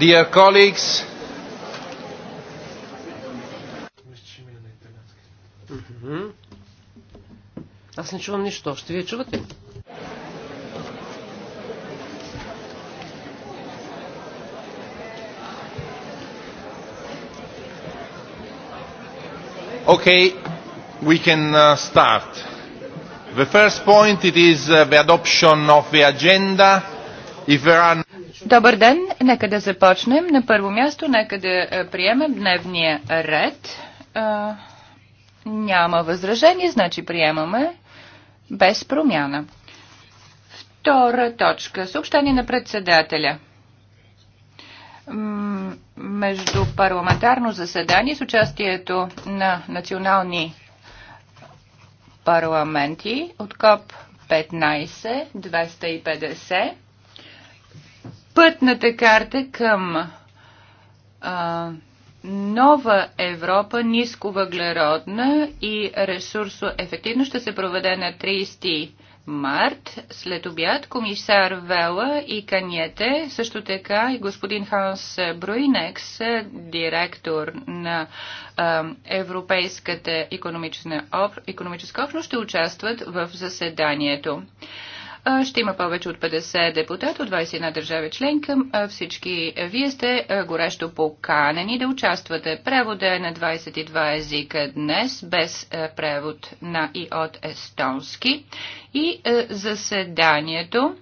Dear colleagues, Аз не чувам нищо. Ще вие чувате ли? Okay, we can uh, start. The first point it is uh, the adoption of the agenda. If there are Добър ден! Нека да започнем. На първо място, нека да е, приемем дневния ред. А, е, няма възражение, значи приемаме без промяна. Втора точка. Съобщение на председателя между парламентарно заседание с участието на национални парламенти от КОП 15 250 пътната карта към а, нова Европа, ниско въглеродна и ресурсо ефективно ще се проведе на 30 март. След обяд комисар Вела и Каньете, също така и господин Ханс Бруйнекс, директор на Европейската економическа общност, ще участват в заседанието. Ще има повече от 50 депутата от 21 държави членка. Всички вие сте горещо поканени да участвате. Превода е на 22 езика днес, без превод на и от естонски. И заседанието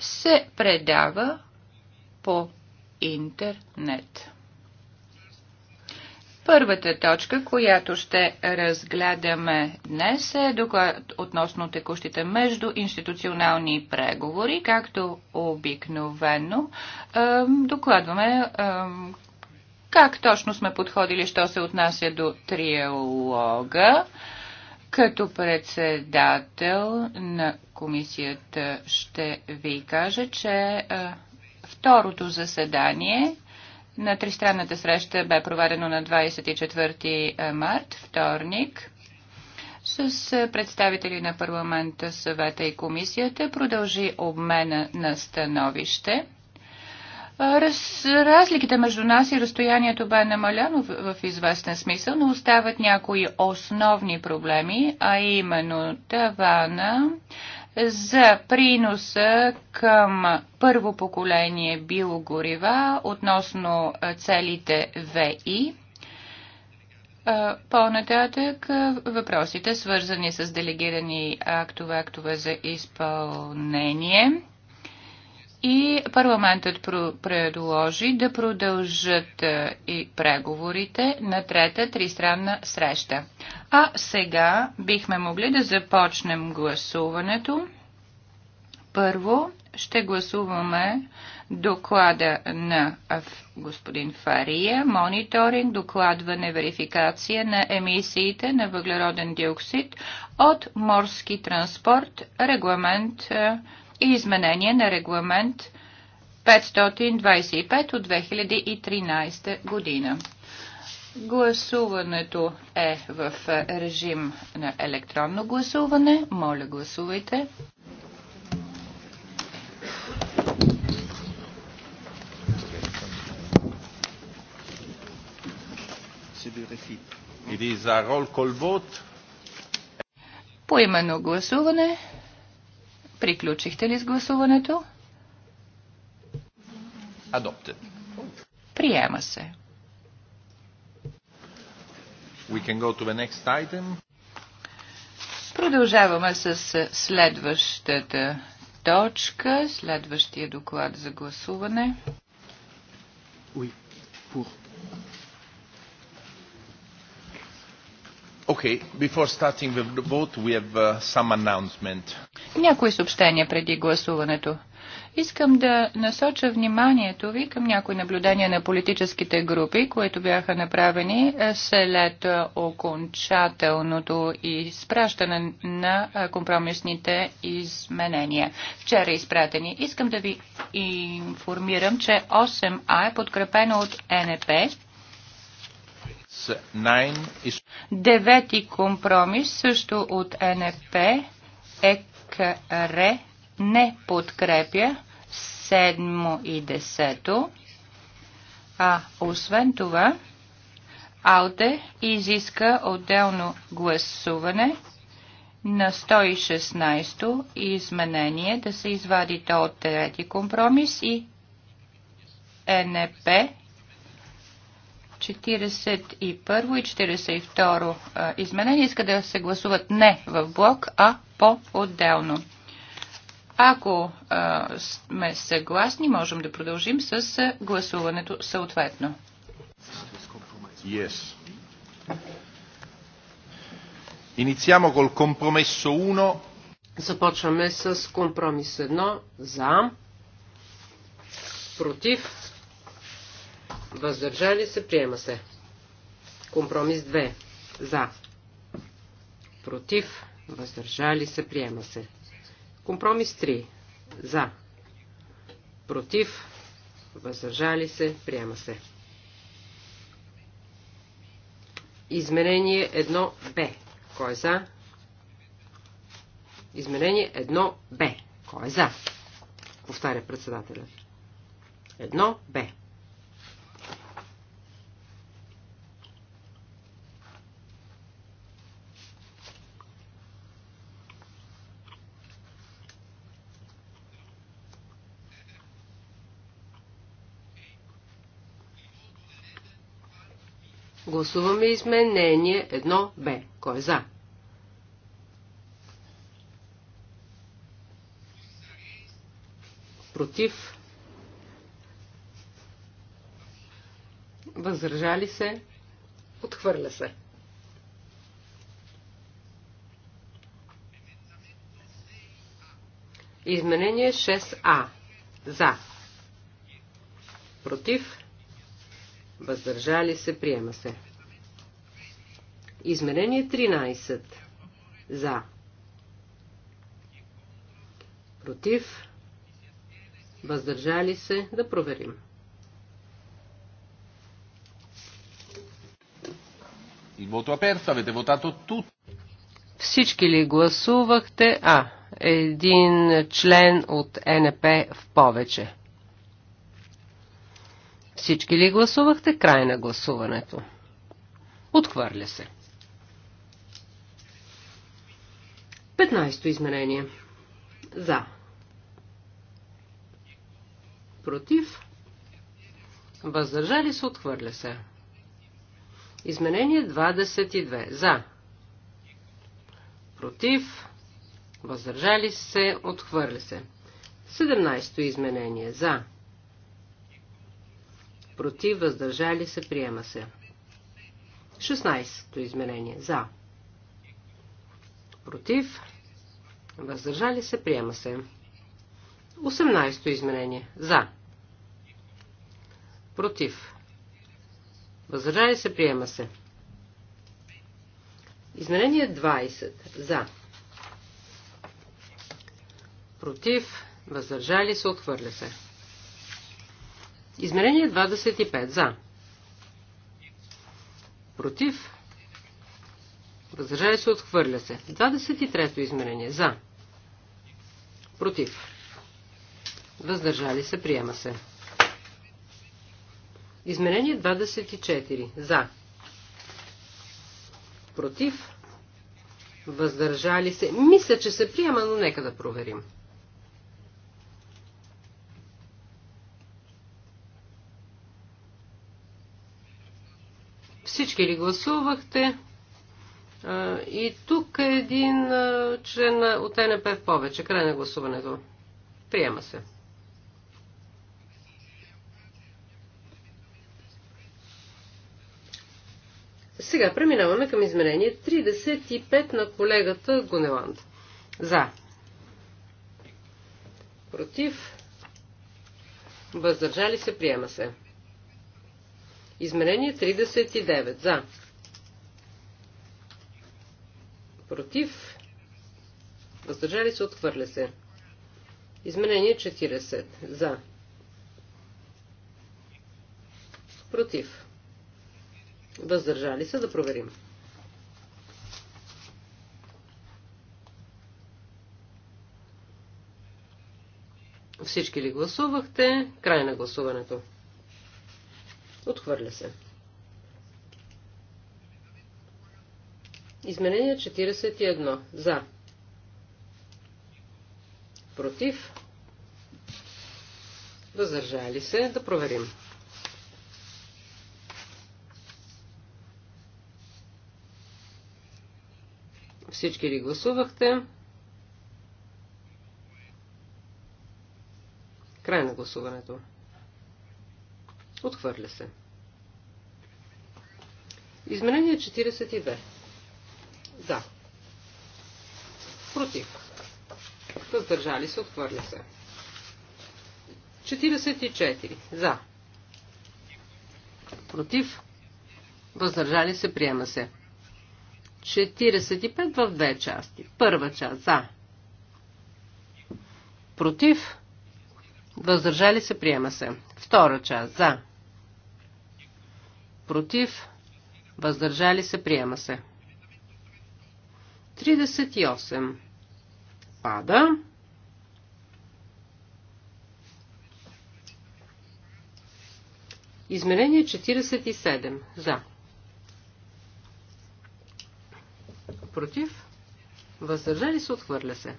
се предава по интернет. Първата точка, която ще разгледаме днес е доклад относно текущите междуинституционални преговори, както обикновено. Докладваме как точно сме подходили, що се отнася до триалога. Като председател на комисията ще ви кажа, че второто заседание на тристранната среща бе проведено на 24 е, март, вторник, с е, представители на парламента, съвета и комисията. Продължи обмена на становище. Е, раз, разликите между нас и разстоянието бе намаляно в, в известен смисъл, но остават някои основни проблеми, а именно тавана, за приноса към първо поколение биогорива относно целите ВИ. По-нататък въпросите, свързани с делегирани актове, актове за изпълнение и парламентът предложи да продължат е, и преговорите на трета тристранна среща. А сега бихме могли да започнем гласуването. Първо ще гласуваме доклада на господин Фария, мониторинг, докладване, верификация на емисиите на въглероден диоксид от морски транспорт, регламент е, и изменение на регламент 525 от 2013 година. Гласуването е в е, режим на електронно гласуване. Моля, гласувайте. Поименно гласуване. Приключихте ли с гласуването? Adopted. Приема се. We can go to the next item. Продължаваме с следващата точка, следващия доклад за гласуване. Oui, pour Okay, before starting the vote, we have uh, some announcement. Някои съобщения преди гласуването. Искам да насоча вниманието ви към някои наблюдения на политическите групи, които бяха направени е, след е, окончателното изпращане на е, компромисните изменения. Вчера изпратени. Искам да ви информирам, че 8А е подкрепено от НП Девети компромис, също от НФП, ЕКР не подкрепя седмо и десето. А освен това, АЛТЕ изиска отделно гласуване на 116-то изменение да се извади то от трети компромис и НП 41 и 42 изменение иска да се гласуват не в блок, а по-отделно. Ако а, сме съгласни, можем да продължим с гласуването съответно. Yes. Iniziamo col compromesso 1. Започваме с компромис 1 за, против, Въздържали се. Приема се. Компромис 2. За. Против. Въздържали се. Приема се. Компромис 3. За. Против. Въздържали се. Приема се. Изменение 1Б. Кой е за? Изменение 1Б. Кой е за? Повтаря председателят. 1Б. Гласуваме изменение 1Б. Кой е за? Против? Възражали се? Отхвърля се. Изменение 6А. За. Против? въздържали се, приема се. Изменение 13. За. Против. Въздържали се. Да проверим. Il voto aperto, avete votato tutti. Всички ли гласувахте? А, един член от НП в повече. Всички ли гласувахте? Край на гласуването. Отхвърля се. 15-то изменение. За. Против. Въздържали се, отхвърля се. Изменение 22. За. Против. Въздържали се, отхвърля се. 17-то изменение. За против, въздържали се, приема се. 16-то изменение. За. Против. Въздържали се, приема се. 18-то изменение. За. Против. Въздържали се, приема се. Изменение 20. За. Против. Въздържали се, отхвърля се. Измерение 25. За. Против. Въздържали се, отхвърля се. 23-то измерение. За. Против. Въздържали се, приема се. Измерение 24. За. Против. Въздържали се. Мисля, че се приема, но нека да проверим. Всички ли гласувахте? И тук е един член от НП в повече. Край на гласуването. Приема се. Сега преминаваме към изменение 35 на колегата Гонеланд. За. Против. Въздържали се. Приема се. Измерение 39. За. Против. Въздържали се. Отхвърля се. Изменение 40. За. Против. Въздържали се. Да проверим. Всички ли гласувахте? Край на гласуването. Отхвърля се. Изменение 41. За. Против. Въздържали се. Да проверим. Всички ли гласувахте? Край на гласуването. Отхвърля се. Изменение 42. За. Против. Въздържали се. Отхвърля се. 44. За. Против. Въздържали се. Приема се. 45 в две части. Първа част. За. Против. Въздържали се. Приема се. Втора част. За против, въздържали се, приема се. 38. Пада. Измерение 47. За. Против. Въздържали се, отхвърля се.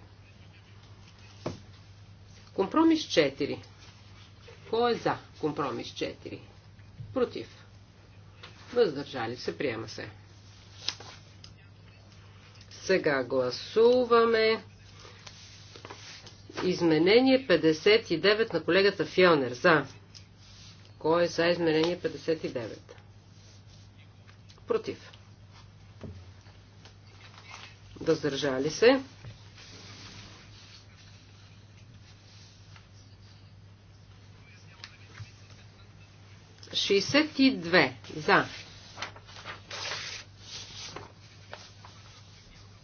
Компромис 4. Кой е за компромис 4? Против. Въздържали се. Приема се. Сега гласуваме изменение 59 на колегата Фионер. За. Кой е за изменение 59? Против. Въздържали се. 62 за.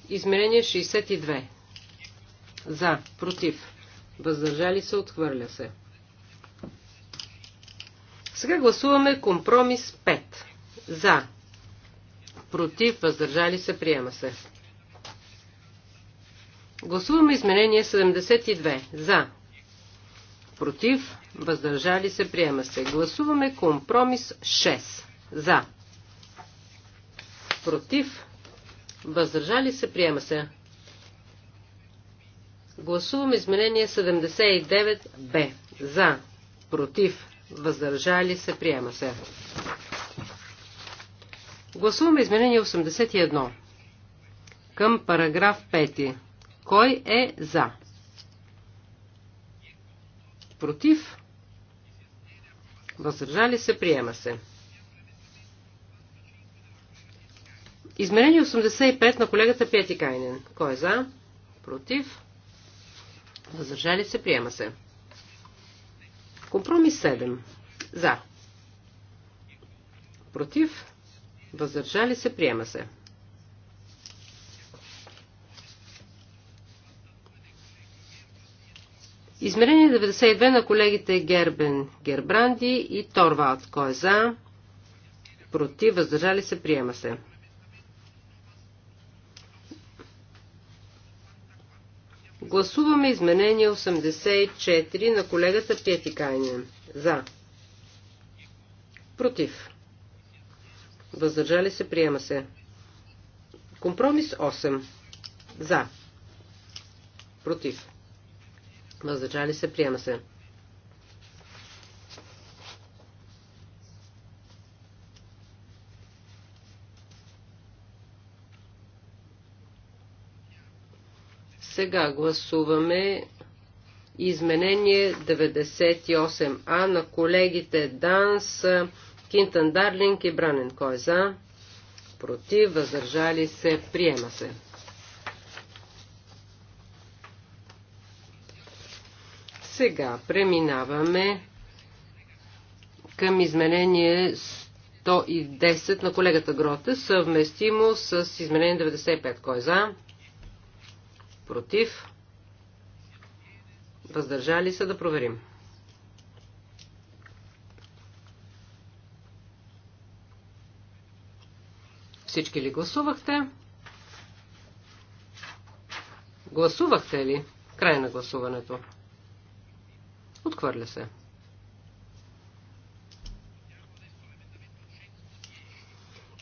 Измерение 62 за. Против. Въздържали се. Отхвърля се. Сега гласуваме компромис 5. За. Против. Въздържали се. Приема се. Гласуваме изменение 72. За против, въздържали се, приема се. Гласуваме компромис 6. За, против, въздържали се, приема се. Гласуваме изменение 79Б. За, против, въздържали се, приема се. Гласуваме изменение 81. Към параграф 5. Кой е за? Против. Въздържали се. Приема се. Измерение 85 на колегата Пети Кайнен. Кой е за? Против. Въздържали се. Приема се. Компромис 7. За. Против. Въздържали се. Приема се. Измерение 92 на колегите Гербен, Гербранди и Торвалд. Кой е за? Против, въздържали се, приема се. Гласуваме изменение 84 на колегата Пиетикайнен. За. Против. Въздържали се, приема се. Компромис 8. За. Против. Въздържали се. Приема се. Сега гласуваме изменение 98А на колегите Данс, Кинтън Дарлинг и Бранен. Кой е за? Против, въздържали се, приема се. Сега преминаваме към изменение 110 на колегата Грота. съвместимо с изменение 95. Кой е за? Против? Въздържали се да проверим. Всички ли гласувахте? Гласувахте ли? Край на гласуването. Отхвърля се.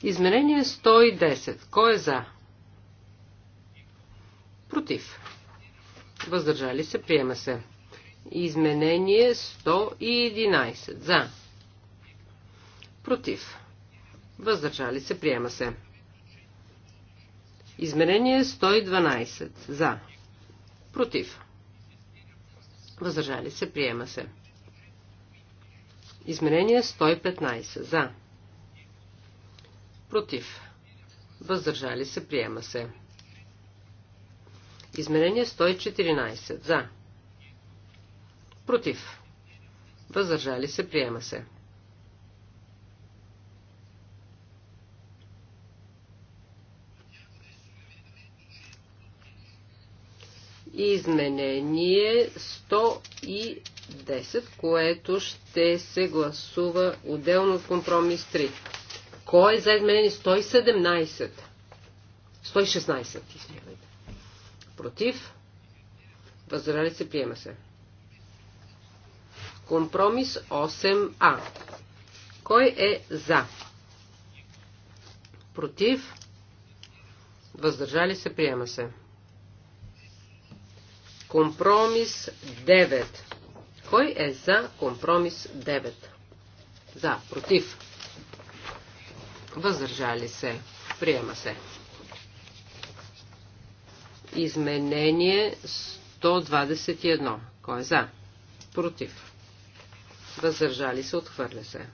Изменение 110. Кой е за? Против. Въздържали се. Приема се. Изменение 111. За. Против. Въздържали се. Приема се. Изменение 112. За. Против. Въздържали се. Приема се. Изменение 115. За. Против. Въздържали се. Приема се. Изменение 114. За. Против. Въздържали се. Приема се. изменение 110, което ще се гласува отделно от компромис 3. Кой е за изменение 117? 116, извинявайте. Против? Въздържали се, приема се. Компромис 8А. Кой е за? Против? Въздържали се, приема се. Компромис 9. Кой е за компромис 9? За, против. Въздържали се. Приема се. Изменение 121. Кой е за? Против. Въздържали се. Отхвърля се.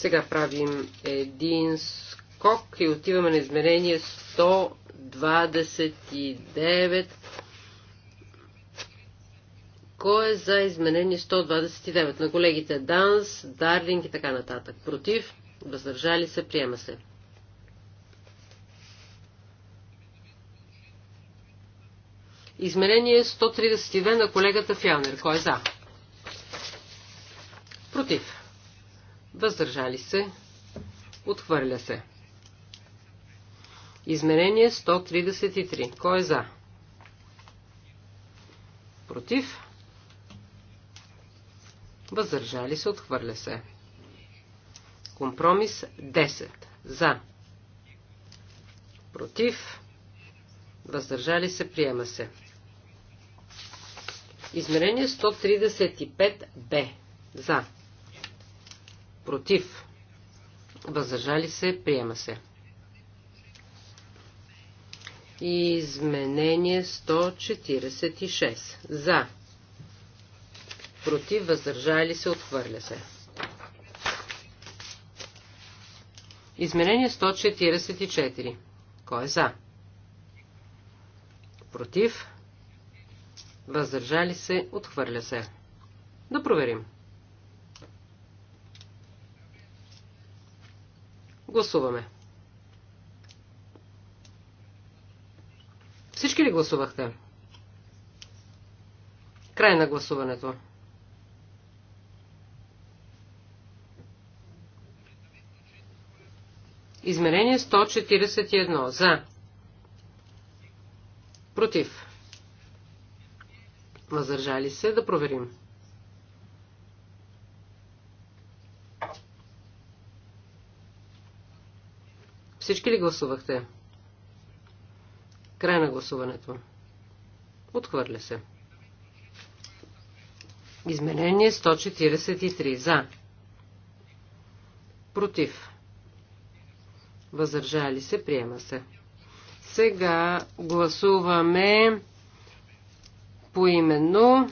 Сега правим един скок и отиваме на измерение 129. Кой е за изменение 129? На колегите Данс, Дарлинг и така нататък. Против? Въздържали се? Приема се. Изменение 132 на колегата Фялнер. Кой е за? Против въздържали се, отхвърля се. Изменение 133. Кой е за? Против? Въздържали се, отхвърля се. Компромис 10. За. Против? Въздържали се, приема се. Измерение 135 Б. За против, въздържали се, приема се. Изменение 146. За. Против, въздържали се, отхвърля се. Изменение 144. Кой е за? Против, въздържали се, отхвърля се. Да проверим. Гласуваме. Всички ли гласувахте? Край на гласуването. Измерение 141. За. Против. Въздържали се да проверим. Всички ли гласувахте? Край на гласуването. Отхвърля се. Изменение 143. За. Против. Въздържали се. Приема се. Сега гласуваме поименно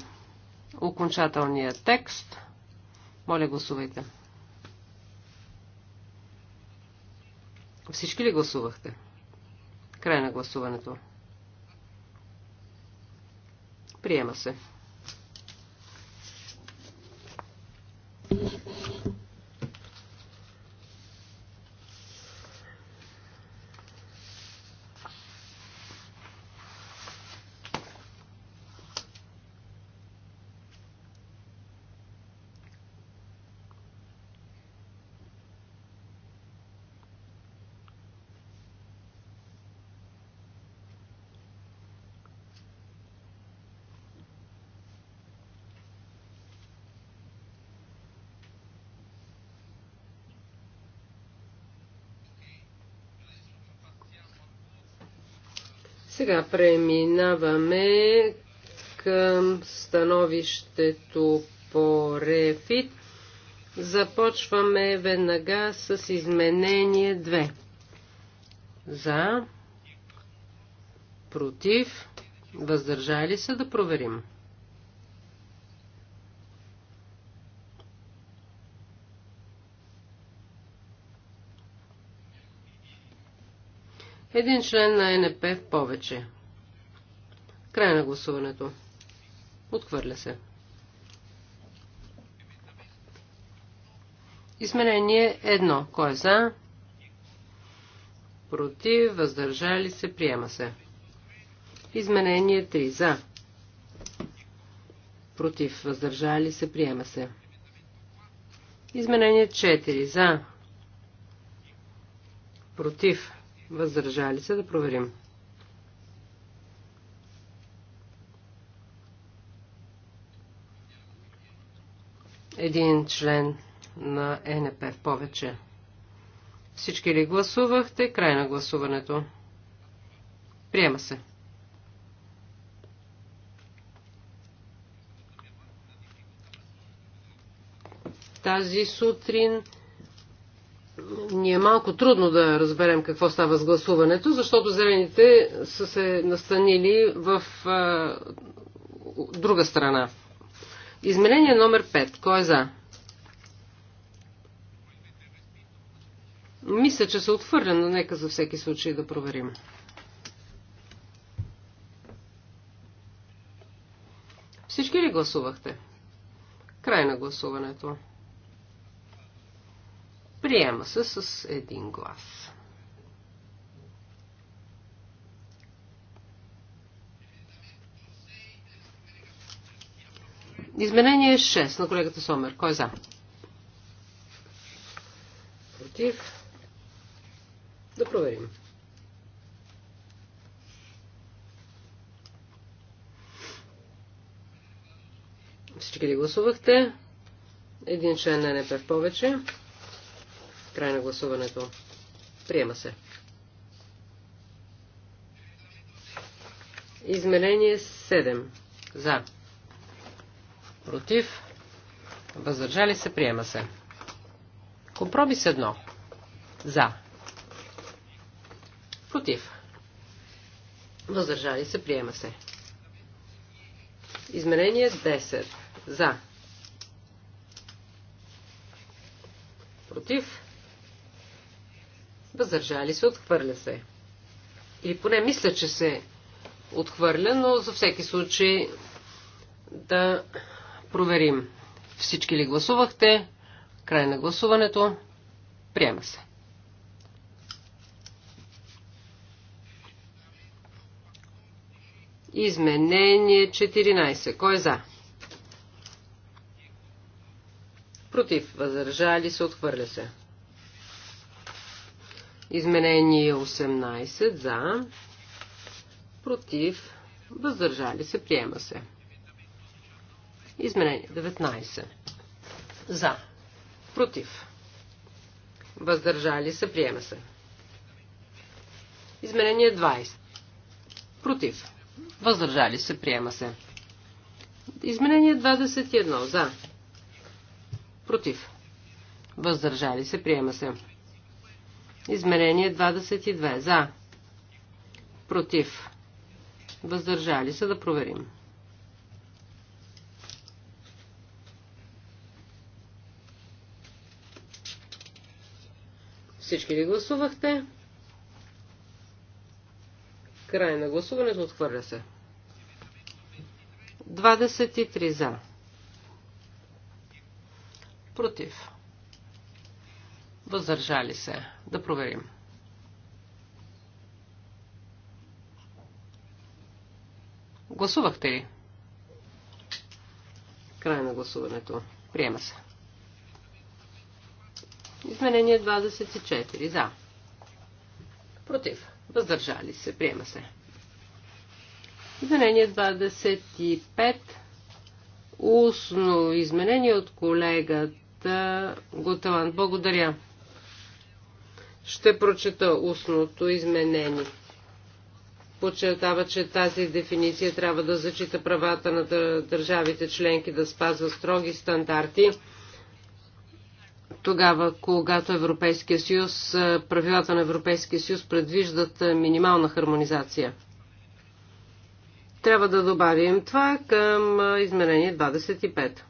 окончателния текст. Моля, гласувайте. Всички ли гласувахте? Край на гласуването. Приема се. Сега преминаваме към становището по Рефит. Започваме веднага с изменение 2. За, против, въздържали се да проверим. Един член на НП в повече. Край на гласуването. Отхвърля се. Изменение 1. Кой е за? Против, въздържали се, приема се. Изменение 3. За. Против, въздържали се, приема се. Изменение 4. За. Против, Въздържали се да проверим. Един член на НП в повече. Всички ли гласувахте? Край на гласуването. Приема се. Тази сутрин ни е малко трудно да разберем какво става с гласуването, защото зелените са се настанили в а, друга страна. Изменение номер 5. Кой е за? Мисля, че се отвърля, но нека за всеки случай да проверим. Всички ли гласувахте? Край на гласуването. Приема се с един глас. Изменение 6 на колегата Сомер. Кой е за? Против. Да проверим. Всички ли гласувахте? Един член на НПФ повече. Край на гласуването. Приема се. Измерение 7. За. Против. Въздържали се. Приема се. Компромис 1. За. Против. Въздържали се. Приема се. Измерение 10. За. Против. Въздържали се, отхвърля се. Или поне мисля, че се отхвърля, но за всеки случай да проверим. Всички ли гласувахте? Край на гласуването. Приема се. Изменение 14. Кой е за? Против. Въздържали се. Отхвърля се. Изменение 18 за, против, въздържали се, приема се. Изменение 19 за, против, въздържали се, приема се. Изменение 20 против, въздържали се, приема се. Изменение 21 за, против, въздържали се, приема се. Измерение 22. За. Против. Въздържали се да проверим. Всички ли гласувахте? Край на гласуването отхвърля се. 23 за. Против. Въздържали се. Да проверим. Гласувахте ли? Край на гласуването. Приема се. Изменение 24. За. Против. Въздържали се. Приема се. Изменение 25. Устно изменение от колегата Гуталан. Благодаря. Ще прочета устното изменение. Подчертава, че тази дефиниция трябва да зачита правата на държавите членки да спазват строги стандарти. Тогава, когато Европейския съюз, правилата на Европейския съюз предвиждат минимална хармонизация. Трябва да добавим това към изменение 25.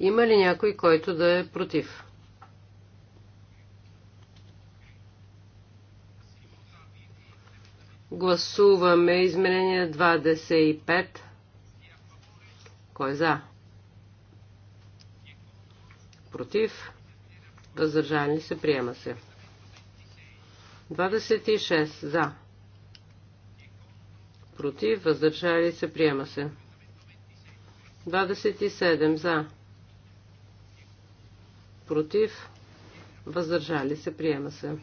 Има ли някой, който да е против? Гласуваме изменение 25. Кой е за? Против? Въздържани се, приема се. 26. За. Против? Въздържани се, приема се. 27. За. Против? Въздържали се, приема се.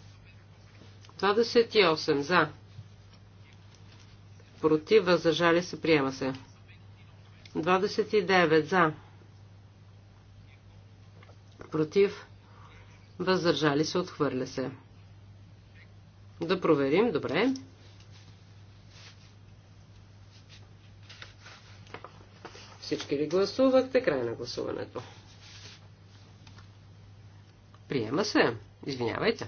28. За против, въздържали се, приема се. 29 за, против, въздържали се, отхвърля се. Да проверим, добре. Всички ли гласувахте? Край на гласуването. Приема се. Извинявайте.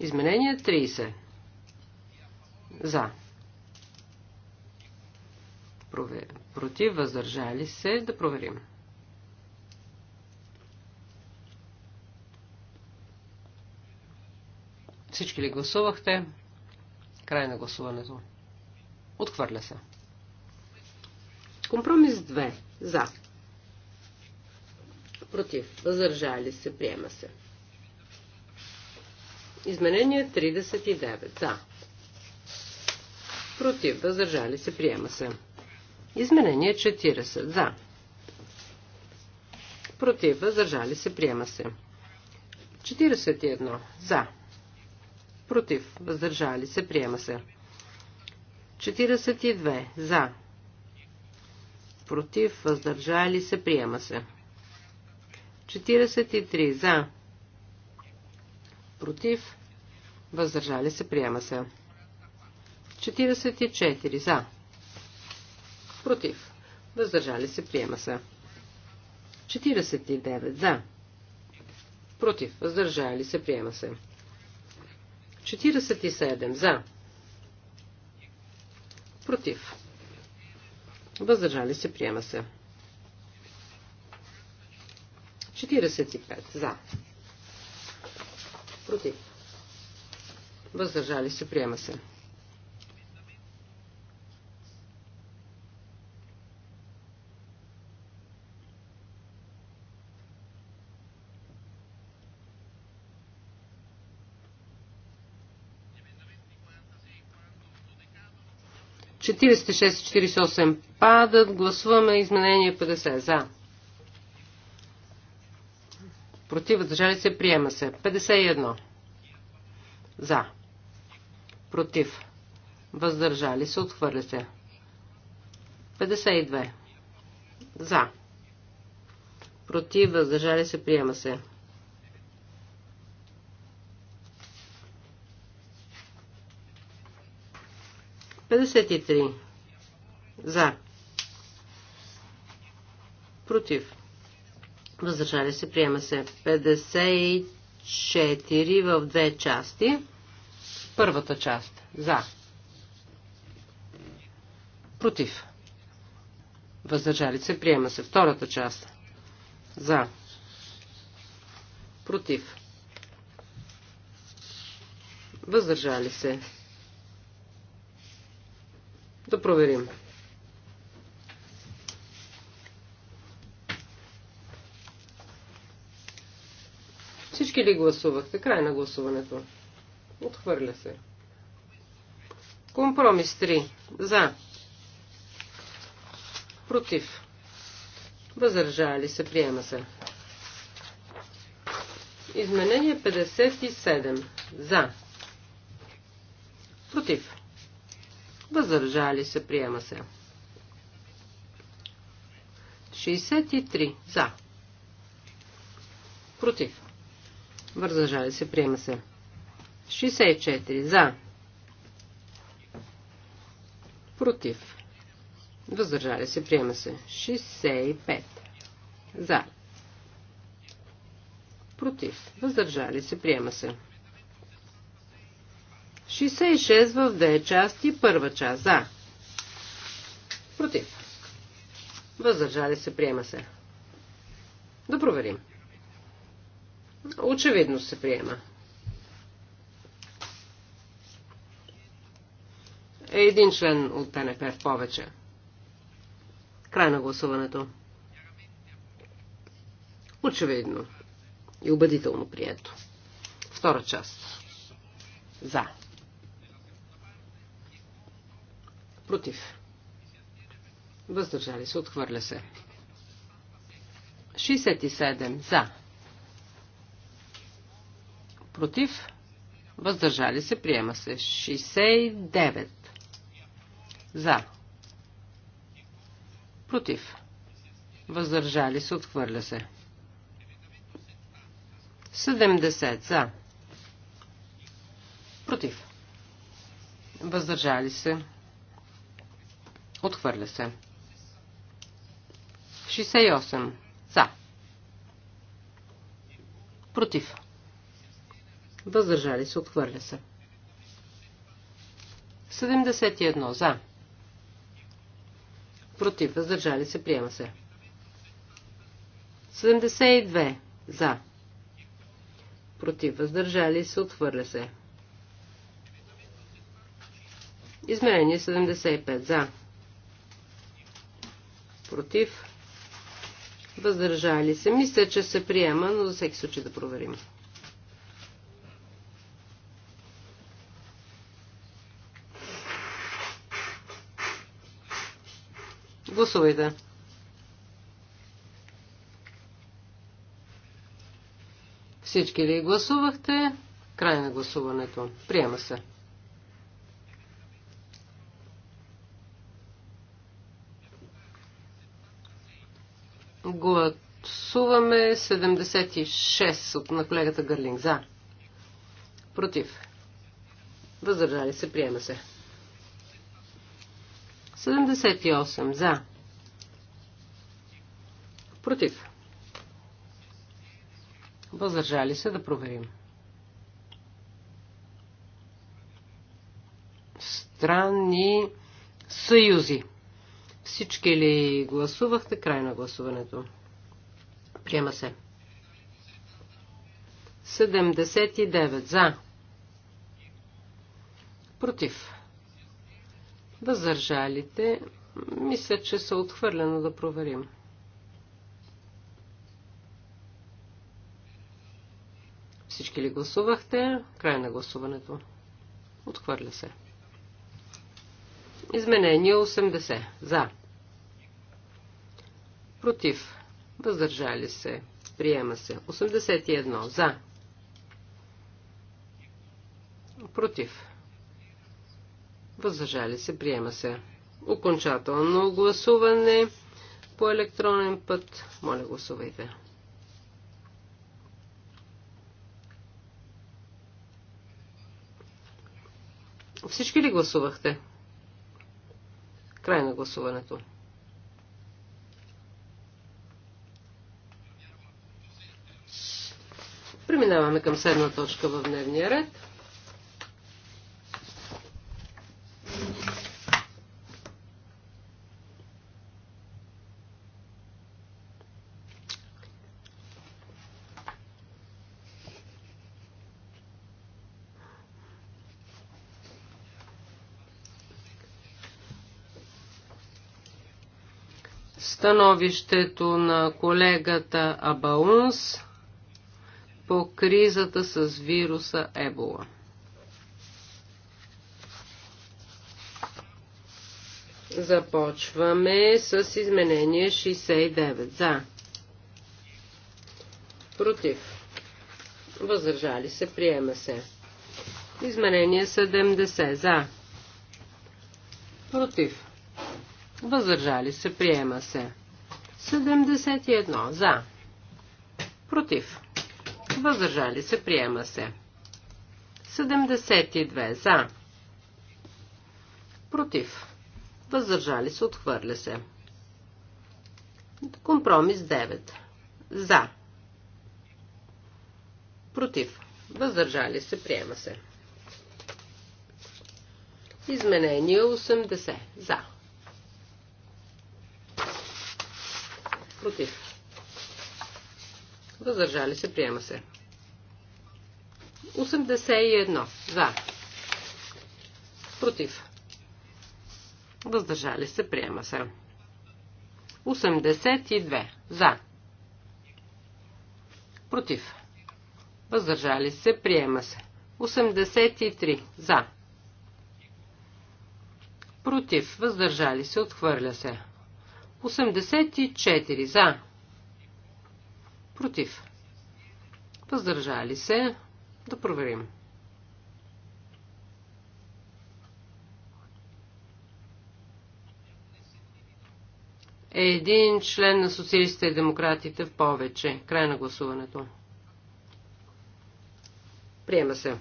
Изменение 30. За. Против, въздържали се, да проверим. Всички ли гласувахте? Край на гласуването. Отхвърля се. Компромис 2. За. Против. Въздържали се. Приема се. Изменение 39. За против, въздържали се, приема се. Изменение 40 за, против, въздържали се, приема се. 41 за, против, въздържали се, приема се. 42 за, против, въздържали се, приема се. 43 за, против, въздържали се, приема се. 44 за. Против. Въздържали се. Приема се. 49 за. Против. Въздържали се. Приема се. 47 за. Против. Въздържали се. Приема се. 45 за. Против. Въздържали се. Приема се. 46-48 падат. Гласуваме изменение 50. За. Против, въздържали се, приема се. 51. За. Против. Въздържали се, отхвърля се. 52. За. Против, въздържали се, приема се. 53. За. Против. Въздържали се. Приема се. 54 в две части. Първата част. За. Против. Въздържали се. Приема се. Втората част. За. Против. Въздържали се. Да проверим. Всички ли гласувахте? Край на гласуването. Отхвърля се. Компромис 3. За. Против. Въздържали се. Приема се. Изменение 57. За. Против. Въздържали се. Приема се. 63. За. Против. Въздържали се. Приема се. 64. За. Против. Въздържали се. Приема се. 65. За. Против. Въздържали се. Приема се. 66 в две части, първа част за. Против. Въздържали се, приема се. Да проверим. Очевидно се приема. Е един член от ТНП в повече. Край на гласуването. Очевидно и убедително прието. Втора част. За. Против. Въздържали се. Отхвърля се. 67. За. Против. Въздържали се. Приема се. 69. За. Против. Въздържали се. Отхвърля се. 70. За. Против. Въздържали се. Отхвърля се. 68. За. Против. Въздържали се. Отхвърля се. 71. За. Против. Въздържали се. Приема се. 72. За. Против. Въздържали се. Отхвърля се. Измерение 75. За против, въздържали се. Мисля, че се приема, но за всеки случай да проверим. Гласувайте. Всички ли гласувахте? Край на гласуването. Приема се. Гласуваме 76 от на колегата Гърлинг. За. Против. Въздържали се. Приема се. 78. За. Против. Въздържали се да проверим. Странни съюзи. Всички ли гласувахте? Край на гласуването. Приема се. 79 за. Против. Възържалите. Мисля, че са отхвърлено да проверим. Всички ли гласувахте? Край на гласуването. Отхвърля се. Изменение 80. За. Против. Въздържали се. Приема се. 81. За. Против. Въздържали се. Приема се. Окончателно гласуване по електронен път. Моля, гласувайте. Всички ли гласувахте? Край на гласуването. Преминаваме към седма точка в дневния ред. Становището на колегата Абаунс по кризата с вируса Ебола. Започваме с изменение 69. За. Против. Въздържали се. Приема се. Изменение 70. За. Против. Въздържали се. Приема се. 71. За. Против. Въздържали се. Приема се. 72. За. Против. Въздържали се. Отхвърля се. Компромис 9. За. Против. Въздържали се. Приема се. Изменение 80. За. против. Въздържали се, приема се. 81 за. Против. Въздържали се, приема се. 82 за. Против. Въздържали се, приема се. 83 за. Против. Въздържали се, отхвърля се. 84 за. Против. Въздържали се. Да проверим. Е един член на социалистите и демократите в повече. Край на гласуването. Приема се.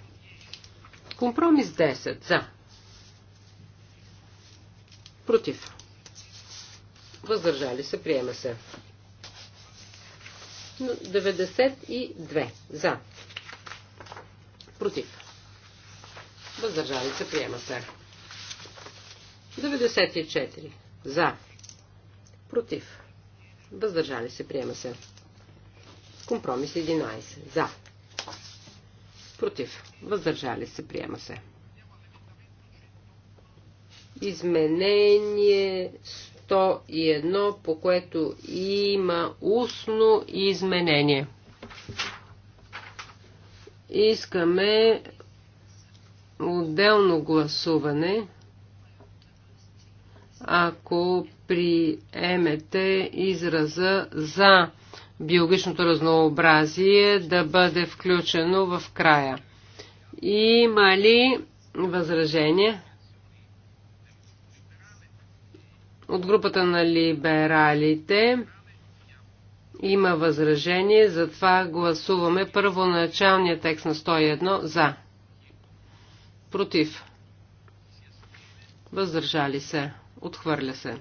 Компромис 10. За. Против въздържали се, приема се. 92 за, против, въздържали се, приема се. 94 за, против, въздържали се, приема се. Компромис 11 за, против, въздържали се, приема се. Изменение 101, по което има устно изменение. Искаме отделно гласуване, ако приемете израза за биологичното разнообразие да бъде включено в края. Има ли възражение? от групата на либералите има възражение, затова гласуваме първоначалния текст на 101 за. Против. Въздържали се. Отхвърля се.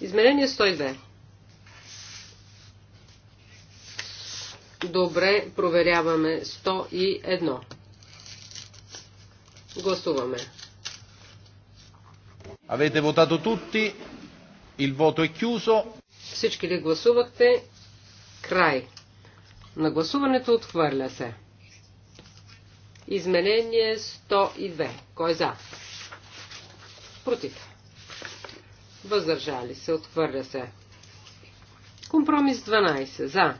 Измерение 102. Добре, проверяваме 101. Гласуваме. Avete votato tutti? Il voto è chiuso. Всички ли гласувахте? Край. На гласуването отхвърля се. Изменение 102. Кой за? Против. Въздържали се. Отхвърля се. Компромис 12. За.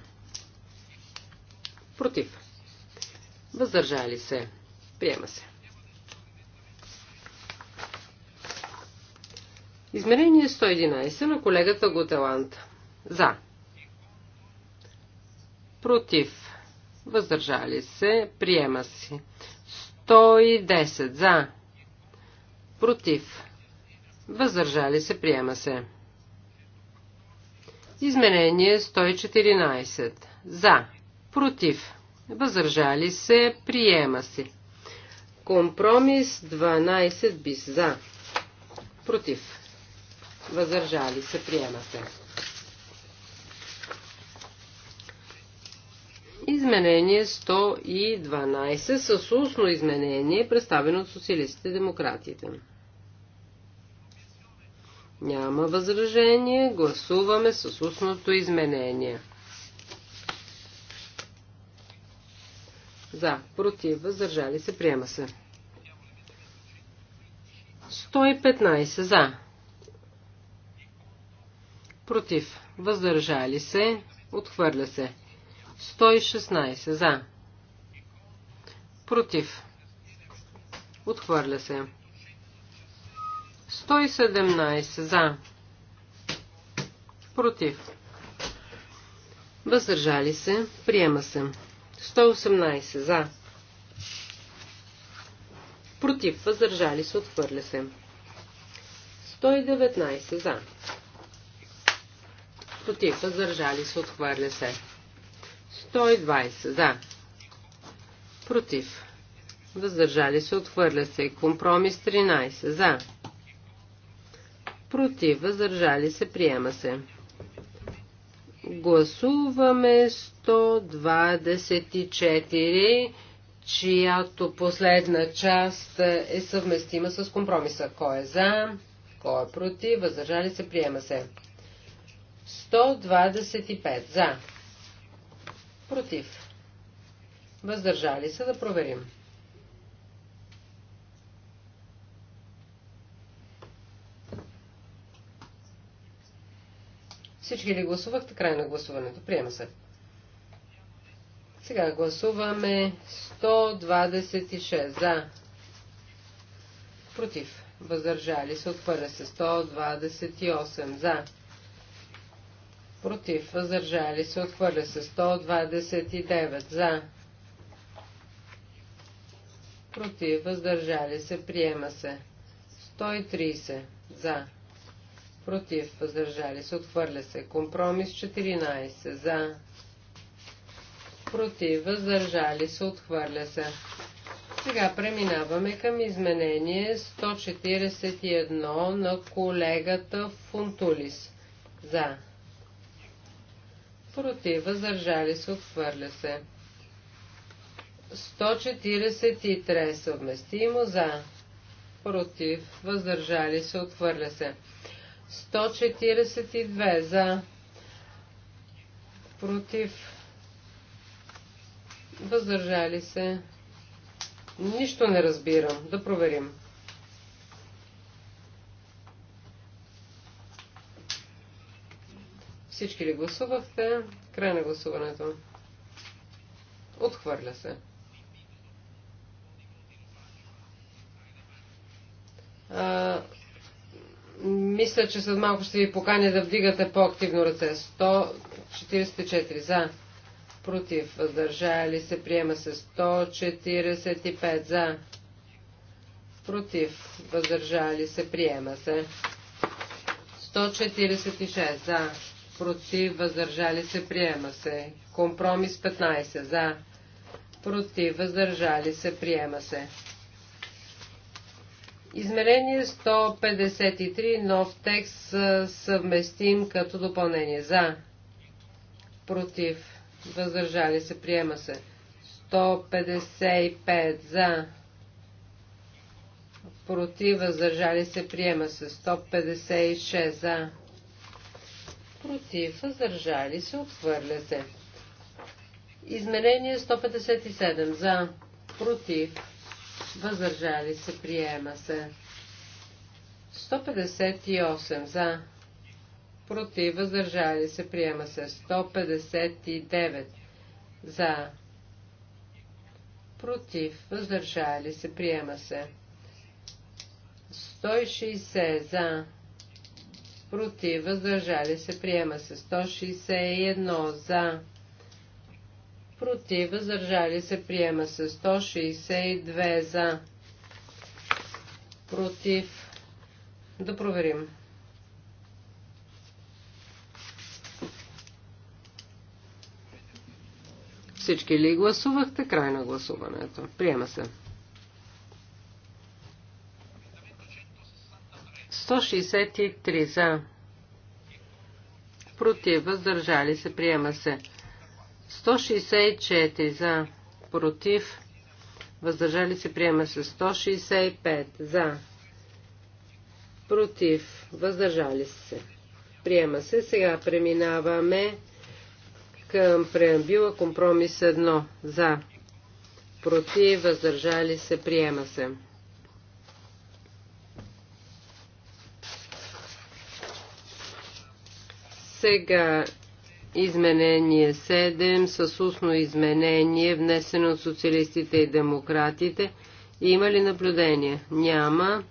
Против. Въздържали се. Приема се. Измерение 111 на колегата Готеланд. За. Против. Въздържали се. Приема си. 110. За. Против. Въздържали се. Приема се. Изменение 114. За. Против. Въздържали се. Приема се. Компромис 12 бис. За. Против въздържали се, приема се. Изменение 112 с устно изменение, представено от социалистите и демократите. Няма възражение. Гласуваме с устното изменение. За, против, въздържали се, приема се. 115 за против, въздържали се, отхвърля се. 116 за, против, отхвърля се. 117 за, против, въздържали се, приема се. 118 за, против, въздържали се, отхвърля се. 119 за против, въздържали се, отхвърля се. 120 за, против, въздържали се, отхвърля се. Компромис 13 за, против, въздържали се, приема се. Гласуваме 124, чиято последна част е съвместима с компромиса. Кой е за? Кой е против? Въздържали се? Приема се. 125 за. Против. Въздържали се да проверим. Всички ли гласувахте? Край на гласуването. Приема се. Сега гласуваме 126 за. Против. Въздържали се. Отхвърля се. 128 за против, въздържали се, отхвърля се 129 за, против, въздържали се, приема се 130 за, против, въздържали се, отхвърля се, компромис 14 за, против, въздържали се, отхвърля се. Сега преминаваме към изменение 141 на колегата Фунтулис. За против, въздържали се, отхвърля се. 143 съвместимо за, против, въздържали се, отхвърля се. 142 за, против, въздържали се. Нищо не разбирам. Да проверим. Всички ли гласувахте? Край на гласуването. Отхвърля се. А, мисля, че след малко ще ви поканя да вдигате по-активно ръце. 144 за. Против. Въздържали се. Приема се 145 за. Против. Въздържали се. Приема се. 146 за против, въздържали се, приема се. Компромис 15 за, против, въздържали се, приема се. Измерение 153, нов текст, съвместим като допълнение. За, против, въздържали се, приема се. 155 за, против, въздържали се, приема се. 156 за, против, въздържали се, отхвърля се. Изменение 157 за, против, въздържали се, приема се. 158 за, против, въздържали се, приема се. 159 за, против, въздържали се, приема се. 160 за, против, въздържали се, приема се 161 за, против, въздържали се, приема се 162 за, против, да проверим. Всички ли гласувахте? Край на гласуването. Приема се. 163 за. Против. Въздържали се. Приема се. 164 за. Против. Въздържали се. Приема се. 165 за. Против. Въздържали се. Приема се. Сега преминаваме към преамбила компромис 1 за. Против. Въздържали се. Приема се. Сега изменение 7 с устно изменение, внесено от социалистите и демократите. Има ли наблюдение? Няма.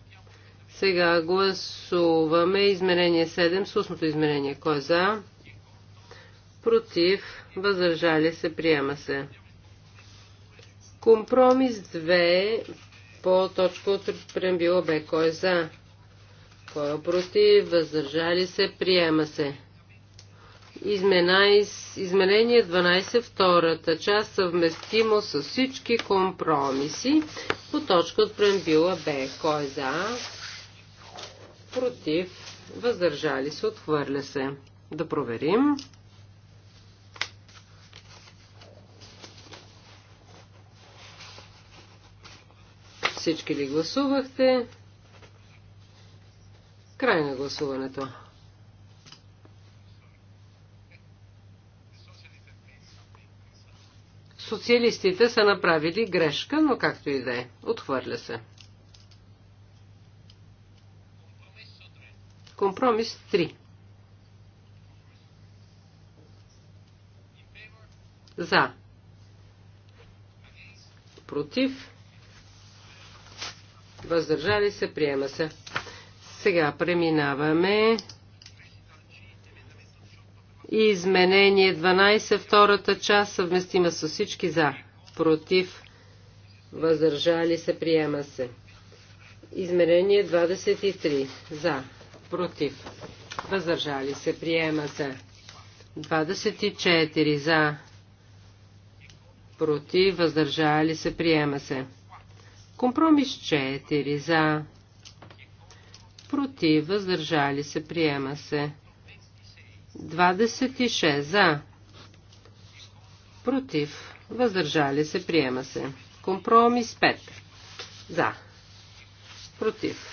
Сега гласуваме изменение 7 с устното изменение. Кой е за? Против. Въздържали се. Приема се. Компромис 2 по точка от прембила Б. Кой е за? Кой е против? Въздържали се. Приема се. Изменение 12, втората част, съвместимо с всички компромиси по точка от преамбила Б. Кой е за? Против? Въздържали се? Отхвърля се. Да проверим. Всички ли гласувахте? Край на гласуването. социалистите са направили грешка, но както и да е, отхвърля се. Компромис 3. За. Против. Въздържали се, приема се. Сега преминаваме и изменение 12, втората част, съвместима с всички за. Против. Въздържали се. Приема се. Изменение 23. За. Против. Въздържали се. Приема се. 24. За. Против. Въздържали се. Приема се. Компромис 4. За. Против. Въздържали се. Приема се. 26 за. Против. Въздържали се. Приема се. Компромис 5. За. Против.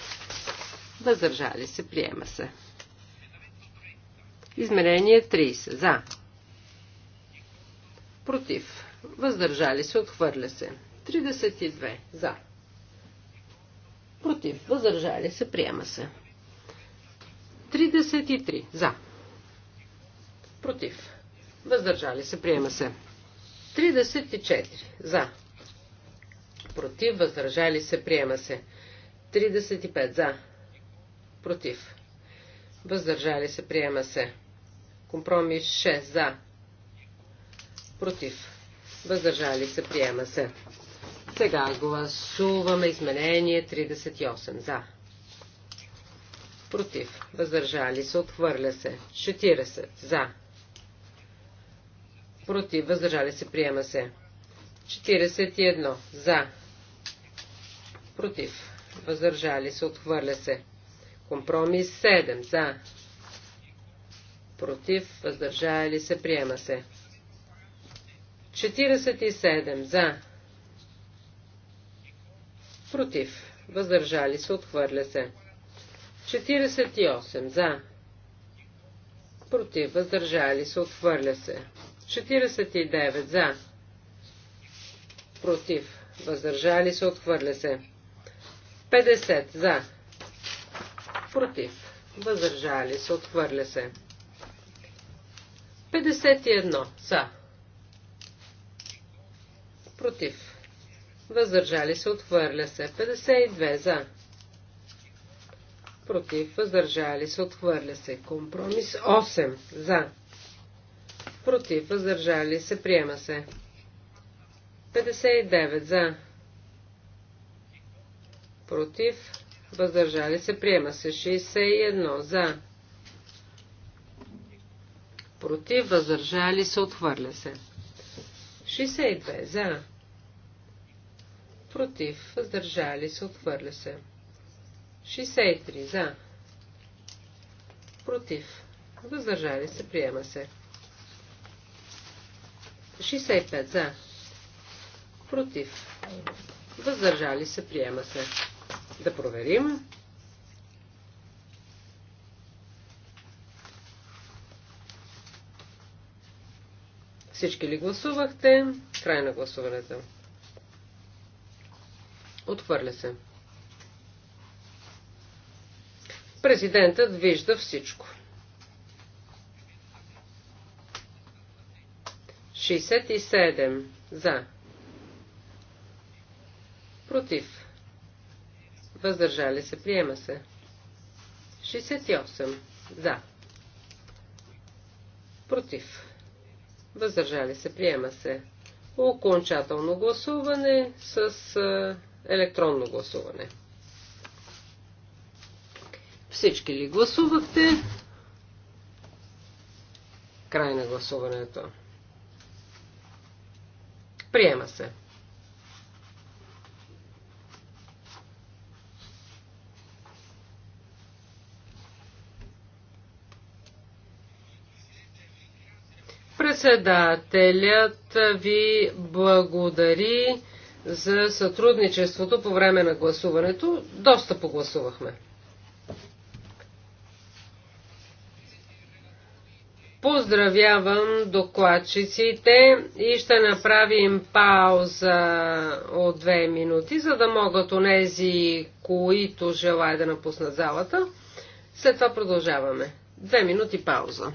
Въздържали се. Приема се. Измерение 30. За. Против. Въздържали се. Отхвърля се. 32. За. Против. Въздържали се. Приема се. 33. За. Против. Въздържали се. Приема се. 34. За. Против. Въздържали се. Приема се. 35. За. Против. Въздържали се. Приема се. Компромис 6. За. Против. Въздържали се. Приема се. Сега гласуваме изменение 38. За. Против. Въздържали се. Отхвърля се. 40. За против, въздържали се, приема се. 41 за, против, въздържали се, отхвърля се. Компромис 7 за, против, въздържали се, приема се. 47 за, против, въздържали се, отхвърля се. 48 за, против, въздържали се, отхвърля се. 49 за. Против. Въздържали се. Отхвърля се. 50 за. Против. Въздържали се. Отхвърля се. 51 за. Против. Въздържали се. Отхвърля се. 52 за. Против. Въздържали се. Отхвърля се. Компромис 8 за против, въздържали се, приема се. 59 за, против, въздържали се, приема се. 61 за, против, въздържали се, отхвърля се. 62 за, против, въздържали се, отхвърля се. 63 за, против, въздържали се, приема се. 65 за. Против. Въздържали се. Приема се. Да проверим. Всички ли гласувахте? Край на гласуването. Отхвърля се. Президентът вижда всичко. 67 за. Против. Въздържали се. Приема се. 68 за. Против. Въздържали се. Приема се. Окончателно гласуване с електронно гласуване. Всички ли гласувахте? Край на гласуването. Приема се. Председателят ви благодари за сътрудничеството по време на гласуването. Доста погласувахме. Поздравявам докладчиците и ще направим пауза от две минути, за да могат онези, които желаят да напуснат залата. След това продължаваме. Две минути пауза.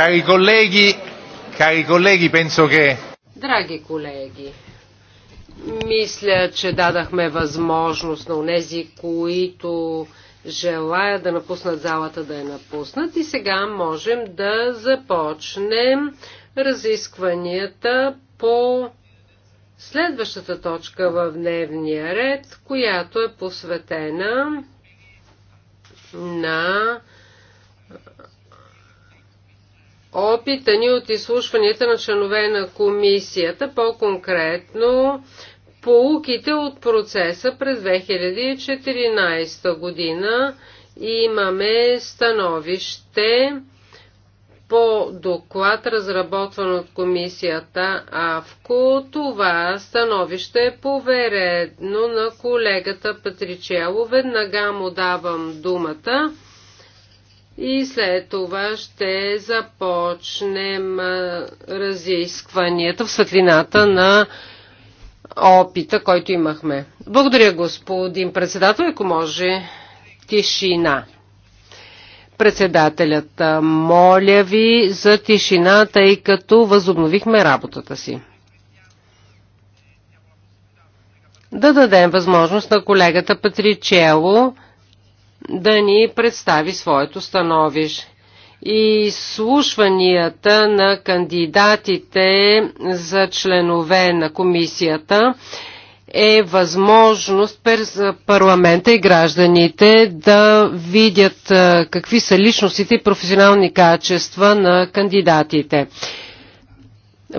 Cari colleghi, cari colleghi, penso che... Драги колеги, мисля, че дадахме възможност на унези, които желаят да напуснат залата, да я напуснат. И сега можем да започнем разискванията по следващата точка в дневния ред, която е посветена на опита ни от изслушванията на членове на комисията, по-конкретно полуките от процеса през 2014 година имаме становище по доклад, разработван от комисията АВКО. Това становище е поверено на колегата Патричело. Веднага му давам думата и след това ще започнем разискванията в светлината на опита, който имахме. Благодаря, господин председател, ако може тишина. Председателят, моля ви за тишина, тъй като възобновихме работата си. Да дадем възможност на колегата Патричело да ни представи своето становище. И слушванията на кандидатите за членове на комисията е възможност парламента и гражданите да видят какви са личностите и професионални качества на кандидатите.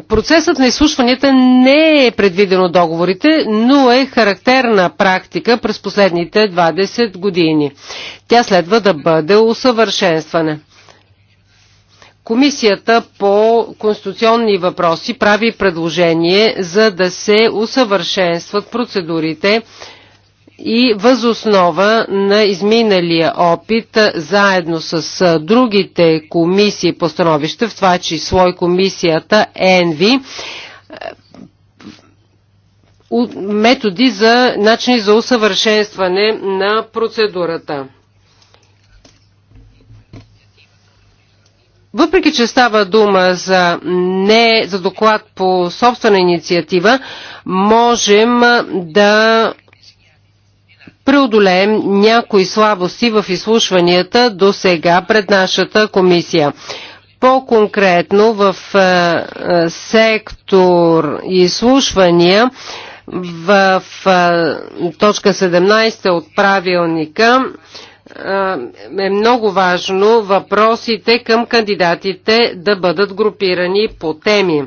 Процесът на изслушванията не е предвидено договорите, но е характерна практика през последните 20 години. Тя следва да бъде усъвършенствана. Комисията по конституционни въпроси прави предложение за да се усъвършенстват процедурите и възоснова на изминалия опит заедно с другите комисии по становище, в това число и комисията ЕНВИ, методи за начини за усъвършенстване на процедурата. Въпреки, че става дума за, не, за доклад по собствена инициатива, можем да преодолеем някои слабости в изслушванията до сега пред нашата комисия. По-конкретно в е, е, сектор изслушвания в е, точка 17 от правилника е много важно въпросите към кандидатите да бъдат групирани по теми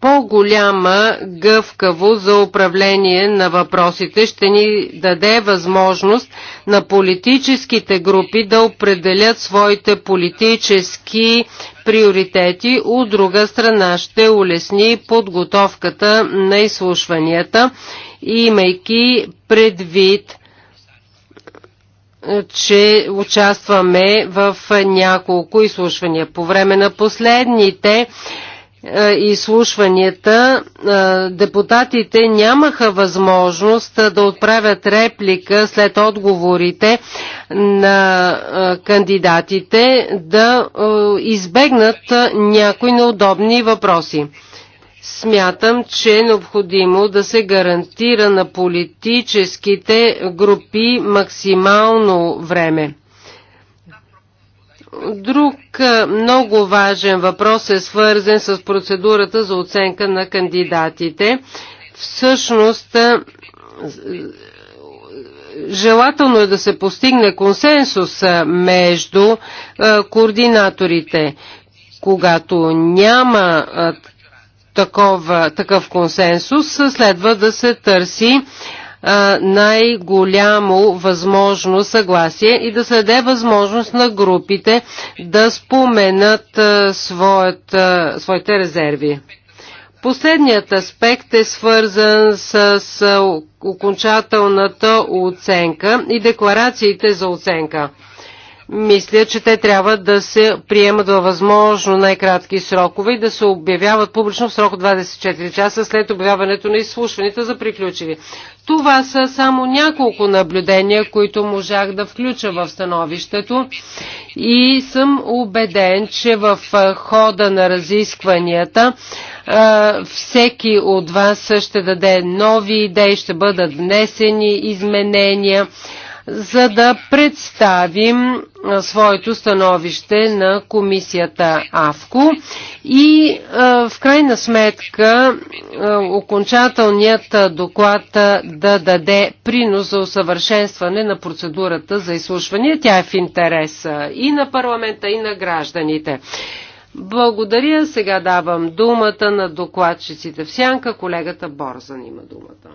по-голяма гъвкаво за управление на въпросите ще ни даде възможност на политическите групи да определят своите политически приоритети. От друга страна ще улесни подготовката на изслушванията, имайки предвид че участваме в няколко изслушвания. По време на последните е, изслушванията е, депутатите нямаха възможност да отправят реплика след отговорите на е, кандидатите да избегнат някои неудобни въпроси. Смятам, че е необходимо да се гарантира на политическите групи максимално време. Друг е, много важен въпрос е свързан с процедурата за оценка на кандидатите. Всъщност, е, желателно е да се постигне консенсус е, между координаторите. Когато няма такова, такъв консенсус, следва да се търси най-голямо възможно съгласие и да се даде възможност на групите да споменат своят, своите резерви. Последният аспект е свързан с окончателната оценка и декларациите за оценка. Мисля, че те трябва да се приемат във възможно най-кратки срокове и да се обявяват публично в срок от 24 часа след обявяването на изслушването за приключили. Това са само няколко наблюдения, които можах да включа в становището и съм убеден, че в хода на разискванията всеки от вас ще даде нови идеи, ще бъдат внесени изменения за да представим своето становище на комисията АВКО и в крайна сметка окончателният доклад да даде принос за усъвършенстване на процедурата за изслушване. Тя е в интерес и на парламента, и на гражданите. Благодаря. Сега давам думата на докладчиците в сянка. Колегата Борзан има думата.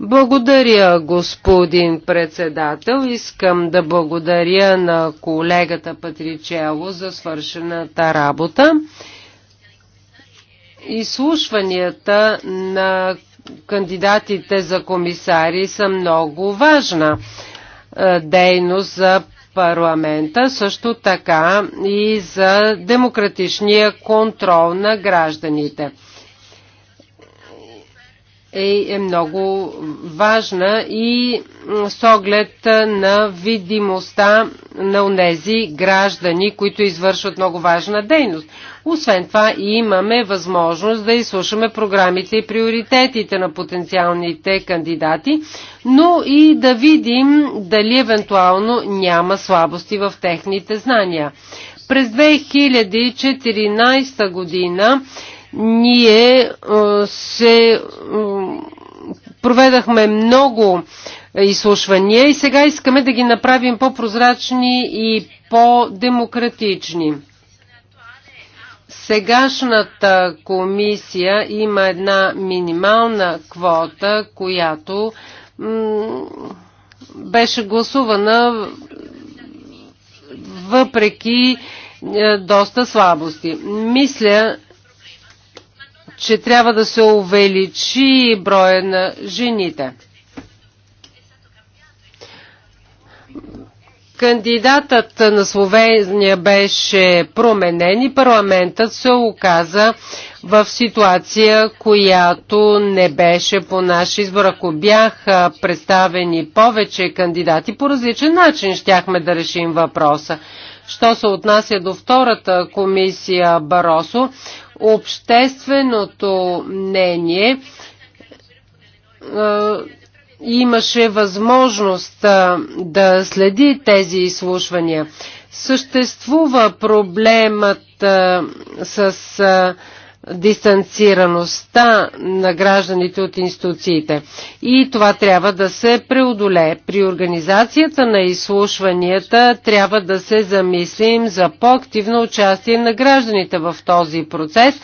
Благодаря, господин председател. Искам да благодаря на колегата Патричело за свършената работа. Изслушванията на кандидатите за комисари са много важна е, дейност за парламента, също така и за демократичния контрол на гражданите е, е много важна и с оглед на видимостта на онези граждани, които извършват много важна дейност. Освен това имаме възможност да изслушаме програмите и приоритетите на потенциалните кандидати, но и да видим дали евентуално няма слабости в техните знания. През 2014 година ние се проведахме много изслушвания и сега искаме да ги направим по-прозрачни и по-демократични. Сегашната комисия има една минимална квота, която беше гласувана въпреки е, доста слабости. Мисля, че трябва да се увеличи броя на жените. Кандидатът на Словения беше променен и парламентът се оказа в ситуация, която не беше по наш избор. Ако бяха представени повече кандидати, по различен начин щяхме да решим въпроса. Що се отнася до втората комисия Баросо, общественото мнение е, имаше възможност е, да следи тези изслушвания. Съществува проблемът е, с дистанцираността на гражданите от институциите. И това трябва да се преодолее. При организацията на изслушванията трябва да се замислим за по-активно участие на гражданите в този процес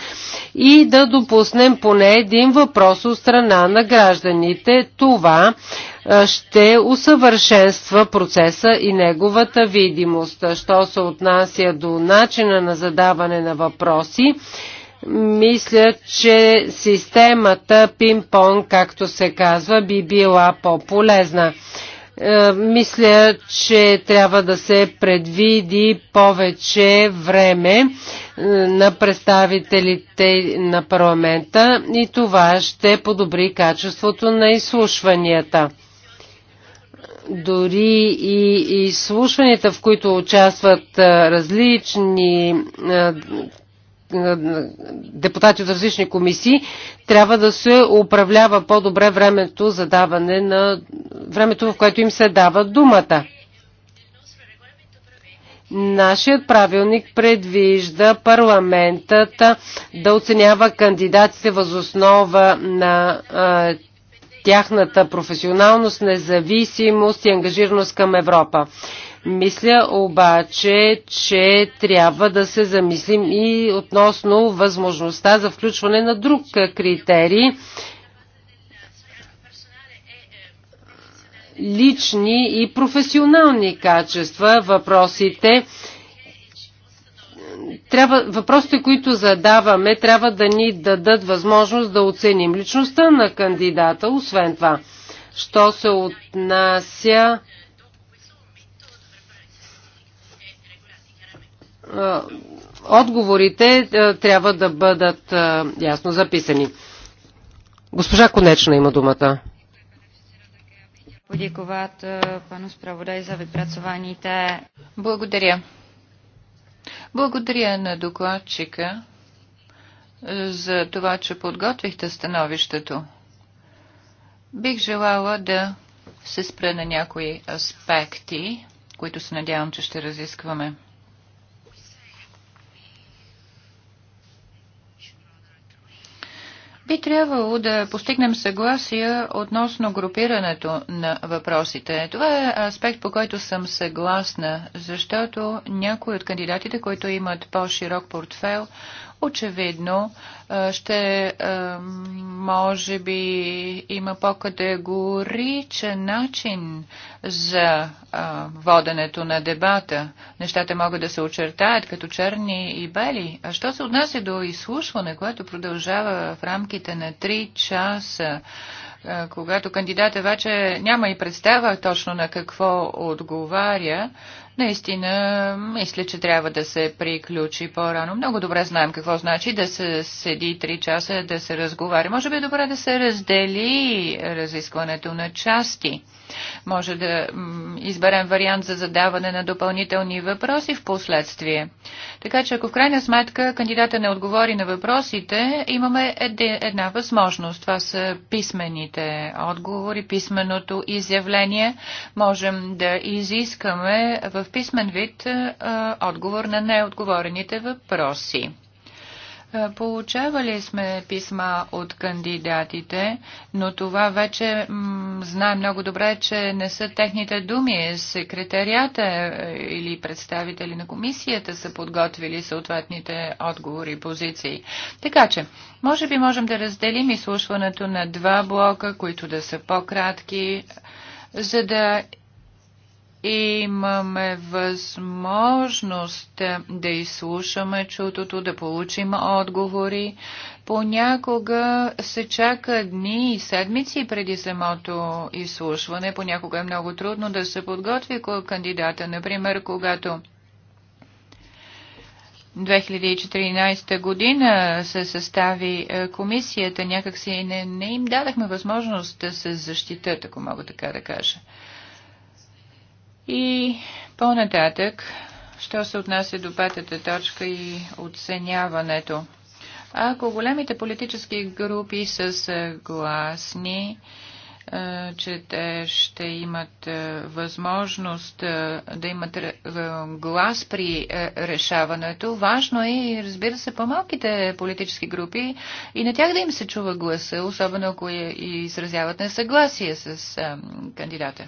и да допуснем поне един въпрос от страна на гражданите. Това ще усъвършенства процеса и неговата видимост. Що се отнася до начина на задаване на въпроси, мисля, че системата пинг-понг, както се казва, би била по-полезна. Е, мисля, че трябва да се предвиди повече време е, на представителите на парламента и това ще подобри качеството на изслушванията дори и изслушванията, в които участват е, различни депутати от различни комисии, трябва да се управлява по-добре времето за даване на времето, в което им се дава думата. Нашият правилник предвижда парламентът да оценява кандидатите възоснова на а, тяхната професионалност, независимост и ангажираност към Европа. Мисля обаче, че трябва да се замислим и относно възможността за включване на друг критерий. Лични и професионални качества, въпросите, трябва, въпросите, които задаваме, трябва да ни дадат възможност да оценим личността на кандидата. Освен това, що се отнася Е, отговорите е, трябва да бъдат е, ясно записани. Госпожа Конечна има думата. Подяковат пану справодай за Благодаря. Благодаря на докладчика за това, че подготвихте становището. Бих желала да се спра на някои аспекти, които се надявам, че ще разискваме. Би трябвало да постигнем съгласие относно групирането на въпросите. Това е аспект, по който съм съгласна, защото някои от кандидатите, които имат по-широк портфел, очевидно ще може би има по-категоричен начин за воденето на дебата. Нещата могат да се очертаят като черни и бели. А що се отнася до изслушване, което продължава в рамките на 3 часа, когато кандидата вече няма и представа точно на какво отговаря, Наистина, мисля, че трябва да се приключи по-рано. Много добре знаем какво значи да се седи 3 часа, да се разговаря. Може би е добре да се раздели разискването на части. Може да изберем вариант за задаване на допълнителни въпроси в последствие. Така че ако в крайна сметка кандидата не отговори на въпросите, имаме една възможност. Това са писмените отговори, писменото изявление. Можем да изискаме в в писмен вид е, е, отговор на неотговорените въпроси. Е, получавали сме писма от кандидатите, но това вече знае много добре, че не са техните думи. Секретарията или представители на комисията са подготвили съответните отговори и позиции. Така че, може би можем да разделим изслушването на два блока, които да са по-кратки, за да имаме възможност да изслушаме чутото, да получим отговори. Понякога се чака дни и седмици преди самото изслушване. Понякога е много трудно да се подготви кандидата. Например, когато 2014 година се състави е, комисията, някакси не, не им дадахме възможност да се защитат, ако мога така да кажа. И по-нататък, що се отнася до петата точка и оценяването. Ако големите политически групи са съгласни, е, че те ще имат е, възможност е, да имат глас при решаването. Важно е и, разбира се, по-малките политически групи и на тях да им се чува гласа, особено ако изразяват несъгласие с кандидата.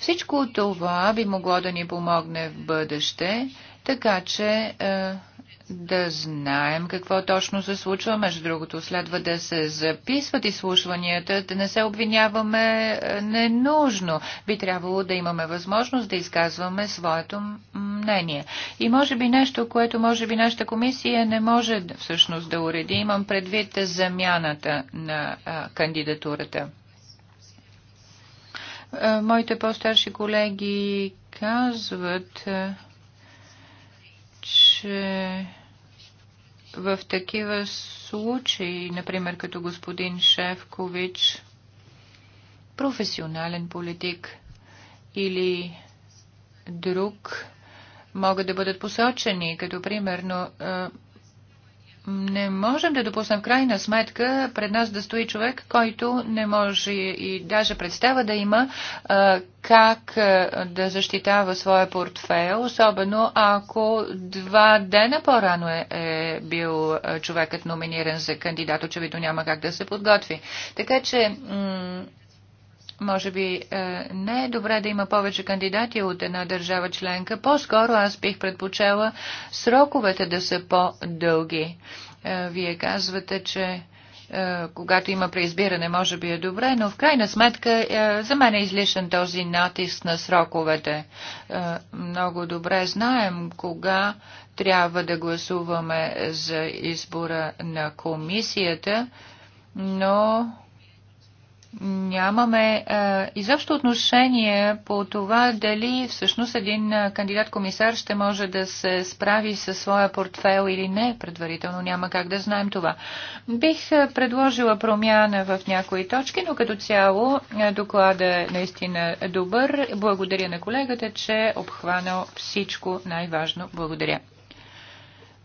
Всичко това би могло да ни помогне в бъдеще, така че е, да знаем какво точно се случва. Между другото, следва да се записват изслушванията, да не се обвиняваме е, ненужно. Би трябвало да имаме възможност да изказваме своето мнение. И може би нещо, което може би нашата комисия не може всъщност да уреди, имам предвид замяната на а, е, кандидатурата. Е, моите по-старши колеги казват, е, че в такива случаи, например като господин Шефкович, професионален политик или друг, могат да бъдат посочени, като примерно е, не можем да допуснем в крайна сметка пред нас да стои човек, който не може и даже представа да има как да защитава своя портфел, особено ако два дена по-рано е, е бил човекът номиниран за кандидат. Очевидно няма как да се подготви. Така че може би е, не е добре да има повече кандидати от една държава членка. По-скоро аз бих предпочела сроковете да са по-дълги. Е, вие казвате, че е, когато има преизбиране, може би е добре, но в крайна сметка за мен е излишен този натиск на сроковете. Много добре знаем кога трябва да гласуваме за избора на комисията, но нямаме е, изобщо отношение по това дали всъщност един е, кандидат-комисар ще може да се справи със своя портфел или не. Предварително няма как да знаем това. Бих е, предложила промяна в някои точки, но като цяло доклада е наистина добър. Благодаря на колегата, че е обхванал всичко най-важно. Благодаря.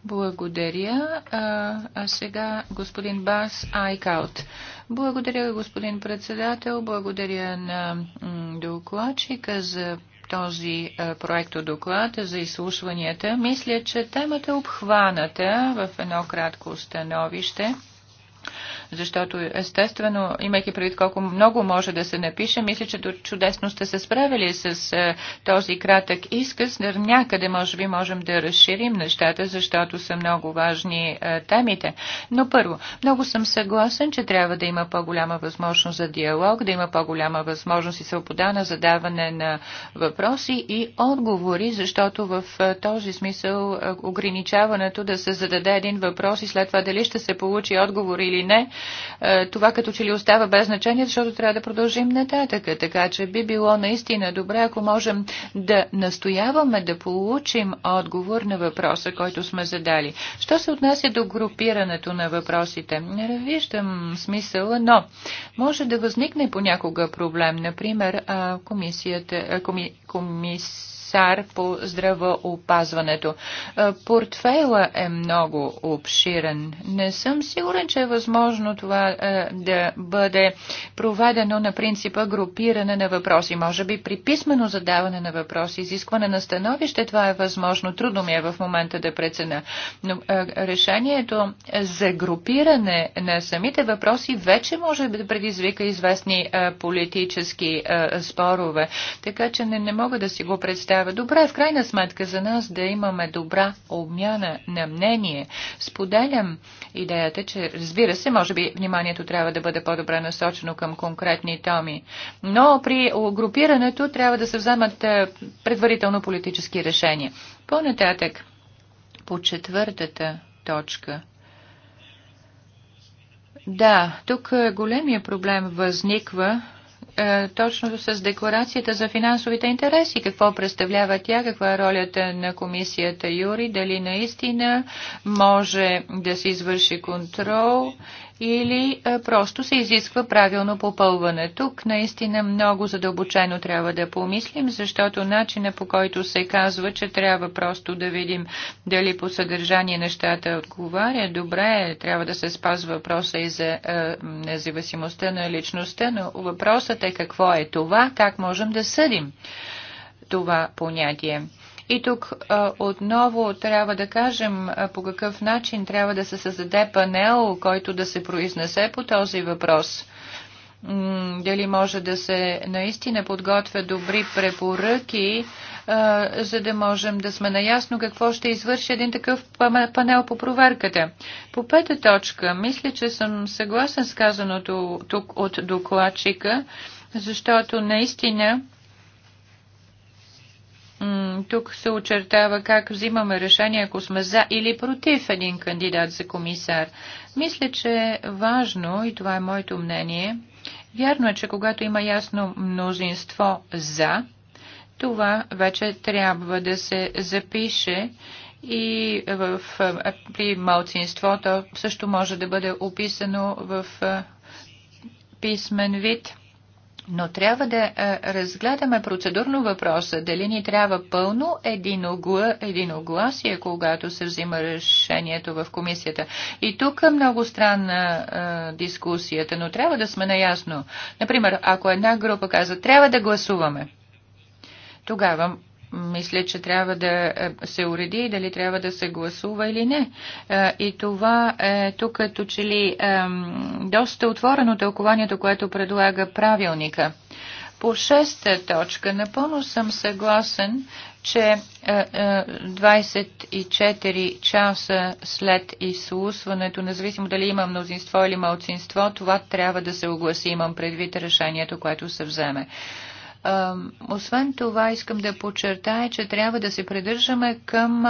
Благодаря. А сега господин Бас Айкаут. Благодаря, господин председател. Благодаря на докладчика за този проект от доклад за изслушванията. Мисля, че темата е обхваната в едно кратко установище. Защото естествено, имайки предвид колко много може да се напише, мисля, че чудесно сте се справили с е, този кратък изказ. Някъде може би можем да разширим нещата, защото са много важни е, темите. Но първо, много съм съгласен, че трябва да има по-голяма възможност за диалог, да има по-голяма възможност и свобода на задаване на въпроси и отговори, защото в е, този смисъл ограничаването да се зададе един въпрос и след това дали ще се получи отговор или или не, е, това като че ли остава без значение, защото трябва да продължим нататък. Така че би било наистина добре, ако можем да настояваме да получим отговор на въпроса, който сме задали. Що се отнася до групирането на въпросите? Не виждам смисъла, но може да възникне понякога проблем. Например, комисията, коми, комисията комисар по здравоопазването. Е, портфейла е много обширен. Не съм сигурен, че е възможно това е, да бъде проведено на принципа групиране на въпроси. Може би при писмено задаване на въпроси, изискване на становище, това е възможно. Трудно ми е в момента да прецена. Но е, решението за групиране на самите въпроси вече може да предизвика известни политически спорове. Така че не, не мога да си го представя направя. Добре, в крайна сметка за нас да имаме добра обмяна на мнение. Споделям идеята, че разбира се, може би вниманието трябва да бъде по-добре насочено към конкретни томи. Но при групирането трябва да се вземат е, предварително политически решения. По-нататък, по четвъртата точка. Да, тук е, големия проблем възниква е, точно с декларацията за финансовите интереси. Какво представлява тя, каква е ролята на комисията Юри, дали наистина може да се извърши контрол или е, просто се изисква правилно попълване. Тук наистина много задълбочено трябва да помислим, защото начина по който се казва, че трябва просто да видим дали по съдържание нещата отговаря, добре, трябва да се спазва въпроса и за е, независимостта на личността, но въпросът е какво е това, как можем да съдим това понятие. И тук отново трябва да кажем по какъв начин трябва да се създаде панел, който да се произнесе по този въпрос дали може да се наистина подготвя добри препоръки, за да можем да сме наясно какво ще извърши един такъв панел по проверката. По пета точка, мисля, че съм съгласен с казаното тук от докладчика, защото наистина тук се очертава как взимаме решение, ако сме за или против един кандидат за комисар. Мисля, че е важно, и това е моето мнение, вярно е, че когато има ясно мнозинство за, това вече трябва да се запише и в, при малцинството също може да бъде описано в писмен вид. Но трябва да е, разгледаме процедурно въпроса, дали ни трябва пълно единогласие, един когато се взима решението в комисията. И тук е много странна а, е, дискусията, но трябва да сме наясно. Например, ако една група каза, трябва да гласуваме, тогава мисля, че трябва да е, се уреди и дали трябва да се гласува или не. Е, и това е тук като че ли доста отворено тълкованието, което предлага правилника. По шеста точка напълно съм съгласен, че 24 е, часа след изслушването, независимо дали има мнозинство или малцинство, това трябва да се огласи. Имам предвид решението, което се вземе. Освен това, искам да подчертая, че трябва да се придържаме към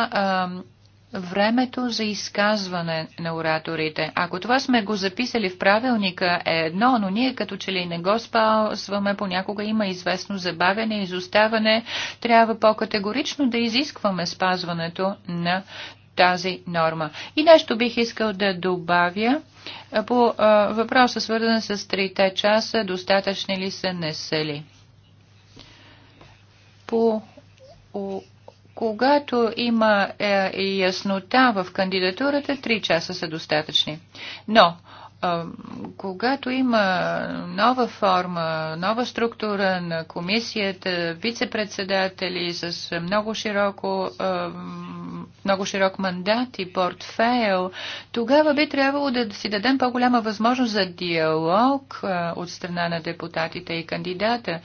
времето за изказване на ораторите. Ако това сме го записали в правилника е едно, но ние като че ли не го спасваме, понякога има известно забавяне, изоставане, трябва по-категорично да изискваме спазването на тази норма. И нещо бих искал да добавя по въпроса свързан с трите часа, достатъчни ли са, не са ли по когато има е, яснота в кандидатурата, 3 часа са достатъчни. Но, е, когато има нова форма, нова структура на комисията, вице-председатели с много, широко, е, много широк мандат и портфейл, тогава би трябвало да си дадем по-голяма възможност за диалог е, от страна на депутатите и кандидата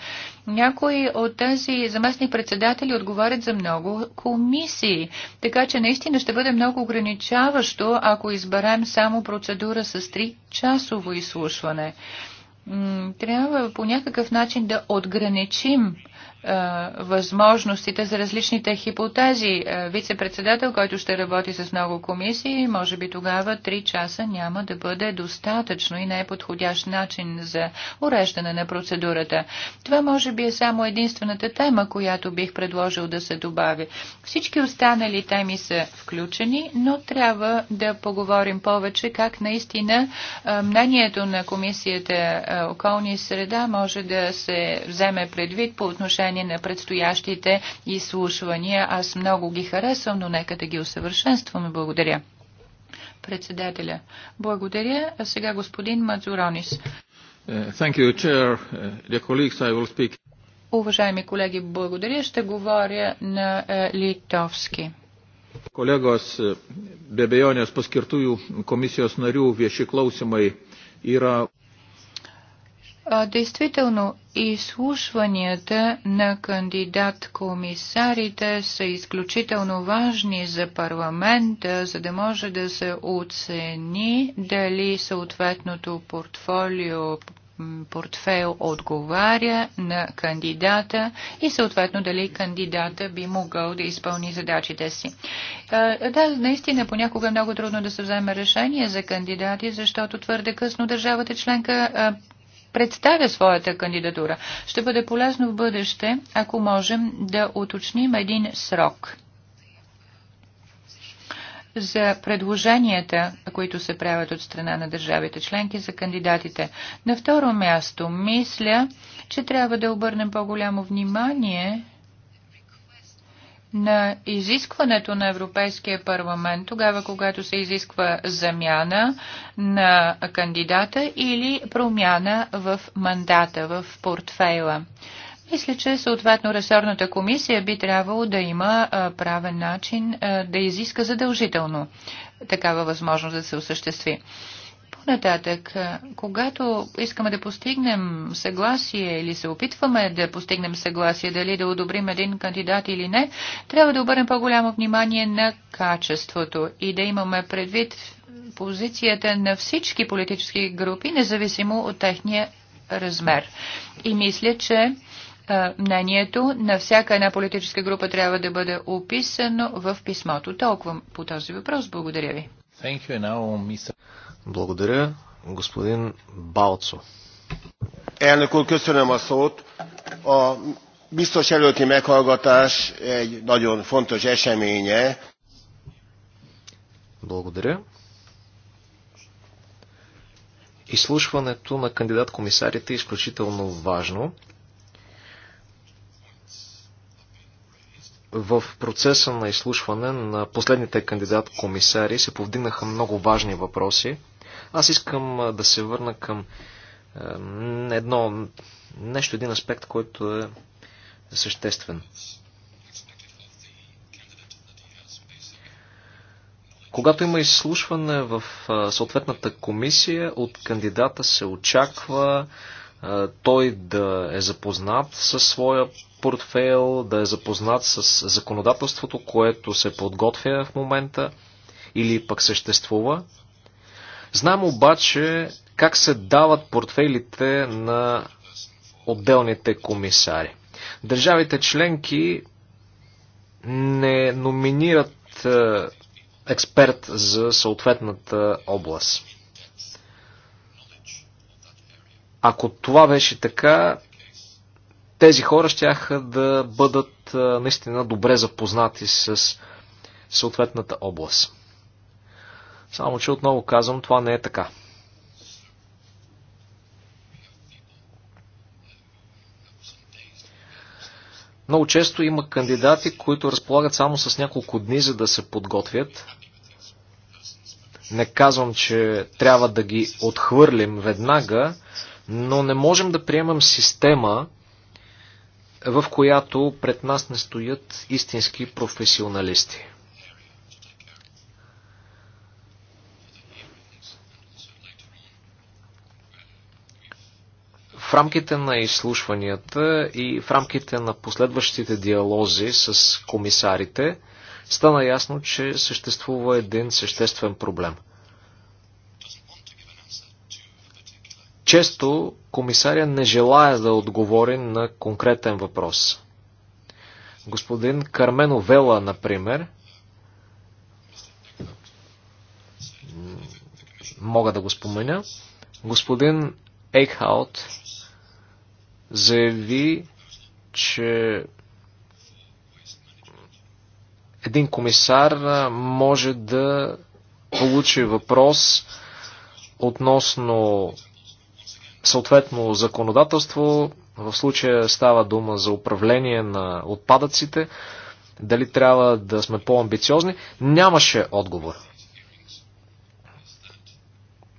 някои от тези заместни председатели отговарят за много комисии, така че наистина ще бъде много ограничаващо, ако изберем само процедура с 3-часово изслушване. Трябва по някакъв начин да отграничим възможностите за различните хипотези. Вице-председател, който ще работи с много комисии, може би тогава 3 часа няма да бъде достатъчно и не е подходящ начин за уреждане на процедурата. Това може би е само единствената тема, която бих предложил да се добави. Всички останали теми са включени, но трябва да поговорим повече как наистина мнението на комисията околни среда може да се вземе предвид по отношение отношение на предстоящите изслушвания. Аз много ги харесвам, но нека да ги усъвършенстваме. Благодаря. Председателя. Благодаря. А сега господин Мазуронис. Е, е, Уважаеми колеги, благодаря. Ще говоря на е, литовски. Колегос, be abejonės paskirtųjų komisijos narių vieši klausimai yra Действително, изслушванията на кандидат-комисарите са изключително важни за парламента, за да може да се оцени дали съответното портфолио портфел отговаря на кандидата и съответно дали кандидата би могъл да изпълни задачите си. Да, наистина понякога е много трудно да се вземе решение за кандидати, защото твърде късно държавата членка представя своята кандидатура. Ще бъде полезно в бъдеще, ако можем да уточним един срок за предложенията, които се правят от страна на държавите членки за кандидатите. На второ място, мисля, че трябва да обърнем по-голямо внимание на изискването на Европейския парламент, тогава когато се изисква замяна на кандидата или промяна в мандата, в портфейла. Мисля, че съответно ресорната комисия би трябвало да има правен начин да изиска задължително такава възможност да се осъществи. По-нататък, когато искаме да постигнем съгласие или се опитваме да постигнем съгласие дали да одобрим един кандидат или не, трябва да обърнем по-голямо внимание на качеството и да имаме предвид позицията на всички политически групи, независимо от техния размер. И мисля, че мнението на всяка една политическа група трябва да бъде описано в писмото. Толкова по този въпрос. Благодаря ви. Thank you. Now, Mr. Благодаря, господин Балцо. Elnök úr, köszönöm a szót. A biztos előtti meghallgatás egy nagyon fontos eseménye. Благодаря. Изслушването на кандидат-комисарите е изключително важно. В процеса на изслушване на последните кандидат-комисари се повдигнаха много важни въпроси. Аз искам да се върна към едно нещо, един аспект, който е съществен. Когато има изслушване в съответната комисия, от кандидата се очаква той да е запознат със своя портфейл, да е запознат с законодателството, което се подготвя в момента или пък съществува. Знам обаче как се дават портфейлите на отделните комисари. Държавите членки не номинират е, експерт за съответната област. Ако това беше така, тези хора ще да бъдат наистина добре запознати с съответната област. Само, че отново казвам, това не е така. Много често има кандидати, които разполагат само с няколко дни, за да се подготвят. Не казвам, че трябва да ги отхвърлим веднага, но не можем да приемам система, в която пред нас не стоят истински професионалисти. В рамките на изслушванията и в рамките на последващите диалози с комисарите стана ясно, че съществува един съществен проблем – Често комисаря не желая да отговори на конкретен въпрос. Господин Кармено Вела, например, мога да го споменя, господин Ейхаут заяви, че един комисар може да получи въпрос относно съответно законодателство, в случая става дума за управление на отпадъците, дали трябва да сме по-амбициозни, нямаше отговор.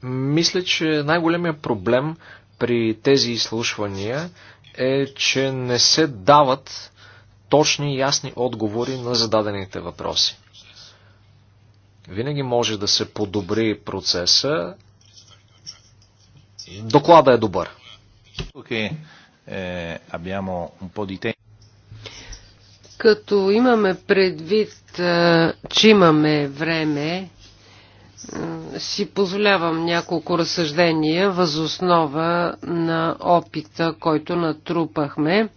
Мисля, че най-големия проблем при тези изслушвания е, че не се дават точни и ясни отговори на зададените въпроси. Винаги може да се подобри процеса, Доклада е добър. Тук е, е, абямо un po' di tempo. Като имаме предвид, е, че имаме време, е, си позволявам няколко разсъждения възоснова на опита, който натрупахме.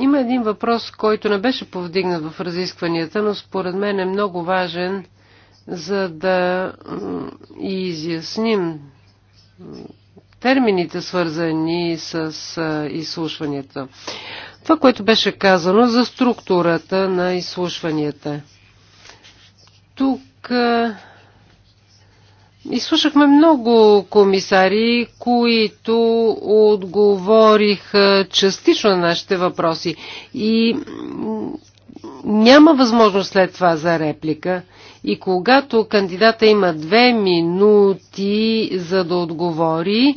Има един въпрос, който не беше повдигнат в разискванията, но според мен е много важен, за да изясним термините, свързани с изслушванията. Това, което беше казано за структурата на изслушванията. Тук изслушахме много комисари, които отговориха частично на нашите въпроси и няма възможност след това за реплика. И когато кандидата има две минути за да отговори,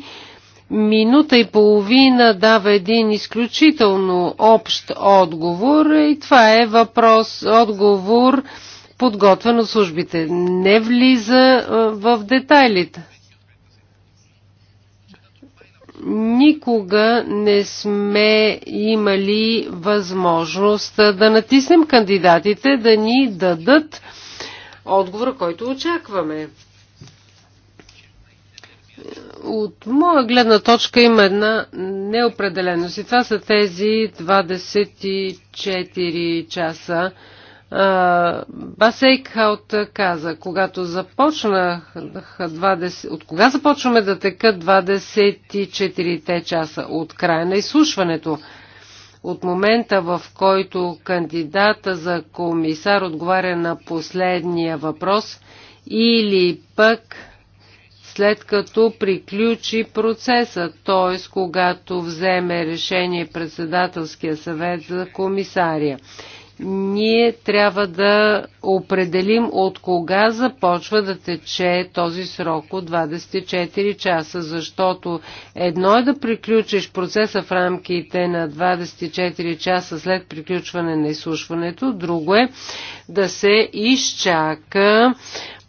минута и половина дава един изключително общ отговор и това е въпрос, отговор подготвен от службите. Не влиза в детайлите. Никога не сме имали възможност да натиснем кандидатите да ни дадат отговора, който очакваме. От моя гледна точка има една неопределеност и това са тези 24 часа. Басейкхаут каза, когато започнах 20... От кога започваме да текат 24-те часа? От края на изслушването. От момента, в който кандидата за комисар отговаря на последния въпрос или пък след като приключи процеса, т.е. когато вземе решение председателския съвет за комисария ние трябва да определим от кога започва да тече този срок от 24 часа, защото едно е да приключиш процеса в рамките на 24 часа след приключване на изслушването, друго е да се изчака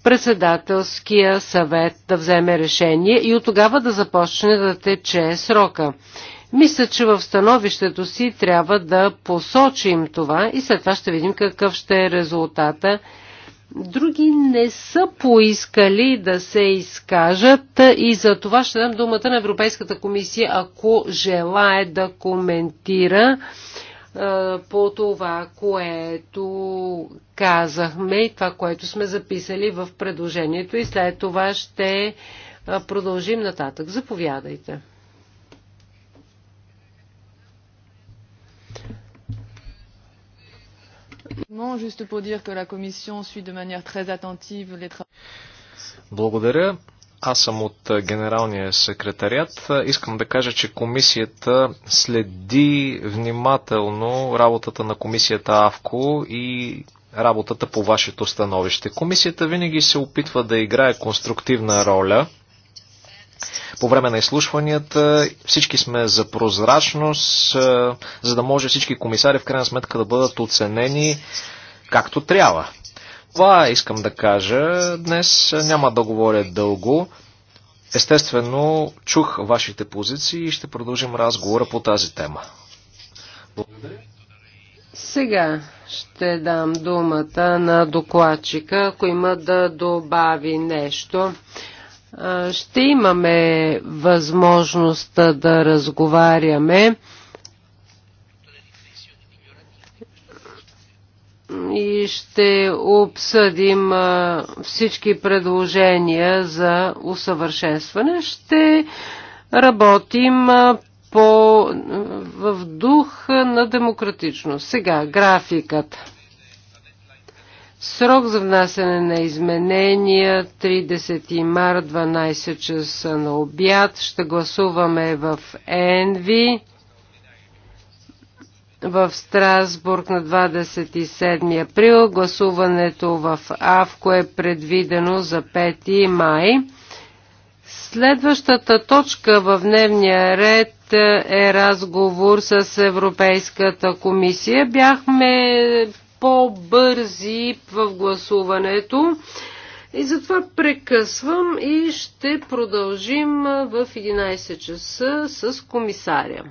председателския съвет да вземе решение и от тогава да започне да тече срока. Мисля, че в становището си трябва да посочим това и след това ще видим какъв ще е резултата. Други не са поискали да се изкажат и за това ще дам думата на Европейската комисия, ако желае да коментира по това, което казахме и това, което сме записали в предложението и след това ще продължим нататък. Заповядайте. Благодаря. Аз съм от Генералния секретарят. Искам да кажа, че комисията следи внимателно работата на комисията АВКО и работата по вашето становище. Комисията винаги се опитва да играе конструктивна роля по време на изслушванията. Всички сме за прозрачност, е, за да може всички комисари в крайна сметка да бъдат оценени както трябва. Това искам да кажа. Днес няма да говоря дълго. Естествено, чух вашите позиции и ще продължим разговора по тази тема. Благодаря. Сега ще дам думата на докладчика, ако има да добави нещо ще имаме възможност да разговаряме и ще обсъдим всички предложения за усъвършенстване. Ще работим по, в дух на демократичност. Сега графикът. Срок за внасяне на изменения 30 мар 12 часа на обяд. Ще гласуваме в ЕНВИ в Страсбург на 27 април. Гласуването в АВКО е предвидено за 5 май. Следващата точка в дневния ред е разговор с Европейската комисия. Бяхме по-бързи в гласуването. И затова прекъсвам и ще продължим в 11 часа с комисаря.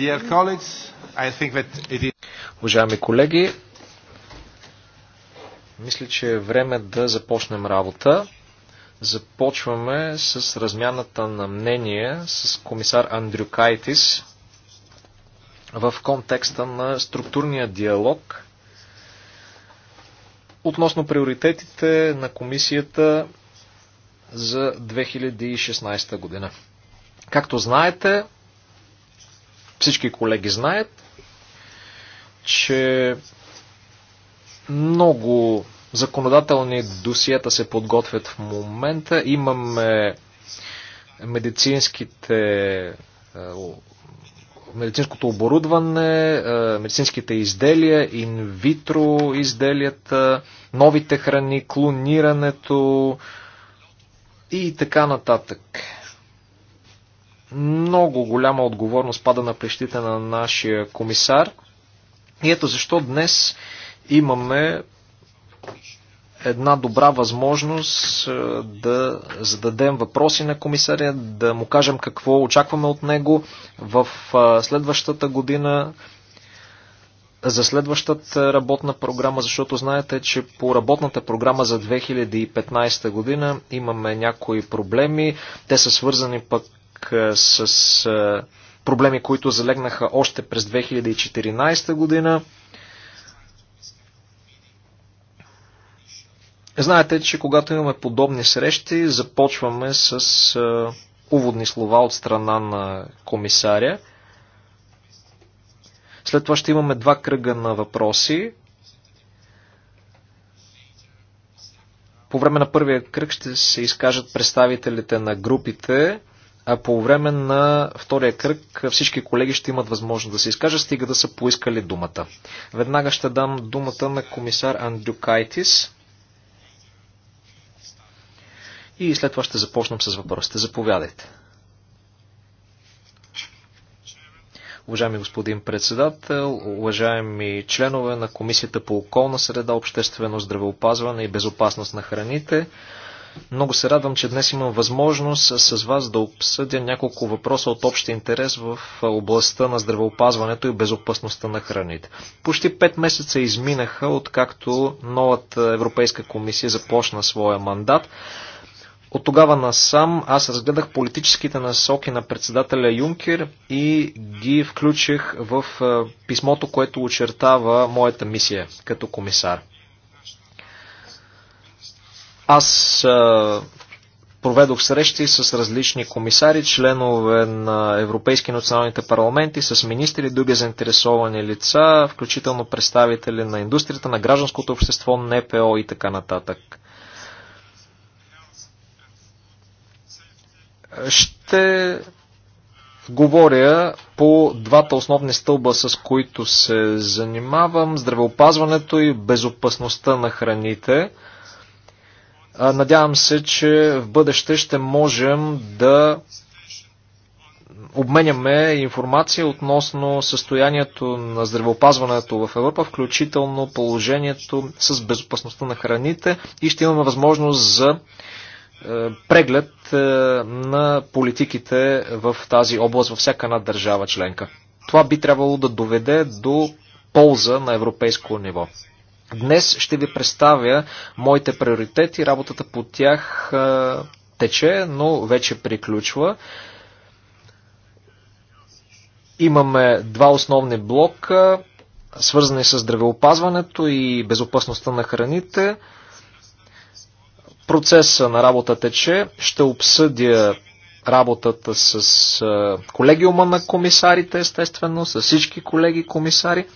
Is... Уважаеми колеги, мисля, че е време да започнем работа. Започваме с размяната на мнение с комисар Андрю Кайтис в контекста на структурния диалог относно приоритетите на комисията за 2016 година. Както знаете, всички колеги знаят, че много законодателни досиета се подготвят в момента. Имаме медицинските е, медицинското оборудване, е, медицинските изделия, инвитро изделията, новите храни, клонирането и така нататък много голяма отговорност пада на плещите на нашия комисар. И ето защо днес имаме една добра възможност е, да зададем въпроси на комисаря, да му кажем какво очакваме от него в е, следващата година, за следващата работна програма, защото знаете, че по работната програма за 2015 година имаме някои проблеми. Те са свързани пък с проблеми, които залегнаха още през 2014 година. Знаете, че когато имаме подобни срещи, започваме с уводни слова от страна на комисаря. След това ще имаме два кръга на въпроси. По време на първия кръг ще се изкажат представителите на групите по време на втория кръг всички колеги ще имат възможност да се изкажат, стига да са поискали думата. Веднага ще дам думата на комисар Андюкайтис. И след това ще започнем с въпросите. Заповядайте. Уважаеми господин председател, уважаеми членове на Комисията по околна среда, обществено здравеопазване и безопасност на храните, много се радвам, че днес имам възможност с вас да обсъдя няколко въпроса от общ интерес в областта на здравеопазването и безопасността на храните. Почти 5 месеца изминаха, откакто новата Европейска комисия започна своя мандат. От тогава насам аз разгледах политическите насоки на председателя Юнкер и ги включих в писмото, което очертава моята мисия като комисар. Аз проведох срещи с различни комисари, членове на Европейски националните парламенти, с министри, други заинтересовани лица, включително представители на индустрията, на гражданското общество, НПО и така нататък. Ще говоря по двата основни стълба, с които се занимавам здравеопазването и безопасността на храните. Надявам се, че в бъдеще ще можем да обменяме информация относно състоянието на здравеопазването в Европа, включително положението с безопасността на храните и ще имаме възможност за е, преглед е, на политиките в тази област във всяка една държава членка. Това би трябвало да доведе до полза на европейско ниво. Днес ще ви представя моите приоритети, работата по тях тече, но вече приключва. Имаме два основни блока, свързани с здравеопазването и безопасността на храните. Процеса на работа тече. Ще обсъдя работата с колегиума на комисарите, естествено, с всички колеги комисари.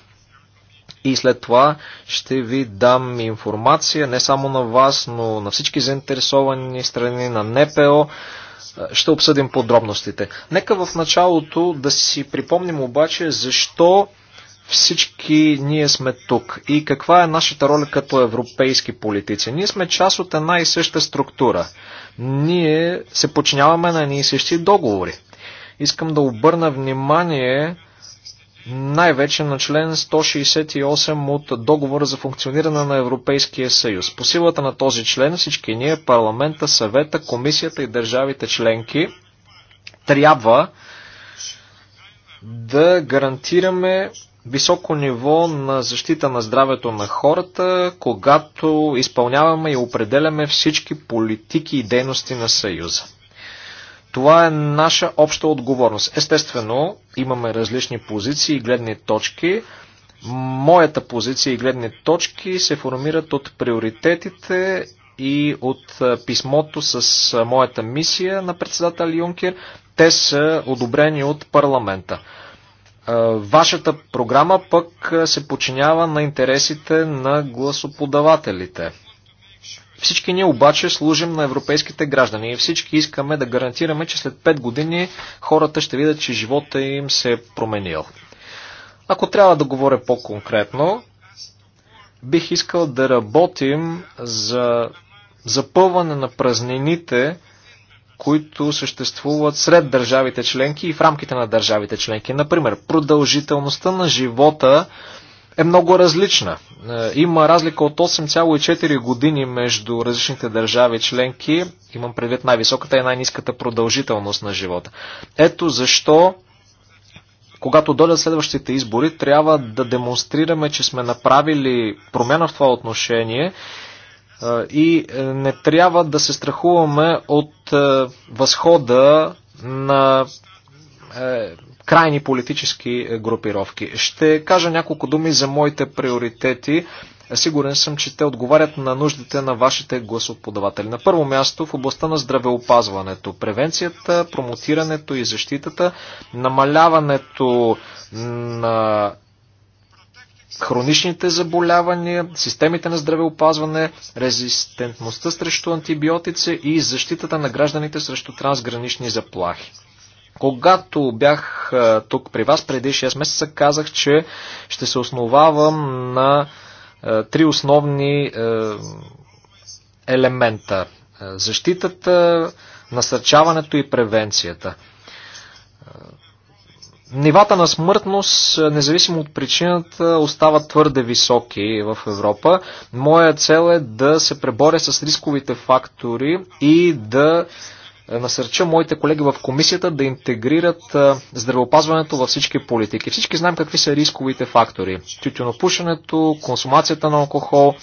И след това ще ви дам информация не само на вас, но на всички заинтересовани страни, на НПО. Ще обсъдим подробностите. Нека в началото да си припомним обаче защо всички ние сме тук и каква е нашата роля като европейски политици. Ние сме част от една и съща структура. Ние се подчиняваме на едни и същи договори. Искам да обърна внимание най-вече на член 168 от договора за функциониране на Европейския съюз. По силата на този член всички ние, парламента, съвета, комисията и държавите членки, трябва да гарантираме високо ниво на защита на здравето на хората, когато изпълняваме и определяме всички политики и дейности на Съюза. Това е наша обща отговорност. Естествено, имаме различни позиции и гледни точки. Моята позиция и гледни точки се формират от приоритетите и от писмото с моята мисия на председател Юнкер. Те са одобрени от парламента. Вашата програма пък се подчинява на интересите на гласоподавателите всички ние обаче служим на европейските граждани и всички искаме да гарантираме, че след 5 години хората ще видят, че живота им се е променил. Ако трябва да говоря по-конкретно, бих искал да работим за запълване на празнините, които съществуват сред държавите членки и в рамките на държавите членки. Например, продължителността на живота е много различна. Е, има разлика от 8,4 години между различните държави членки. Имам предвид най-високата и най-низката продължителност на живота. Ето защо, когато дойдат следващите избори, трябва да демонстрираме, че сме направили промяна в това отношение е, и е, не трябва да се страхуваме от възхода на е, крайни политически е, групировки. Ще кажа няколко думи за моите приоритети. Сигурен съм, че те отговарят на нуждите на вашите гласоподаватели. На първо място в областта на здравеопазването, превенцията, промотирането и защитата, намаляването на хроничните заболявания, системите на здравеопазване, резистентността срещу антибиотици и защитата на гражданите срещу трансгранични заплахи. Когато бях тук при вас преди 6 месеца, казах, че ще се основавам на три основни елемента. Защитата, насърчаването и превенцията. Нивата на смъртност, независимо от причината, остават твърде високи в Европа. Моя цел е да се преборя с рисковите фактори и да е, насърча моите колеги в комисията да интегрират е, здравеопазването във всички политики. Всички знаем какви са рисковите фактори. Тютюнопушенето, консумацията на алкохол,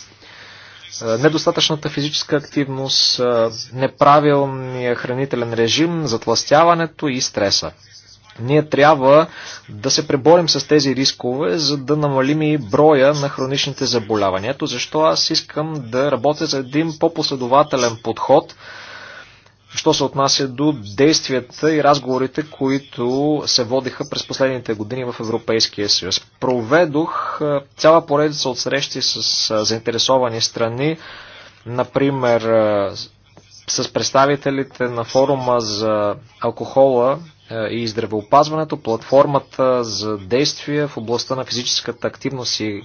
е, недостатъчната физическа активност, неправилния хранителен режим, затластяването и стреса. Ние трябва да се преборим с тези рискове, за да намалим и броя на хроничните заболявания. Ето защо аз искам да работя за един по-последователен подход – що се отнася до действията и разговорите, които се водиха през последните години в Европейския съюз. Проведох цяла поредица от срещи с заинтересовани страни, например с представителите на форума за алкохола и здравеопазването, платформата за действия в областта на физическата активност и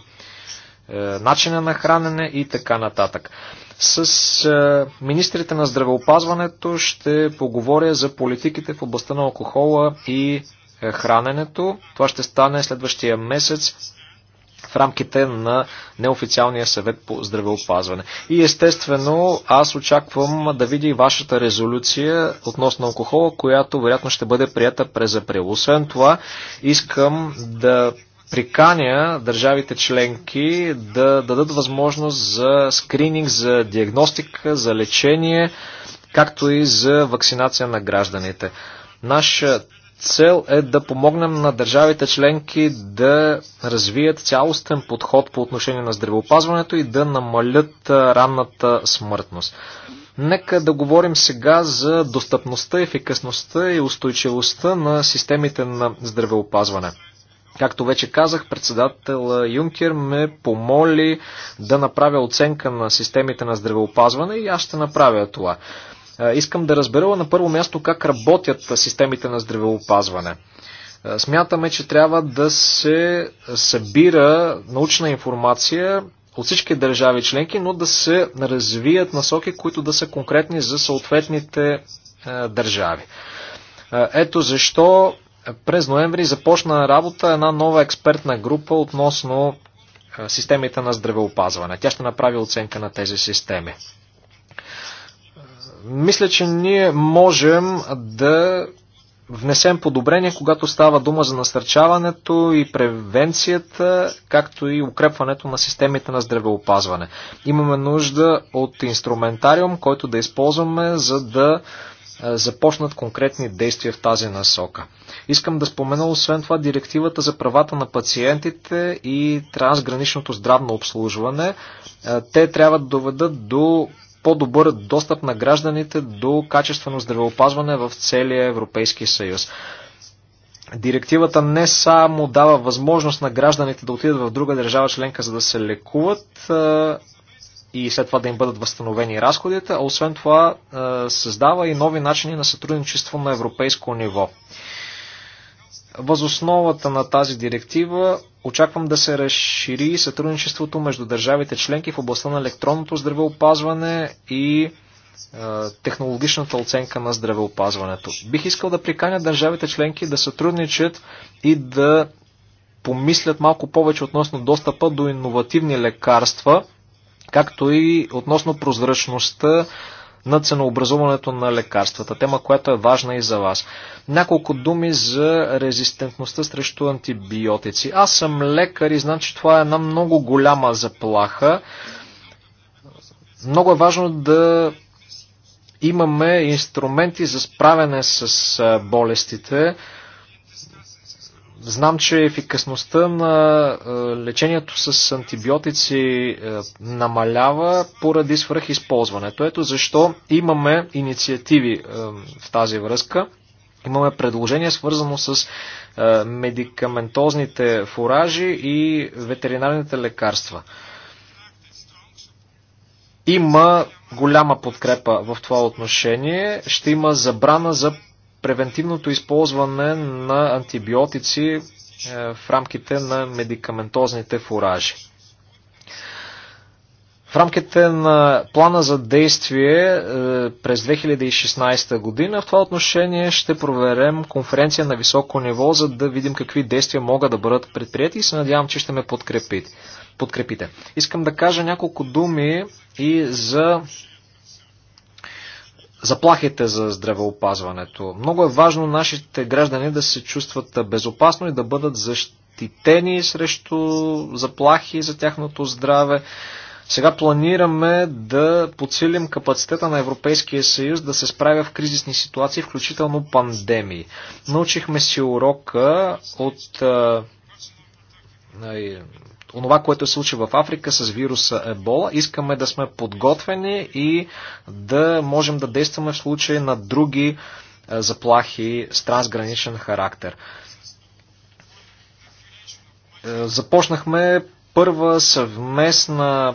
е, начина на хранене и така нататък. С е, министрите на здравеопазването ще поговоря за политиките в областта на алкохола и е, храненето. Това ще стане следващия месец в рамките на неофициалния съвет по здравеопазване. И естествено, аз очаквам да видя и вашата резолюция относно алкохола, която вероятно ще бъде прията през април. Освен това, искам да приканя държавите членки да дадат възможност за скрининг, за диагностика, за лечение, както и за вакцинация на гражданите. Наша цел е да помогнем на държавите членки да развият цялостен подход по отношение на здравеопазването и да намалят ранната смъртност. Нека да говорим сега за достъпността, ефикасността и устойчивостта на системите на здравеопазване. Както вече казах, председател Юнкер ме помоли да направя оценка на системите на здравеопазване и аз ще направя това. Искам да разбера на първо място как работят системите на здравеопазване. Смятаме, че трябва да се събира научна информация от всички държави членки, но да се развият насоки, които да са конкретни за съответните държави. Ето защо през ноември започна работа една нова експертна група относно системите на здравеопазване. Тя ще направи оценка на тези системи. Мисля, че ние можем да внесем подобрение, когато става дума за насърчаването и превенцията, както и укрепването на системите на здравеопазване. Имаме нужда от инструментариум, който да използваме, за да е, започнат конкретни действия в тази насока. Искам да спомена освен това директивата за правата на пациентите и трансграничното здравно обслужване. Е, те трябва да доведат до по-добър достъп на гражданите до качествено здравеопазване в целия Европейски съюз. Директивата не само дава възможност на гражданите да отидат в друга държава членка, за да се лекуват, е, и след това да им бъдат възстановени разходите, а освен това е, създава и нови начини на сътрудничество на европейско ниво. Възосновата на тази директива очаквам да се разшири сътрудничеството между държавите членки в областта на електронното здравеопазване и е, технологичната оценка на здравеопазването. Бих искал да приканя държавите членки да сътрудничат и да помислят малко повече относно достъпа до иновативни лекарства както и относно прозрачността на ценообразуването на лекарствата, тема, която е важна и за вас. Няколко думи за резистентността срещу антибиотици. Аз съм лекар и знам, че това е една много голяма заплаха. Много е важно да имаме инструменти за справяне с болестите. Знам, че ефикасността на е, лечението с антибиотици е, намалява поради свръхизползването. Ето защо имаме инициативи е, в тази връзка. Имаме предложение свързано с медикаментозните фуражи и ветеринарните лекарства. Има голяма подкрепа в това отношение. Ще има забрана за превентивното използване на антибиотици е, в рамките на медикаментозните фуражи. В рамките на плана за действие е, през 2016 година в това отношение ще проверем конференция на високо ниво, за да видим какви действия могат да бъдат предприяти и се надявам, че ще ме подкрепите. подкрепите. Искам да кажа няколко думи и за заплахите за здравеопазването. Много е важно нашите граждани да се чувстват безопасно и да бъдат защитени срещу заплахи за тяхното здраве. Сега планираме да подсилим капацитета на Европейския съюз да се справя в кризисни ситуации, включително пандемии. Научихме си урока от онова, което се случи в Африка с вируса Ебола. Искаме да сме подготвени и да можем да действаме в случай на други е, заплахи с трансграничен характер. Е, започнахме първа съвместна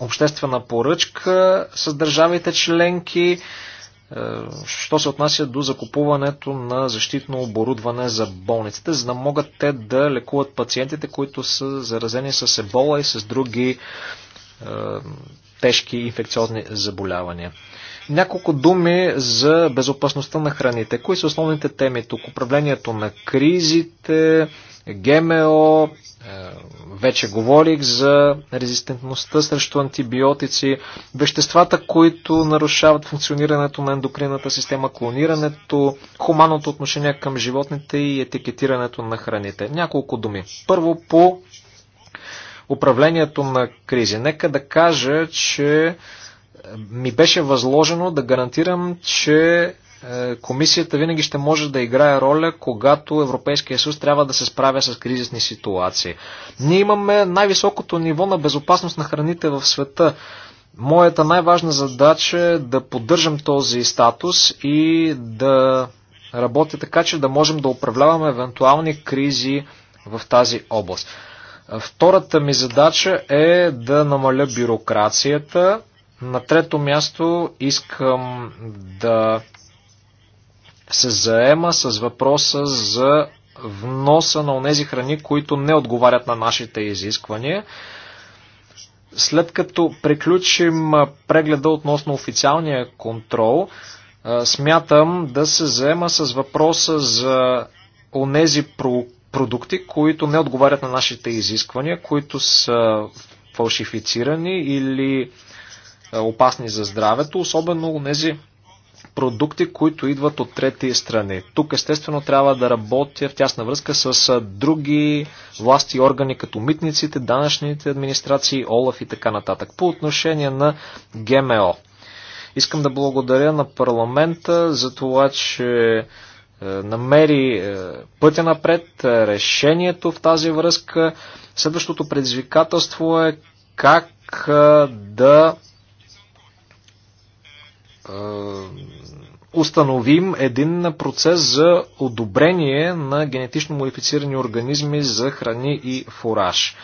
обществена поръчка с държавите членки. Е, що се отнася до закупуването на защитно оборудване за болниците, за да могат те да лекуват пациентите, които са заразени с ебола и с други е, тежки инфекциозни заболявания. Няколко думи за безопасността на храните. Кои са основните теми тук? Управлението на кризите, ГМО, е, вече говорих за резистентността срещу антибиотици, веществата, които нарушават функционирането на ендокринната система, клонирането, хуманното отношение към животните и етикетирането на храните. Няколко думи. Първо по управлението на кризи. Нека да кажа, че ми беше възложено да гарантирам, че е, комисията винаги ще може да играе роля, когато Европейския съюз трябва да се справя с кризисни ситуации. Ние имаме най-високото ниво на безопасност на храните в света. Моята най-важна задача е да поддържам този статус и да работя така, че да можем да управляваме евентуални кризи в тази област. Втората ми задача е да намаля бюрокрацията. На трето място искам да се заема с въпроса за вноса на онези храни, които не отговарят на нашите изисквания. След като приключим прегледа относно официалния контрол, смятам да се заема с въпроса за онези продукти, които не отговарят на нашите изисквания, които са фалшифицирани или опасни за здравето, особено онези продукти, които идват от трети страни. Тук естествено трябва да работя в тясна връзка с други власти и органи, като митниците, данъчните администрации, ОЛАФ и така нататък. По отношение на ГМО. Искам да благодаря на парламента за това, че е, намери е, пътя напред, е, решението в тази връзка. Следващото предизвикателство е как да установим един процес за одобрение на генетично модифицирани организми за храни и фураж.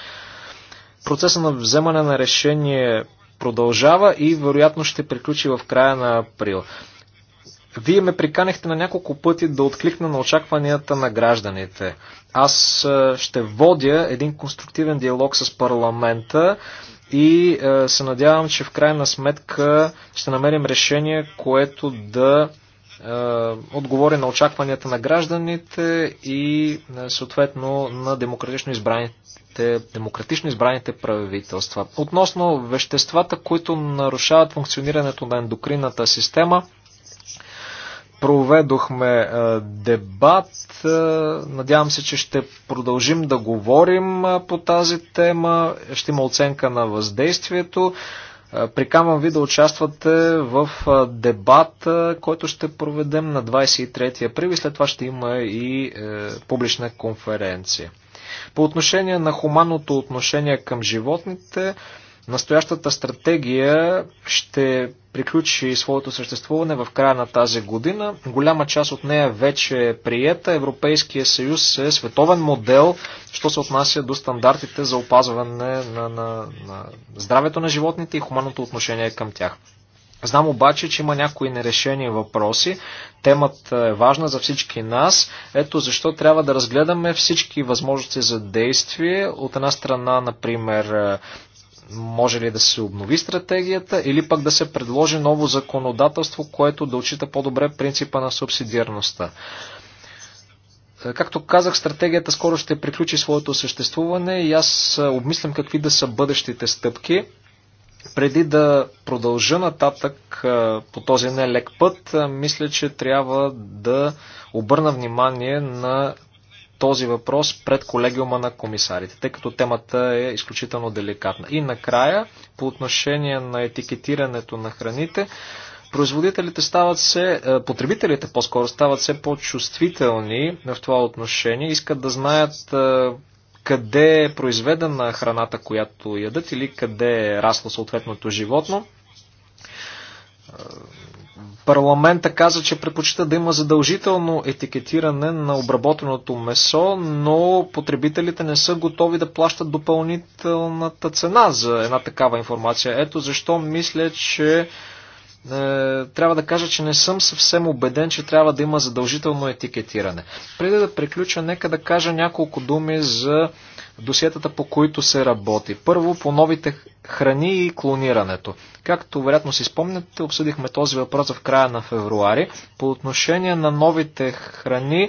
Процеса на вземане на решение продължава и вероятно ще приключи в края на април. Вие ме приканихте на няколко пъти да откликна на очакванията на гражданите. Аз е, ще водя един конструктивен диалог с парламента и е, се надявам, че в крайна сметка ще намерим решение, което да е, отговори на очакванията на гражданите и е, съответно на демократично избраните, демократично избраните правителства. Относно веществата, които нарушават функционирането на ендокринната система, проведохме е, дебат. Надявам се, че ще продължим да говорим по тази тема. Ще има оценка на въздействието. Прикамвам ви да участвате в дебат, който ще проведем на 23 април и след това ще има и е, публична конференция. По отношение на хуманното отношение към животните, Настоящата стратегия ще приключи своето съществуване в края на тази година. Голяма част от нея вече е приета. Европейския съюз е световен модел, що се отнася до стандартите за опазване на, на, на здравето на животните и хуманното отношение към тях. Знам обаче, че има някои нерешени въпроси. Темата е важна за всички нас. Ето защо трябва да разгледаме всички възможности за действие. От една страна, например, може ли да се обнови стратегията или пък да се предложи ново законодателство, което да отчита по-добре принципа на субсидиарността? Е, както казах, стратегията скоро ще приключи своето съществуване и аз е, обмислям какви да са бъдещите стъпки. Преди да продължа нататък е, по този нелек път, мисля, че трябва да обърна внимание на този въпрос пред колегиума на комисарите, тъй като темата е изключително деликатна. И накрая, по отношение на етикетирането на храните, производителите стават се, е, потребителите по-скоро стават все по-чувствителни в това отношение, искат да знаят е, къде е произведена храната, която ядат или къде е расло съответното животно. Е, Парламента каза, че предпочита да има задължително етикетиране на обработеното месо, но потребителите не са готови да плащат допълнителната цена за една такава информация. Ето защо мисля, че е, трябва да кажа, че не съм съвсем убеден, че трябва да има задължително етикетиране. Преди да приключа, нека да кажа няколко думи за досиетата, по които се работи. Първо, по новите храни и клонирането. Както вероятно си спомняте, обсъдихме този въпрос в края на февруари. По отношение на новите храни,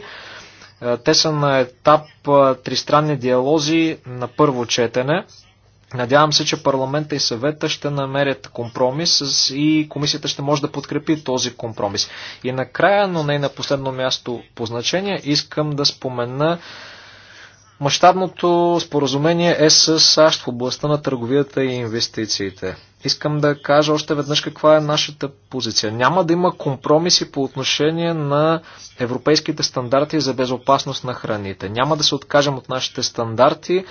е, те са на етап е, тристранни диалози на първо четене. Надявам се, че парламента и съвета ще намерят компромис и комисията ще може да подкрепи този компромис. И накрая, но не на последно място по значение, искам да спомена Мащабното споразумение е с САЩ в областта на търговията и инвестициите. Искам да кажа още веднъж каква е нашата позиция. Няма да има компромиси по отношение на европейските стандарти за безопасност на храните. Няма да се откажем от нашите стандарти е,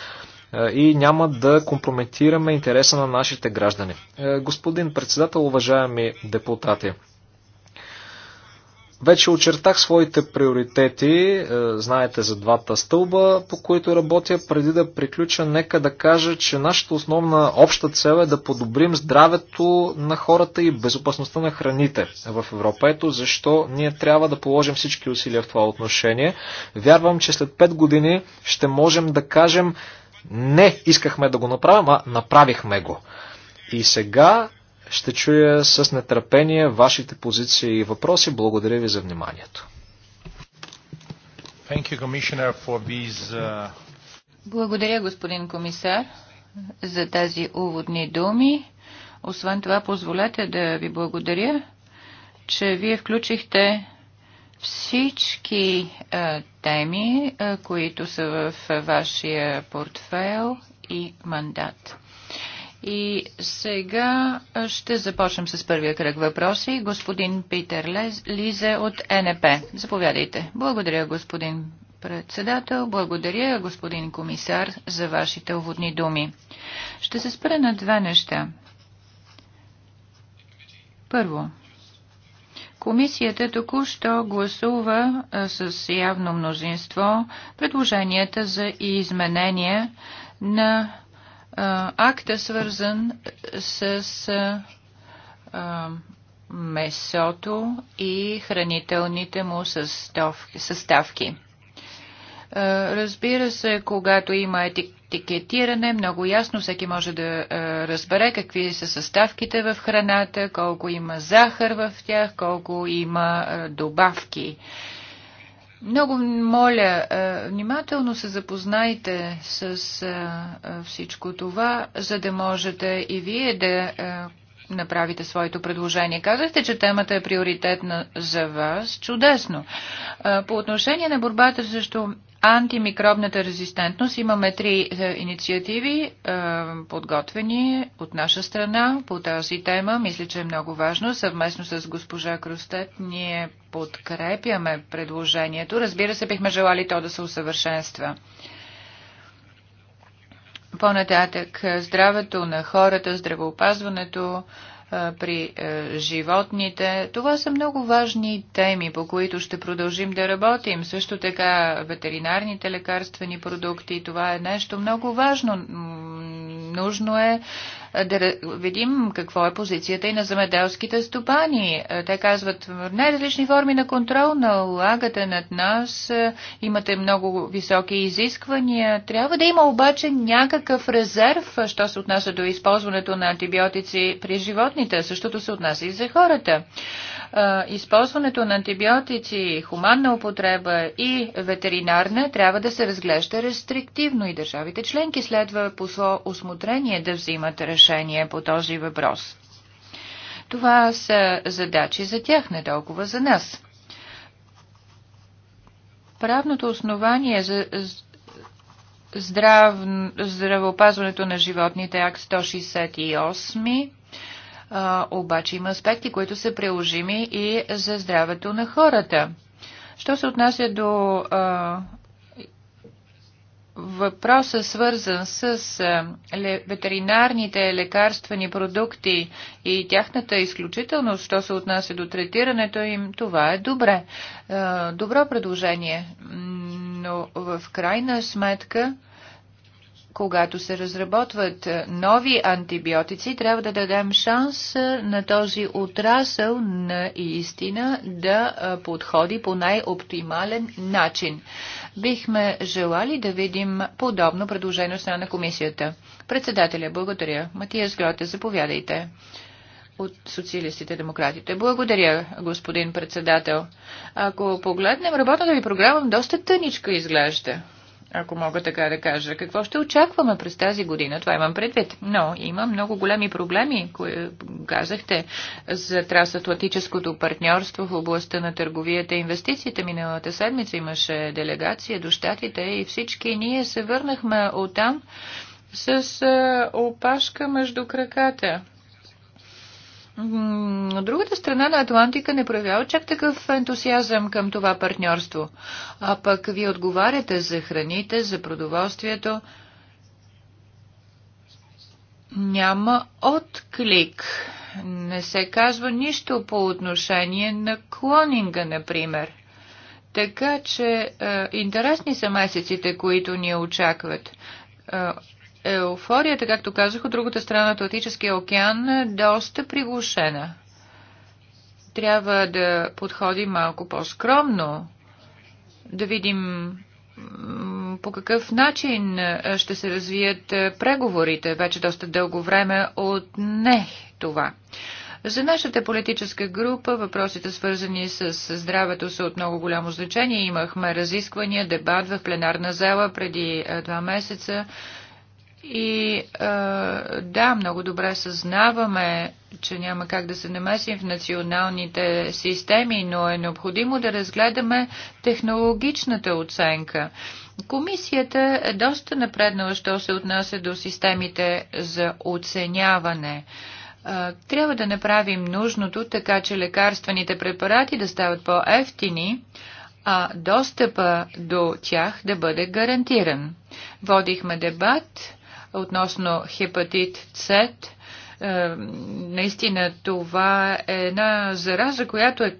и няма да компрометираме интереса на нашите граждани. Е, господин председател, уважаеми депутати, вече очертах своите приоритети, е, знаете за двата стълба, по които работя. Преди да приключа, нека да кажа, че нашата основна обща цел е да подобрим здравето на хората и безопасността на храните в Европа. Ето защо ние трябва да положим всички усилия в това отношение. Вярвам, че след 5 години ще можем да кажем не искахме да го направим, а направихме го. И сега ще чуя с нетърпение вашите позиции и въпроси. Благодаря ви за вниманието. Uh, благодаря, господин комисар, за тези уводни думи. Освен това, позволете да ви благодаря, че вие включихте всички а, теми, а, които са в вашия портфейл и мандат. И сега ще започнем с първия кръг въпроси. Господин Питер Лез, Лизе от НП. Заповядайте. Благодаря, господин председател. Благодаря, господин комисар, за вашите уводни думи. Ще се спра на две неща. Първо, комисията току-що гласува с явно мнозинство предложенията за изменение на акт е свързан с месото и хранителните му съставки. Разбира се, когато има етикетиране, много ясно всеки може да разбере какви са съставките в храната, колко има захар в тях, колко има добавки. Много моля, е, внимателно се запознайте с е, е, всичко това, за да можете и вие да направите своето предложение. Казахте, че темата е приоритетна за вас. Чудесно. По отношение на борбата срещу антимикробната резистентност. Имаме три е, инициативи, е, подготвени от наша страна по тази тема. Мисля, че е много важно. Съвместно с госпожа Кростет ние подкрепяме предложението. Разбира се, бихме желали то да се усъвършенства. По-нататък здравето на хората, здравеопазването, при животните. Това са много важни теми, по които ще продължим да работим. Също така ветеринарните лекарствени продукти, това е нещо много важно. Нужно е е, да видим какво е позицията и на замеделските стопани. Е, те казват най-различни форми на контрол лагата над нас, е, имате много високи изисквания. Трябва да има обаче някакъв резерв, що се отнася до използването на антибиотици при животните, същото се отнася и за хората използването на антибиотици, хуманна употреба и ветеринарна трябва да се разглежда рестриктивно и държавите членки следва по осмотрение да взимат решение по този въпрос. Това са задачи за тях, не толкова за нас. Правното основание за здрав... здравеопазването на животните, акт 168 а, обаче има аспекти, които са приложими и за здравето на хората. Що се отнася до а, въпроса, свързан с ветеринарните лекарствени продукти и тяхната изключителност, що се отнася до третирането им, това е добре. Добро предложение, но в крайна сметка когато се разработват е, нови антибиотици, трябва да дадем шанс е, на този отрасъл на истина да е, подходи по най-оптимален начин. Бихме желали да видим подобно предложение страна на комисията. Председателя, благодаря. Матиас Гроте, заповядайте от социалистите демократите. Благодаря, господин председател. Ако погледнем работната ви програма, доста тъничка изглежда ако мога така да кажа. Какво ще очакваме през тази година? Това имам предвид. Но има много големи проблеми, кои казахте, за трансатлантическото партньорство в областта на търговията и инвестициите. Миналата седмица имаше делегация до щатите и всички ние се върнахме оттам с опашка между краката другата страна на Атлантика не проявява чак такъв ентусиазъм към това партньорство. А пък вие отговаряте за храните, за продоволствието. Няма отклик. Не се казва нищо по отношение на клонинга, например. Така че е, интересни са месеците, които ни очакват е, еуфорията, както казах, от другата страна на Атлантическия океан е доста приглушена. Трябва да подходим малко по-скромно, да видим по какъв начин ще се развият преговорите. Вече доста дълго време от не това. За нашата политическа група въпросите свързани с здравето са от много голямо значение. Имахме разисквания, дебат в пленарна зала преди два месеца и да, много добре съзнаваме, че няма как да се намесим в националните системи, но е необходимо да разгледаме технологичната оценка. Комисията е доста напреднала, що се отнася до системите за оценяване. Трябва да направим нужното, така че лекарствените препарати да стават по-ефтини, а достъпа до тях да бъде гарантиран. Водихме дебат относно хепатит С. Е, наистина това е една зараза, която е, е,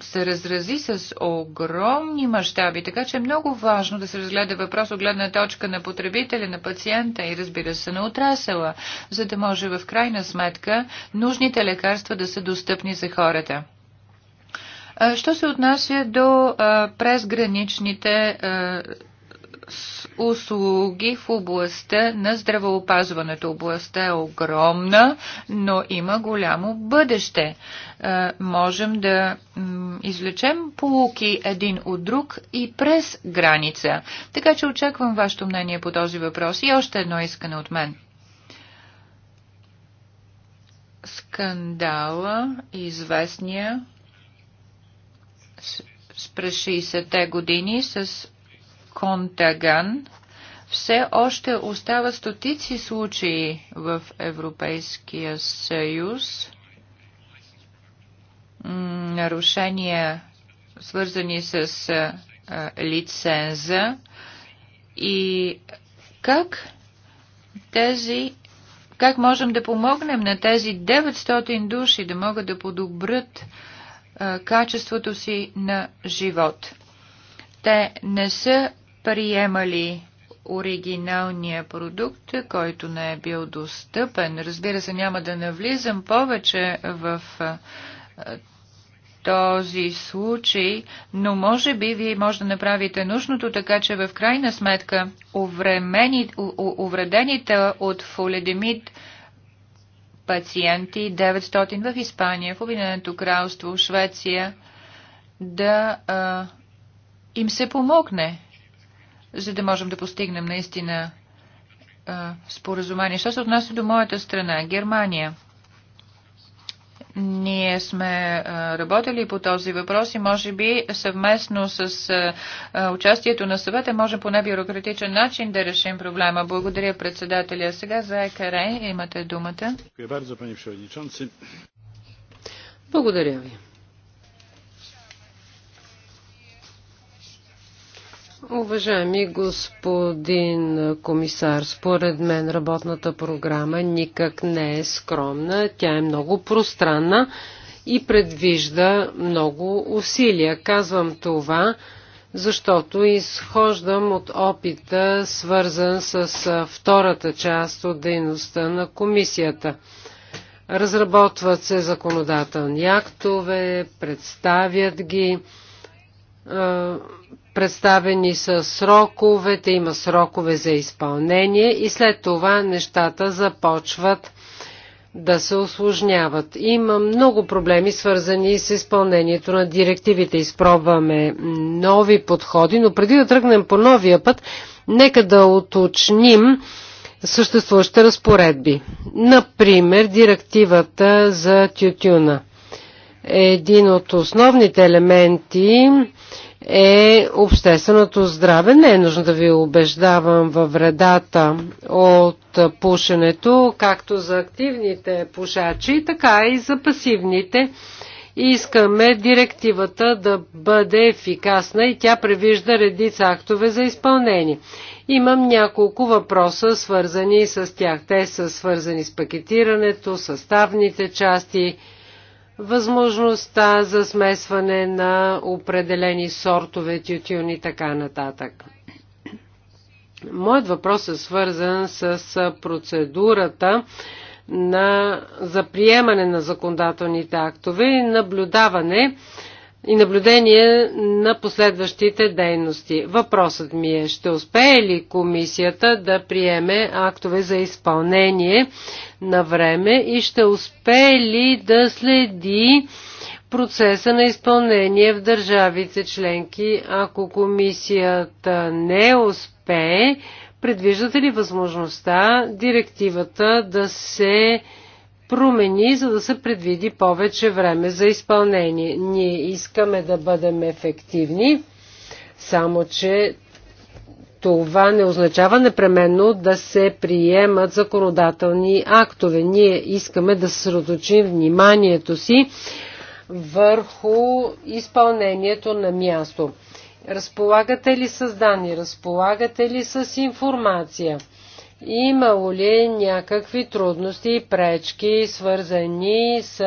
се разрази с огромни мащаби, така че е много важно да се разгледа въпрос от гледна точка на потребителя, на пациента и разбира се на отрасъла, за да може в крайна сметка нужните лекарства да са достъпни за хората. Е, що се отнася до презграничните услуги в областта на здравеопазването. Областта е огромна, но има голямо бъдеще. Е, можем да излечем полуки един от друг и през граница. Така че очаквам вашето мнение по този въпрос и още едно искане от мен. Скандала, известния през 60-те години с Контаган, все още остават стотици случаи в Европейския съюз, нарушения свързани с лиценза и как тези как можем да помогнем на тези 900 души да могат да подобрят качеството си на живот. Те не са приемали оригиналния продукт, който не е бил достъпен. Разбира се, няма да навлизам повече в този случай, но може би вие може да направите нужното, така че в крайна сметка увредените от фоледемид пациенти 900 в Испания, в Обединеното кралство, в Швеция, да а, им се помогне за да можем да постигнем наистина споразумение. Що се отнася до моята страна, Германия? Ние сме работили по този въпрос и може би съвместно с участието на съвета можем по небюрократичен начин да решим проблема. Благодаря председателя. Сега за ЕКР имате думата. Благодаря ви. Уважаеми господин комисар, според мен работната програма никак не е скромна, тя е много пространна и предвижда много усилия. Казвам това, защото изхождам от опита, свързан с втората част от дейността на комисията. Разработват се законодателни актове, представят ги, Представени са сроковете, има срокове за изпълнение и след това нещата започват да се осложняват. Има много проблеми, свързани с изпълнението на директивите. Изпробваме нови подходи, но преди да тръгнем по новия път, нека да уточним съществуващите разпоредби. Например, директивата за тютюна. Един от основните елементи е общественото здраве. Не е нужно да ви убеждавам във вредата от пушенето, както за активните пушачи, така и за пасивните. Искаме директивата да бъде ефикасна и тя превижда редица актове за изпълнение. Имам няколко въпроса, свързани с тях. Те са свързани с пакетирането, съставните части, възможността за смесване на определени сортове тютюн и така нататък. Моят въпрос е свързан с процедурата на, за приемане на законодателните актове и наблюдаване и наблюдение на последващите дейности. Въпросът ми е, ще успее ли комисията да приеме актове за изпълнение на време и ще успее ли да следи процеса на изпълнение в държавите членки, ако комисията не успее, предвиждате ли възможността директивата да се промени, за да се предвиди повече време за изпълнение. Ние искаме да бъдем ефективни, само че това не означава непременно да се приемат законодателни актове. Ние искаме да съсредоточим вниманието си върху изпълнението на място. Разполагате ли с данни? Разполагате ли с информация? Имало ли някакви трудности и пречки, свързани с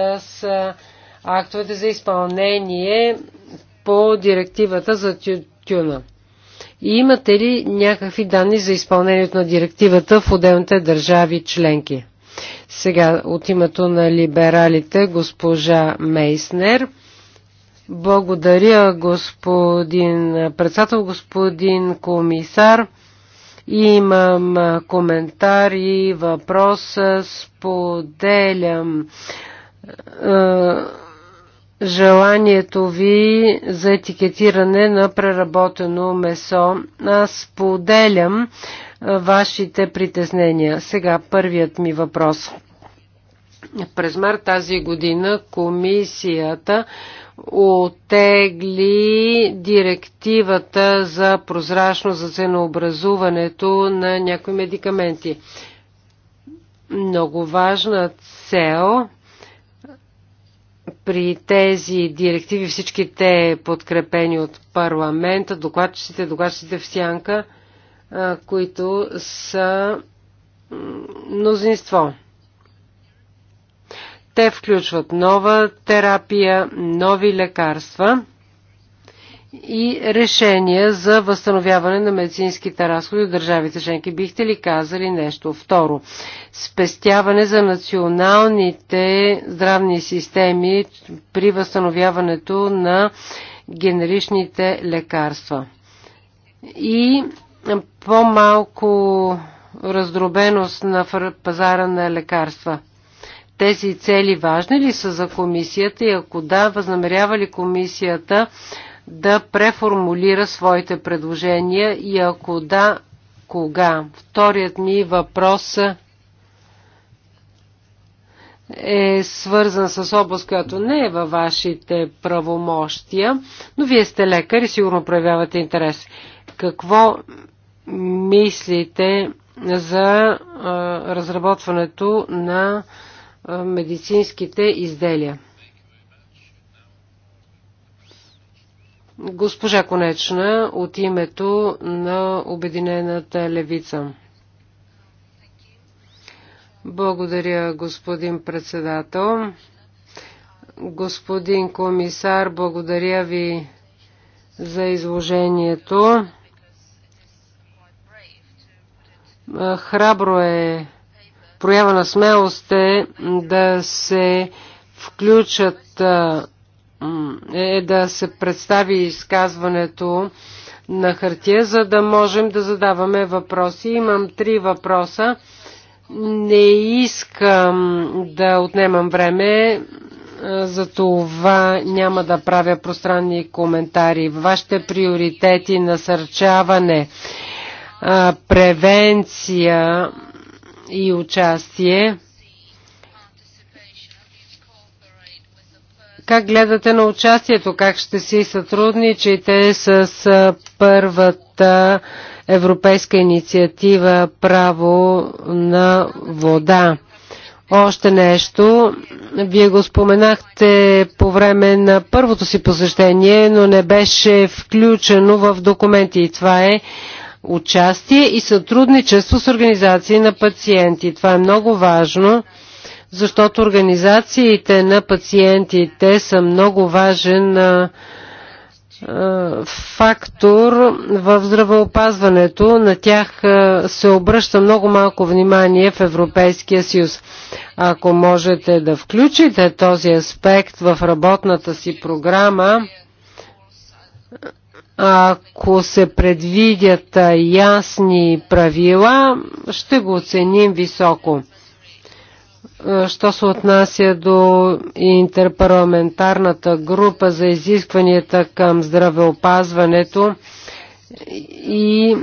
актовете за изпълнение по директивата за тютюна? И имате ли някакви данни за изпълнението на директивата в отделните държави членки? Сега от името на либералите госпожа Мейснер. Благодаря господин председател, господин комисар. Имам коментар и въпрос. Споделям желанието ви за етикетиране на преработено месо. Аз поделям вашите притеснения. Сега първият ми въпрос. През март тази година комисията отегли директивата за прозрачност за ценообразуването на някои медикаменти. Много важна цел при тези директиви, всичките подкрепени от парламента, докладчиците, докладчиците в сянка, които са мнозинство. Те включват нова терапия, нови лекарства и решения за възстановяване на медицинските разходи от държавите членки. Бихте ли казали нещо? Второ, спестяване за националните здравни системи при възстановяването на генеричните лекарства. И по-малко раздробеност на пазара на лекарства тези цели важни ли са за комисията и ако да, възнамерява ли комисията да преформулира своите предложения и ако да, кога? Вторият ми въпрос е свързан с област, която не е във вашите правомощия, но вие сте лекар и сигурно проявявате интерес. Какво мислите за а, разработването на медицинските изделия. Госпожа Конечна от името на Обединената левица. Благодаря, господин председател. Господин комисар, благодаря ви за изложението. Храбро е проява на смелост е да се включат е, е да се представи изказването на хартия, за да можем да задаваме въпроси. Имам три въпроса. Не искам да отнемам време, за това няма да правя пространни коментари. Вашите приоритети, насърчаване, превенция и участие. Как гледате на участието? Как ще си сътрудничите с първата европейска инициатива Право на вода? Още нещо. Вие го споменахте по време на първото си посещение, но не беше включено в документи. И това е участие и сътрудничество с организации на пациенти. Това е много важно, защото организациите на пациентите са много важен фактор в здравеопазването. На тях се обръща много малко внимание в Европейския съюз. Ако можете да включите този аспект в работната си програма, ако се предвидят ясни правила, ще го оценим високо. Що се отнася до интерпарламентарната група за изискванията към здравеопазването и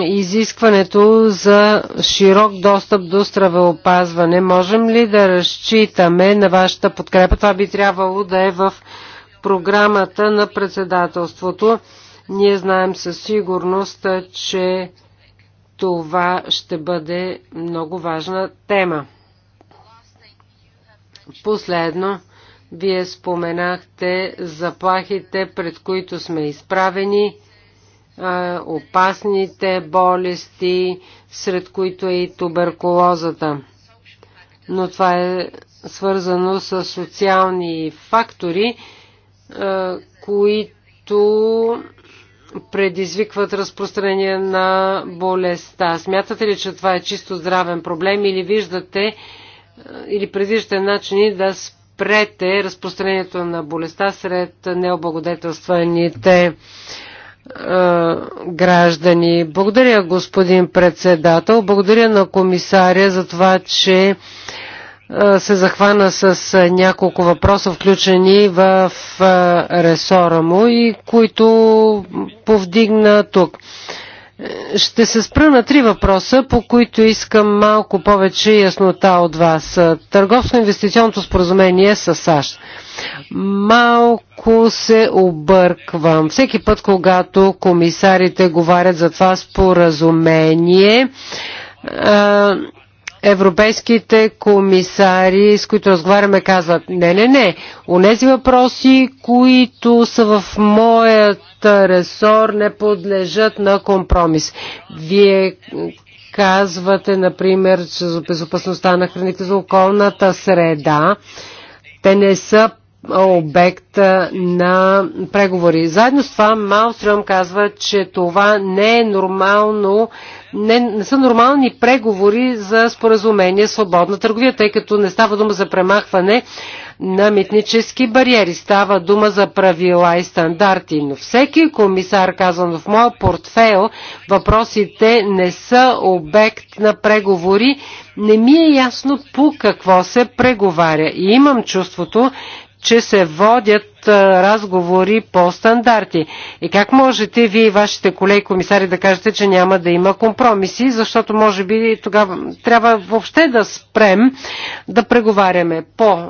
изискването за широк достъп до здравеопазване, можем ли да разчитаме на вашата подкрепа? Това би трябвало да е в програмата на председателството. Ние знаем със сигурност, че това ще бъде много важна тема. Последно, вие споменахте заплахите, пред които сме изправени, опасните болести, сред които е и туберкулозата. Но това е свързано с социални фактори, които предизвикват разпространение на болестта. Смятате ли, че това е чисто здравен проблем или виждате или предвиждате начини да спрете разпространението на болестта сред необлагодетелстваните граждани. Благодаря, господин председател. Благодаря на комисаря за това, че е, се захвана с е, няколко въпроса, включени в е, ресора му и които повдигна тук. Ще се спра на три въпроса, по които искам малко повече яснота от вас. Търговско-инвестиционното споразумение с САЩ. Малко се обърквам. Всеки път, когато комисарите говорят за това споразумение, европейските комисари, с които разговаряме, казват не, не, не. Онези въпроси, които са в моят ресор, не подлежат на компромис. Вие казвате, например, че за безопасността на храните за околната среда, те не са обект на преговори. Заедно с това Малстрюм казва, че това не е нормално, не, не са нормални преговори за споразумение свободна търговия, тъй като не става дума за премахване на митнически бариери. Става дума за правила и стандарти. Но всеки комисар, казано в моя портфел въпросите не са обект на преговори. Не ми е ясно по какво се преговаря. И имам чувството, че се водят разговори по стандарти. И как можете вие и вашите колеги комисари да кажете, че няма да има компромиси, защото може би тогава трябва въобще да спрем да преговаряме по е,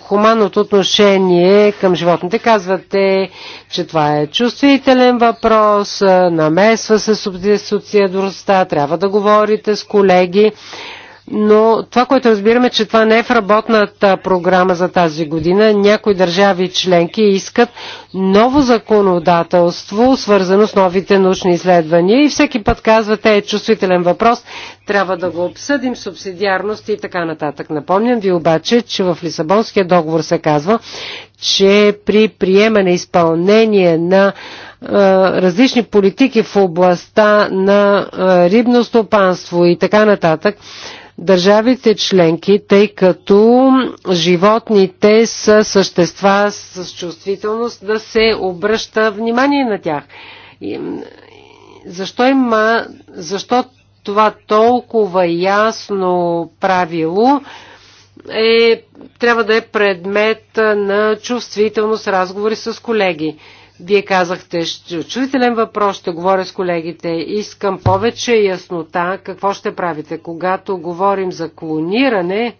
хуманното отношение към животните. Казвате, че това е чувствителен въпрос, намесва се субсидиарността, трябва да говорите с колеги но това, което разбираме, че това не е в работната програма за тази година. Някои държави членки искат ново законодателство, свързано с новите научни изследвания и всеки път казвате е чувствителен въпрос, трябва да го обсъдим, субсидиарност и така нататък. Напомням ви обаче, че в Лисабонския договор се казва, че при приемане изпълнение на различни политики в областта на рибно стопанство и така нататък, държавите членки, тъй като животните са същества с чувствителност, да се обръща внимание на тях. Защо, има, защо това толкова ясно правило е, трябва да е предмет на чувствителност разговори с колеги. Вие казахте, ще, чувителен въпрос, ще говоря с колегите. Искам повече яснота какво ще правите. Когато говорим за клониране,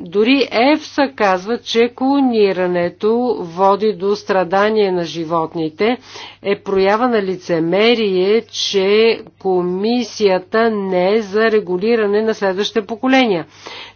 дори Евса казва, че клонирането води до страдание на животните. Е проява на лицемерие, че комисията не е за регулиране на следващите поколения.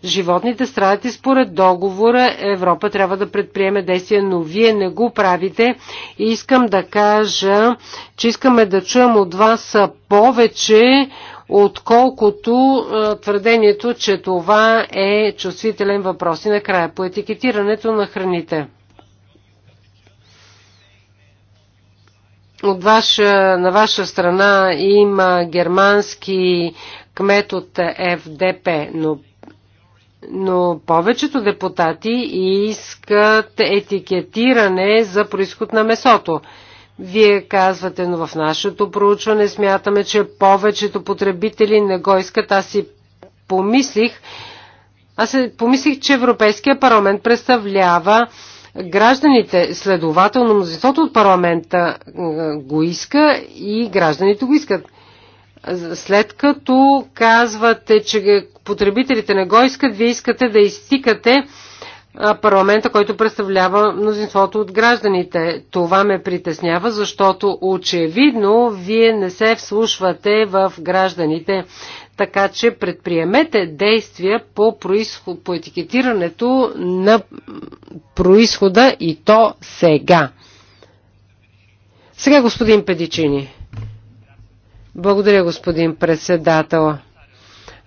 Животните страдат и според договора Европа трябва да предприеме действия, но вие не го правите. И искам да кажа, че искаме да чуем от вас повече отколкото твърдението, че това е чувствителен въпрос. И накрая, по етикетирането на храните. От ваша, на ваша страна има германски кмет от ФДП, но но повечето депутати искат етикетиране за происход на месото. Вие казвате, но в нашето проучване смятаме, че повечето потребители не го искат. Аз си помислих, аз си помислих, че Европейския парламент представлява гражданите, следователно мнозинството от парламента го иска и гражданите го искат. След като казвате, че потребителите не го искат, вие искате да изтикате парламента, който представлява мнозинството от гражданите. Това ме притеснява, защото очевидно вие не се вслушвате в гражданите. Така че предприемете действия по, происход, по етикетирането на происхода и то сега. Сега господин Педичини. Благодаря, господин председател.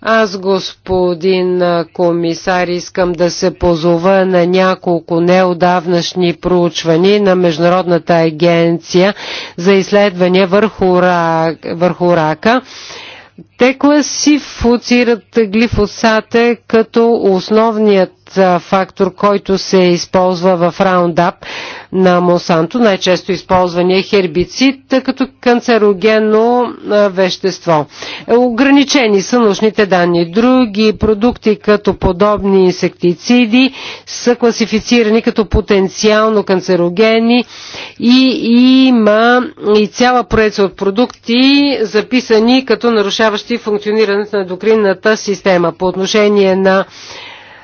Аз, господин комисар, искам да се позова на няколко неодавнашни проучвани на Международната агенция за изследвания върху, рак, върху рака. Те класифицират глифосата като основният фактор, който се използва в Roundup на Монсанто, най-често използвания е хербицид като канцерогенно вещество. Е, ограничени са научните данни. Други продукти като подобни инсектициди са класифицирани като потенциално канцерогени и има и цяла проекция от продукти, записани като нарушаващи функционирането на докринната система. По отношение на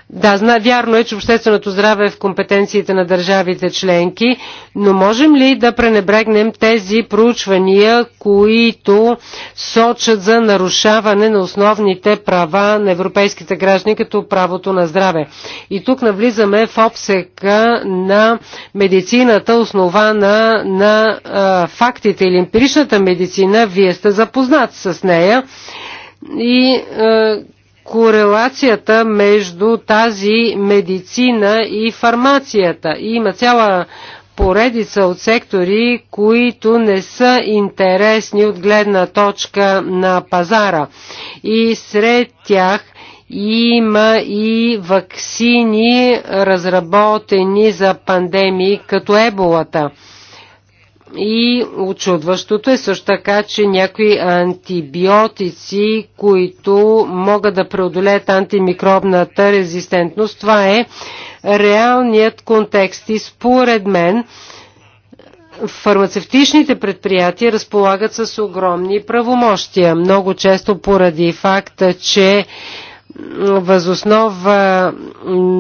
да, зна, вярно е, че общественото здраве е в компетенциите на държавите членки, но можем ли да пренебрегнем тези проучвания, които сочат за нарушаване на основните права на европейските граждани, като правото на здраве? И тук навлизаме в обсека на медицината, основана на а, фактите или емпиричната медицина. Вие сте запознат с нея. И корелацията между тази медицина и фармацията. И има цяла поредица от сектори, които не са интересни от гледна точка на пазара. И сред тях има и ваксини, разработени за пандемии, като еболата. И очудващото е също така, че някои антибиотици, които могат да преодолеят антимикробната резистентност, това е реалният контекст. И според мен фармацевтичните предприятия разполагат с огромни правомощия. Много често поради факта, че възоснова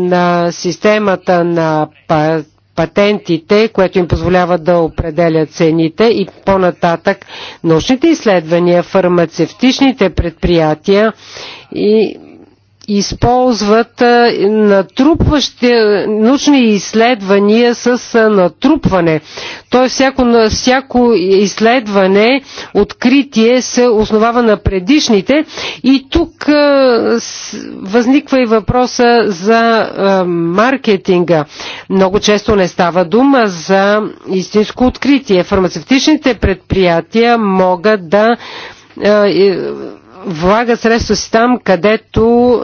на системата на пациента, патентите, което им позволява да определят цените и по-нататък научните изследвания, фармацевтичните предприятия и използват натрупващи научни изследвания с натрупване. Тоест всяко, всяко изследване, откритие се основава на предишните и тук възниква и въпроса за маркетинга. Много често не става дума за истинско откритие. Фармацевтичните предприятия могат да Влагат средства си там, където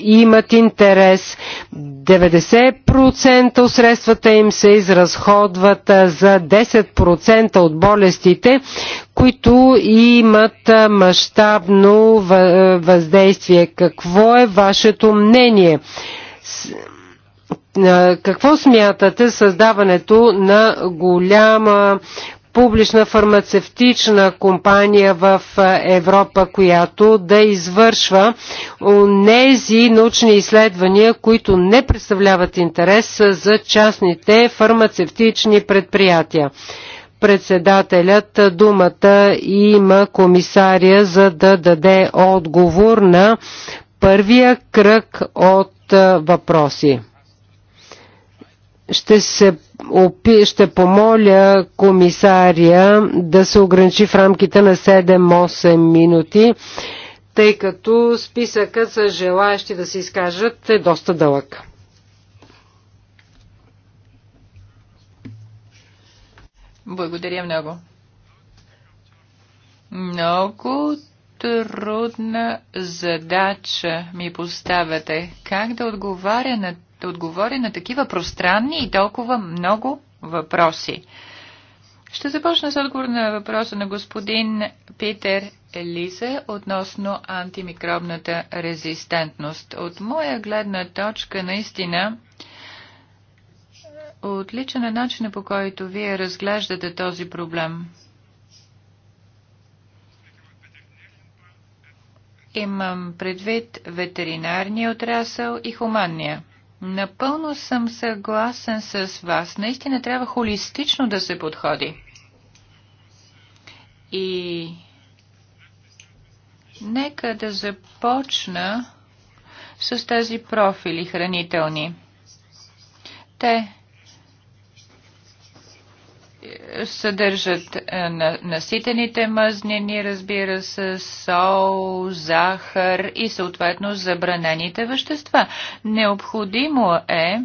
имат интерес. 90% от средствата им се изразходват за 10% от болестите, които имат мащабно въздействие. Какво е вашето мнение? Какво смятате създаването на голяма публична фармацевтична компания в Европа, която да извършва нези научни изследвания, които не представляват интерес за частните фармацевтични предприятия. Председателят думата има комисария, за да даде отговор на първия кръг от въпроси. Ще се ще помоля комисария да се ограничи в рамките на 7-8 минути, тъй като списъкът с желаящи да се изкажат е доста дълъг. Благодаря много. Много трудна задача ми поставяте. Как да отговаря на да отговори на такива пространни и толкова много въпроси. Ще започна с отговор на въпроса на господин Питер Елиза относно антимикробната резистентност. От моя гледна точка наистина отличен е начинът по който вие разглеждате този проблем. Имам предвид ветеринарния отрасъл и хуманния. Напълно съм съгласен с вас. Наистина трябва холистично да се подходи. И нека да започна с тези профили хранителни. Те съдържат е, наситените мъзнини, разбира се, сол, захар и съответно забранените вещества. Необходимо е, е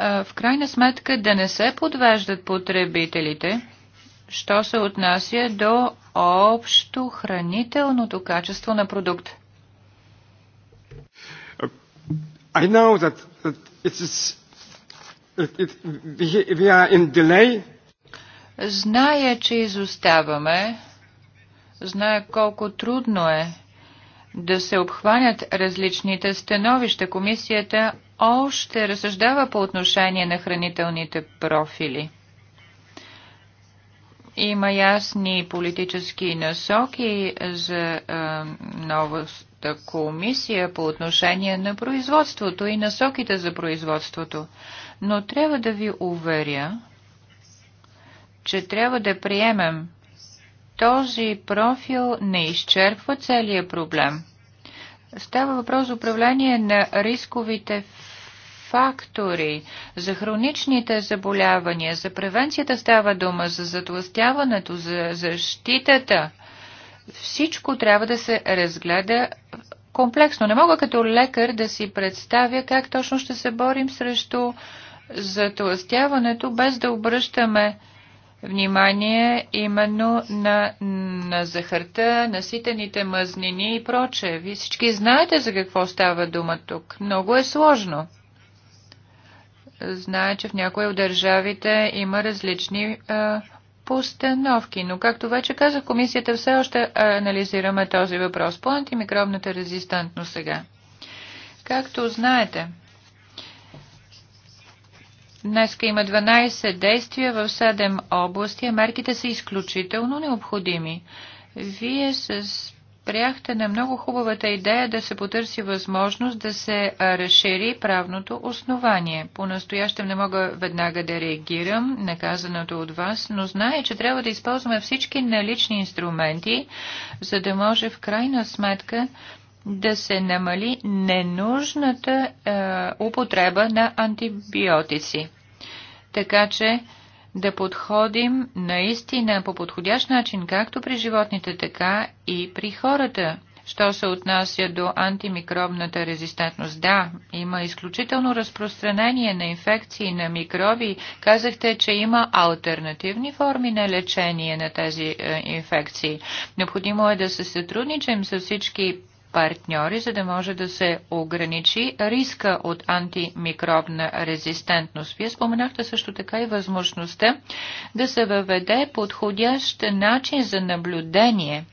в крайна сметка да не се подвеждат потребителите, що се отнася до общо хранителното качество на продукт. I know that, that it is, it, it, we are in delay Зная, че изоставаме, зная колко трудно е да се обхванят различните становища. Комисията още разсъждава по отношение на хранителните профили. Има ясни политически насоки за е, новата комисия по отношение на производството и насоките за производството. Но трябва да ви уверя, че трябва да приемем този профил не изчерпва целият проблем. Става въпрос за управление на рисковите фактори, за хроничните заболявания, за превенцията става дума, за затластяването, за защитата. Всичко трябва да се разгледа комплексно. Не мога като лекар да си представя как точно ще се борим срещу затластяването, без да обръщаме внимание именно на, на захарта, наситените мъзнини и прочее. Вие всички знаете за какво става дума тук. Много е сложно. Знае, че в някои от държавите има различни а, постановки, но както вече казах, комисията все още анализираме този въпрос по антимикробната резистантност сега. Както знаете, Днеска има 12 действия в 7 области, а мерките са изключително необходими. Вие се спряхте на много хубавата идея да се потърси възможност да се разшири правното основание. По-настоящем не мога веднага да реагирам на казаното от вас, но знае, че трябва да използваме всички налични инструменти, за да може в крайна сметка да се намали ненужната е, употреба на антибиотици. Така че да подходим наистина по подходящ начин, както при животните, така и при хората. Що се отнася до антимикробната резистентност? Да, има изключително разпространение на инфекции, на микроби. Казахте, че има альтернативни форми на лечение на тези е, инфекции. Необходимо е да се сътрудничим с всички партньори, за да може да се ограничи риска от антимикробна резистентност. Вие споменахте също така и възможността да се въведе подходящ начин за наблюдение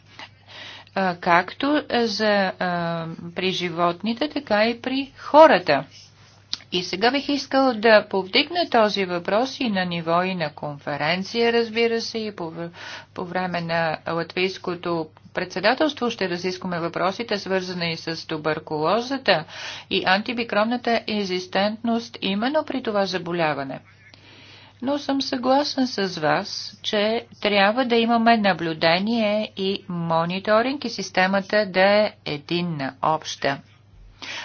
както за, а, при животните, така и при хората. И сега бих искал да повдигна този въпрос и на ниво и на конференция, разбира се, и по, по време на латвийското председателство ще разискваме въпросите, свързани с туберкулозата и антибикромната резистентност именно при това заболяване но съм съгласен с вас, че трябва да имаме наблюдение и мониторинг и системата да е единна, обща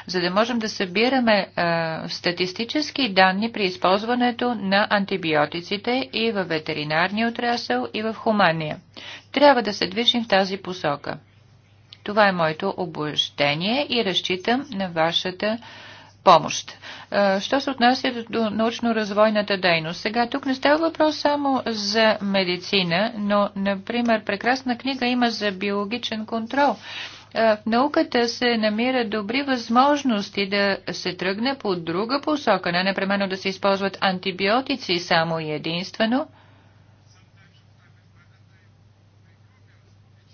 за да можем да събираме а, е, статистически данни при използването на антибиотиците и в ветеринарния отрасъл, и в хумания. Трябва да се движим в тази посока. Това е моето обобщение и разчитам на вашата помощ. Е, що се отнася до научно-развойната дейност? Сега тук не става въпрос само за медицина, но, например, прекрасна книга има за биологичен контрол в науката се намират добри възможности да се тръгне по друга посока, не непременно да се използват антибиотици само и единствено,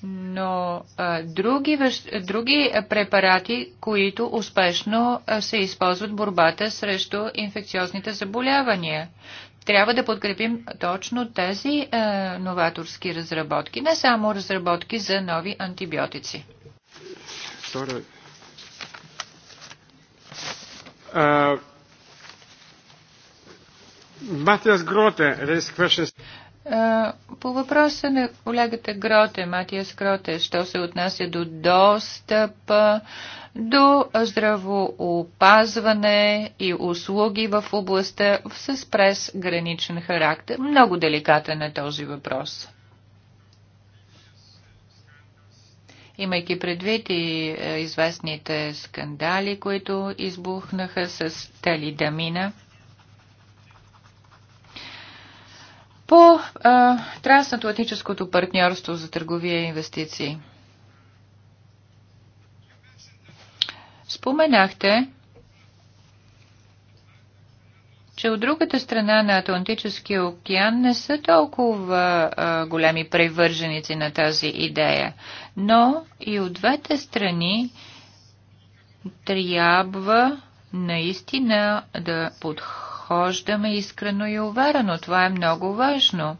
но а, други, вещ... други препарати, които успешно се използват в борбата срещу инфекциозните заболявания. Трябва да подкрепим точно тези а, новаторски разработки, не само разработки за нови антибиотици started. Матиас Гроте, По въпроса на колегата Гроте, Матиас Гроте, що се отнася до достъп до здравоопазване и услуги в областта с граничен характер. Много деликатен е този въпрос. имайки предвид и е, известните скандали, които избухнаха с талидамина. По е, трансатлантическото партньорство за търговия и инвестиции. Споменахте че от другата страна на Атлантическия океан не са толкова а, големи превърженици на тази идея, но и от двете страни трябва наистина да подхождаме искрено и уверено. Това е много важно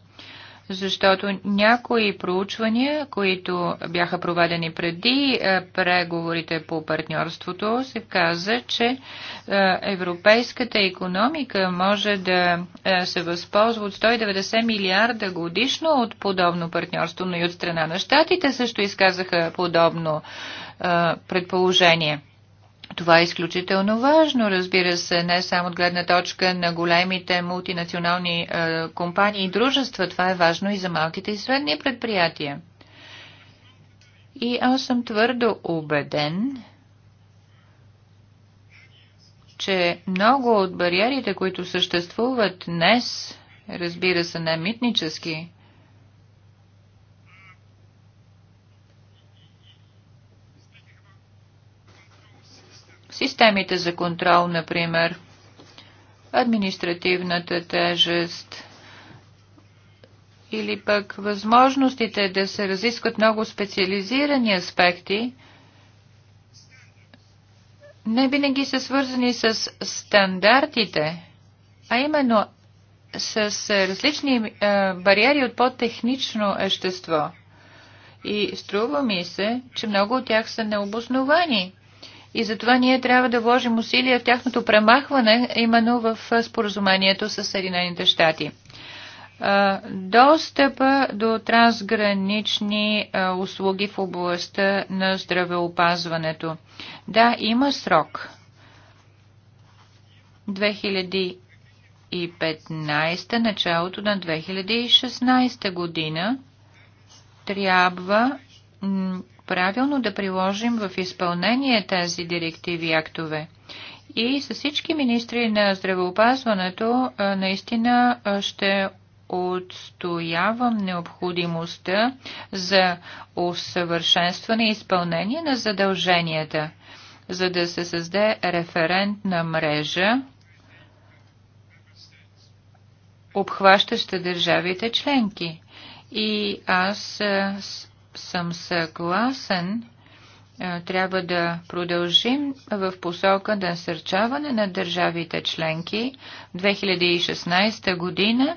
защото някои проучвания, които бяха проведени преди е, преговорите по партньорството, се каза, че е, европейската економика може да е, се възползва от 190 милиарда годишно от подобно партньорство, но и от страна на щатите също изказаха подобно предположение. Това е изключително важно, разбира се, не само от гледна точка на големите мултинационални е, компании и дружества. Това е важно и за малките и средни предприятия. И аз съм твърдо убеден, че много от бариерите, които съществуват днес, разбира се, не митнически, Системите за контрол, например, административната тежест или пък възможностите да се разискват много специализирани аспекти, не винаги са свързани с стандартите, а именно с различни е, бариери от по-технично ещество. И струва ми се, че много от тях са необосновани. И затова ние трябва да вложим усилия в тяхното премахване, именно в споразумението с Съединените щати. Достъпа до трансгранични услуги в областта на здравеопазването. Да, има срок. 2015, началото на 2016 година трябва правилно да приложим в изпълнение тези директиви и актове. И с всички министри на здравеопазването наистина ще отстоявам необходимостта за усъвършенстване и изпълнение на задълженията, за да се създаде референтна мрежа, обхващаща държавите членки. И аз съм съгласен, трябва да продължим в посока на насърчаване на държавите членки 2016 година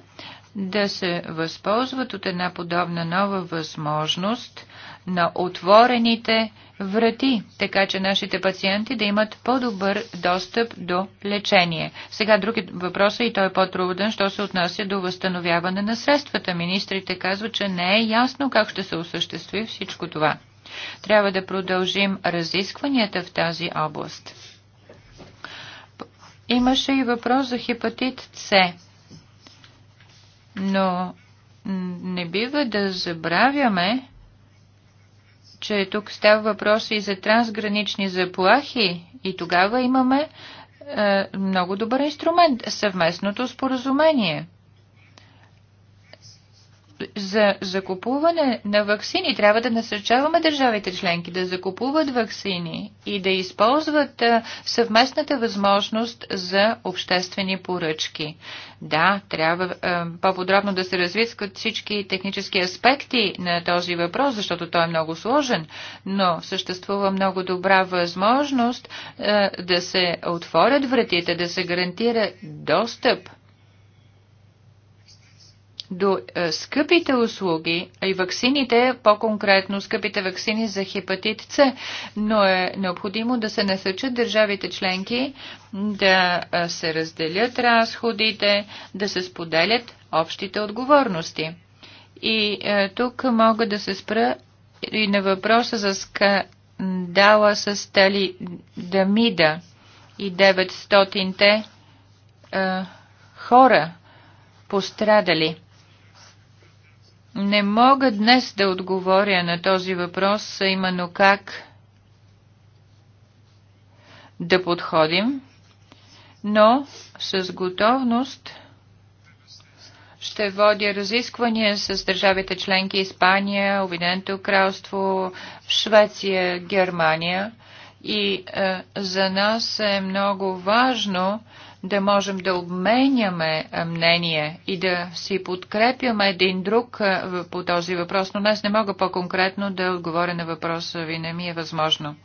да се възползват от една подобна нова възможност на отворените врати, така че нашите пациенти да имат по-добър достъп до лечение. Сега други е въпрос е и той е по-труден, що се отнася до възстановяване на средствата. Министрите казват, че не е ясно как ще се осъществи всичко това. Трябва да продължим разискванията в тази област. Имаше и въпрос за хепатит С. Но не бива да забравяме, че тук става въпрос и за трансгранични заплахи и тогава имаме е, много добър инструмент съвместното споразумение – за закупуване на вакцини трябва да насърчаваме държавите членки да закупуват вакцини и да използват съвместната възможност за обществени поръчки. Да, трябва по-подробно да се развискат всички технически аспекти на този въпрос, защото той е много сложен, но съществува много добра възможност да се отворят вратите, да се гарантира достъп до е, скъпите услуги и ваксините, по-конкретно скъпите ваксини за хепатит С, но е необходимо да се насъчат държавите членки да е, се разделят разходите, да се споделят общите отговорности. И е, тук мога да се спра и на въпроса за скандала с Тали Дамида и 900-те е, хора пострадали. Не мога днес да отговоря на този въпрос, а именно как да подходим, но с готовност ще водя разисквания с държавите членки Испания, Обединеното кралство, Швеция, Германия. И е, за нас е много важно е, да можем да обменяме мнение и да си подкрепяме един друг по този въпрос, но днес не мога по-конкретно да отговоря на въпроса ви, не ми е възможно.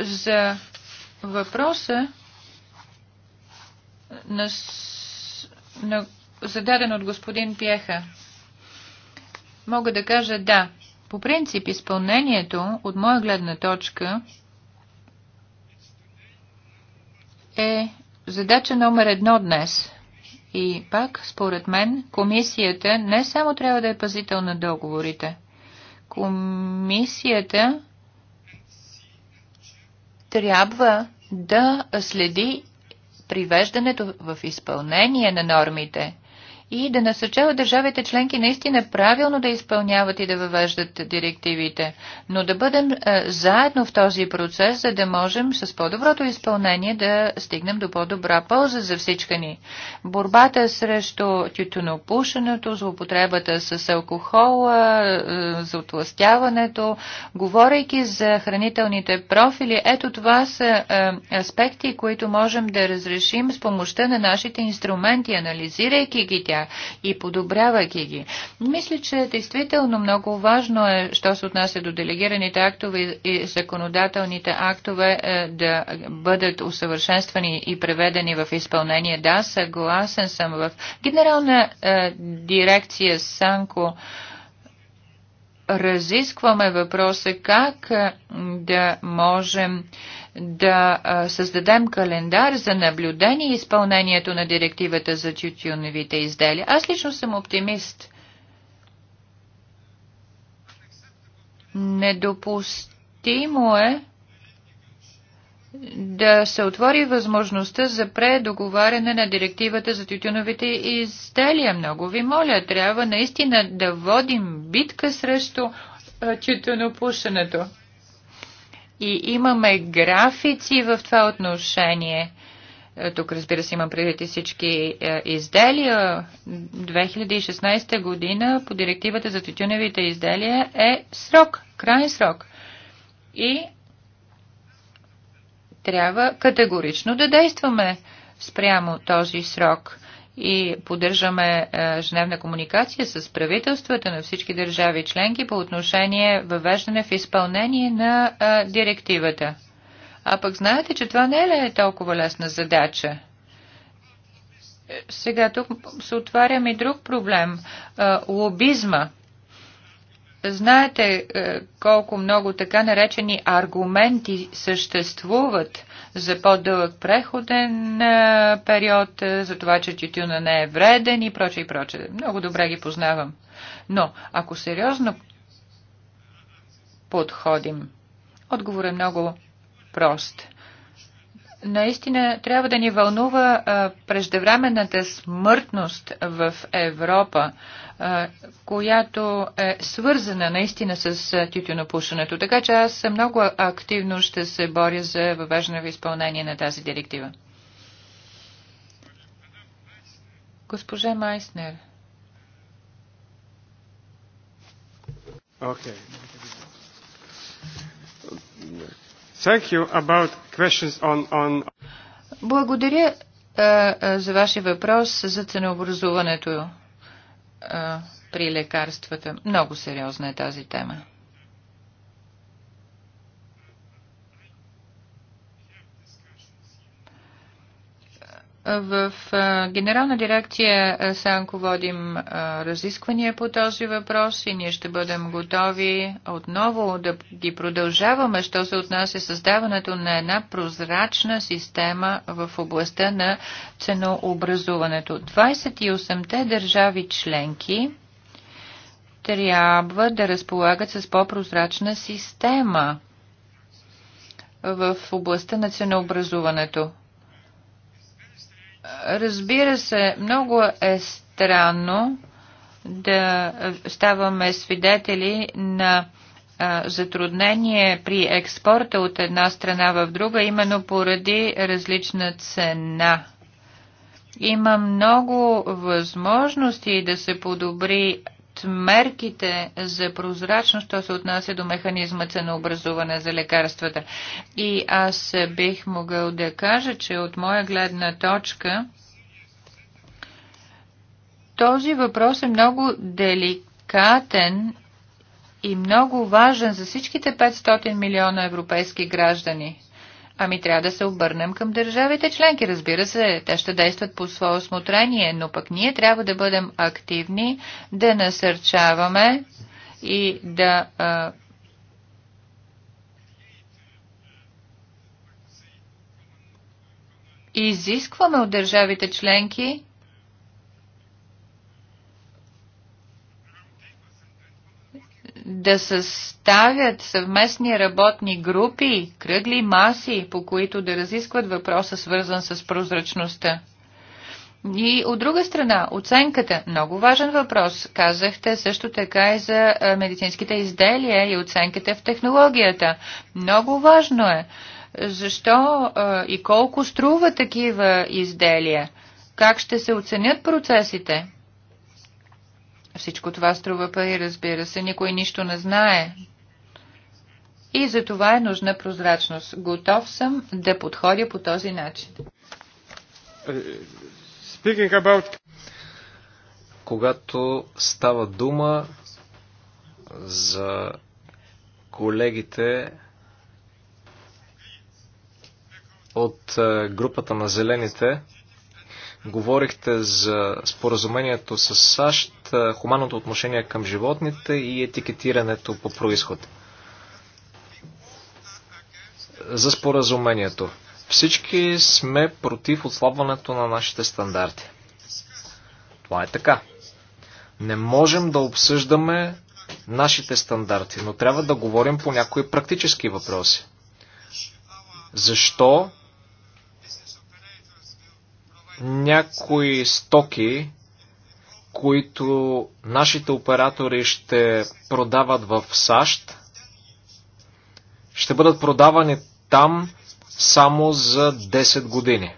За въпроса на, на, зададен от господин Пьеха, мога да кажа да. По принцип, изпълнението от моя гледна точка – е задача номер едно днес. И пак, според мен, комисията не само трябва да е пазител на договорите. Комисията трябва да следи привеждането в изпълнение на нормите и да насърчава държавите членки наистина правилно да изпълняват и да въвеждат директивите, но да бъдем е, заедно в този процес, за да можем с по-доброто изпълнение да стигнем до по-добра полза за всички ни. Борбата срещу тютюнопушенето, злоупотребата с алкохола, е, за отластяването, говорейки за хранителните профили, ето това са е, аспекти, които можем да разрешим с помощта на нашите инструменти, анализирайки ги тях и подобрявайки ги. Мисля, че действително много важно е, що се отнася до делегираните актове и законодателните актове е, да бъдат усъвършенствани и преведени в изпълнение. Да, съгласен съм в Генерална е, дирекция Санко разискваме въпроса как е, да можем да създадем календар за наблюдение и изпълнението на директивата за тютюневите изделия. Аз лично съм оптимист. Недопустимо е да се отвори възможността за предоговаряне на директивата за тютюновите изделия. Много ви моля, трябва наистина да водим битка срещу тютюнопушенето и имаме графици в това отношение. Е, тук, разбира се, имам предвид и всички е, изделия. 2016 година по директивата за тютюневите изделия е срок, крайен срок. И трябва категорично да действаме спрямо този срок и поддържаме е, женевна комуникация с правителствата на всички държави членки по отношение въвеждане в изпълнение на е, директивата. А пък знаете, че това не е толкова лесна задача. Е, сега тук се отварям и друг проблем – лобизма – Знаете е, колко много така наречени аргументи съществуват за по-дълъг преходен е, период, е, за това, че тютюна не е вреден и проче и проче. Много добре ги познавам. Но ако сериозно подходим, отговор е много прост. Наистина трябва да ни вълнува преждевременната смъртност в Европа която е свързана наистина с тютюнопушенето. Така че аз много активно ще се боря за въвеждане в изпълнение на тази директива. Госпожа Майснер. Okay. Thank you about questions on, on... Благодаря uh, uh, за вашия въпрос за ценообразуването а, при лекарствата. Много сериозна е тази тема. В Генерална дирекция Санко водим разисквания по този въпрос и ние ще бъдем готови отново да ги продължаваме, що се отнася създаването на една прозрачна система в областта на ценообразуването. 28-те държави членки трябва да разполагат с по-прозрачна система в областта на ценообразуването. Разбира се, много е странно да ставаме свидетели на затруднение при експорта от една страна в друга, именно поради различна цена. Има много възможности да се подобри от мерките за прозрачност, що се отнася до механизма ценообразуване за лекарствата. И аз бих могъл да кажа, че от моя гледна точка този въпрос е много деликатен и много важен за всичките 500 милиона европейски граждани – Ами трябва да се обърнем към държавите членки. Разбира се, те ще действат по свое осмотрение, но пък ние трябва да бъдем активни, да насърчаваме и да а, изискваме от държавите членки да съставят съвместни работни групи, кръгли маси, по които да разискват въпроса, свързан с прозрачността. И от друга страна, оценката. Много важен въпрос. Казахте също така и за медицинските изделия и оценката в технологията. Много важно е. Защо и колко струва такива изделия? Как ще се оценят процесите? Всичко това струва пари, разбира се. Никой нищо не знае. И за това е нужна прозрачност. Готов съм да подходя по този начин. About... Когато става дума за колегите от групата на зелените, Говорихте за споразумението с САЩ, хуманното отношение към животните и етикетирането по происход. За споразумението. Всички сме против отслабването на нашите стандарти. Това е така. Не можем да обсъждаме нашите стандарти, но трябва да говорим по някои практически въпроси. Защо някои стоки, които нашите оператори ще продават в САЩ, ще бъдат продавани там само за 10 години.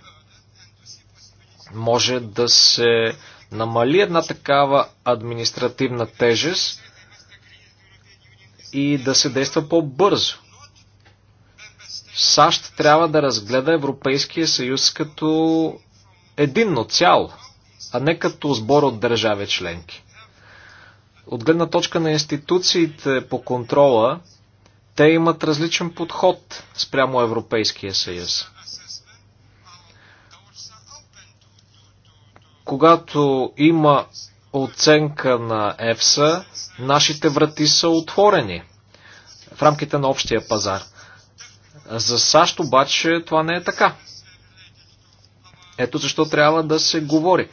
Може да се намали една такава административна тежест и да се действа по-бързо. САЩ трябва да разгледа Европейския съюз като единно цяло, а не като сбор от държави членки. От гледна точка на институциите по контрола, те имат различен подход спрямо Европейския съюз. Когато има оценка на ЕФСА, нашите врати са отворени в рамките на общия пазар. За САЩ обаче това не е така. Ето защо трябва да се говори.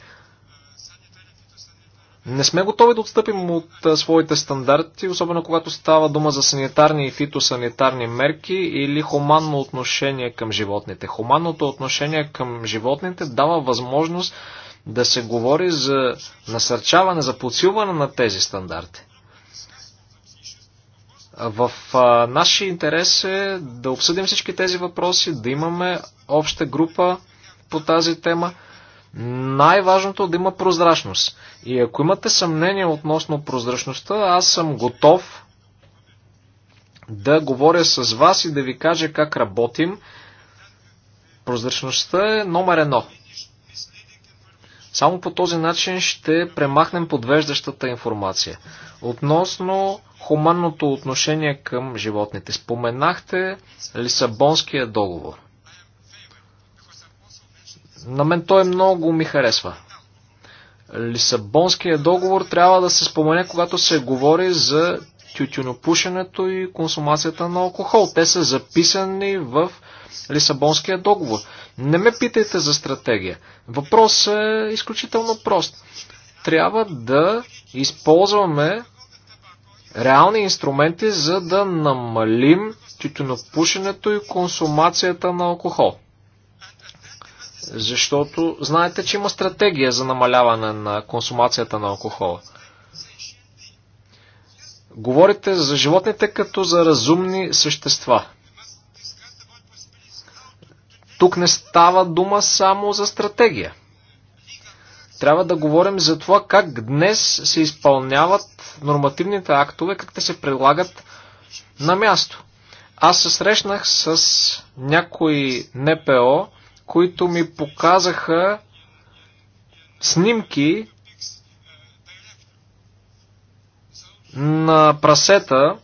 Не сме готови да отстъпим от своите стандарти, особено когато става дума за санитарни и фитосанитарни мерки или хуманно отношение към животните. Хуманното отношение към животните дава възможност да се говори за насърчаване, за подсилване на тези стандарти. В нашия интерес е да обсъдим всички тези въпроси, да имаме обща група по тази тема. Най-важното е да има прозрачност. И ако имате съмнение относно прозрачността, аз съм готов да говоря с вас и да ви кажа как работим. Прозрачността е номер едно. Само по този начин ще премахнем подвеждащата информация. Относно хуманното отношение към животните, споменахте Лисабонския договор. На мен той много ми харесва. Лисабонският договор трябва да се спомене, когато се говори за тютюнопушенето и консумацията на алкохол. Те са записани в Лисабонския договор. Не ме питайте за стратегия. Въпросът е изключително прост. Трябва да използваме реални инструменти, за да намалим тютюнопушенето и консумацията на алкохол. Защото знаете, че има стратегия за намаляване на консумацията на алкохола. Говорите за животните като за разумни същества. Тук не става дума само за стратегия. Трябва да говорим за това как днес се изпълняват нормативните актове, как те се предлагат на място. Аз се срещнах с някои НПО, които ми показаха снимки на прасета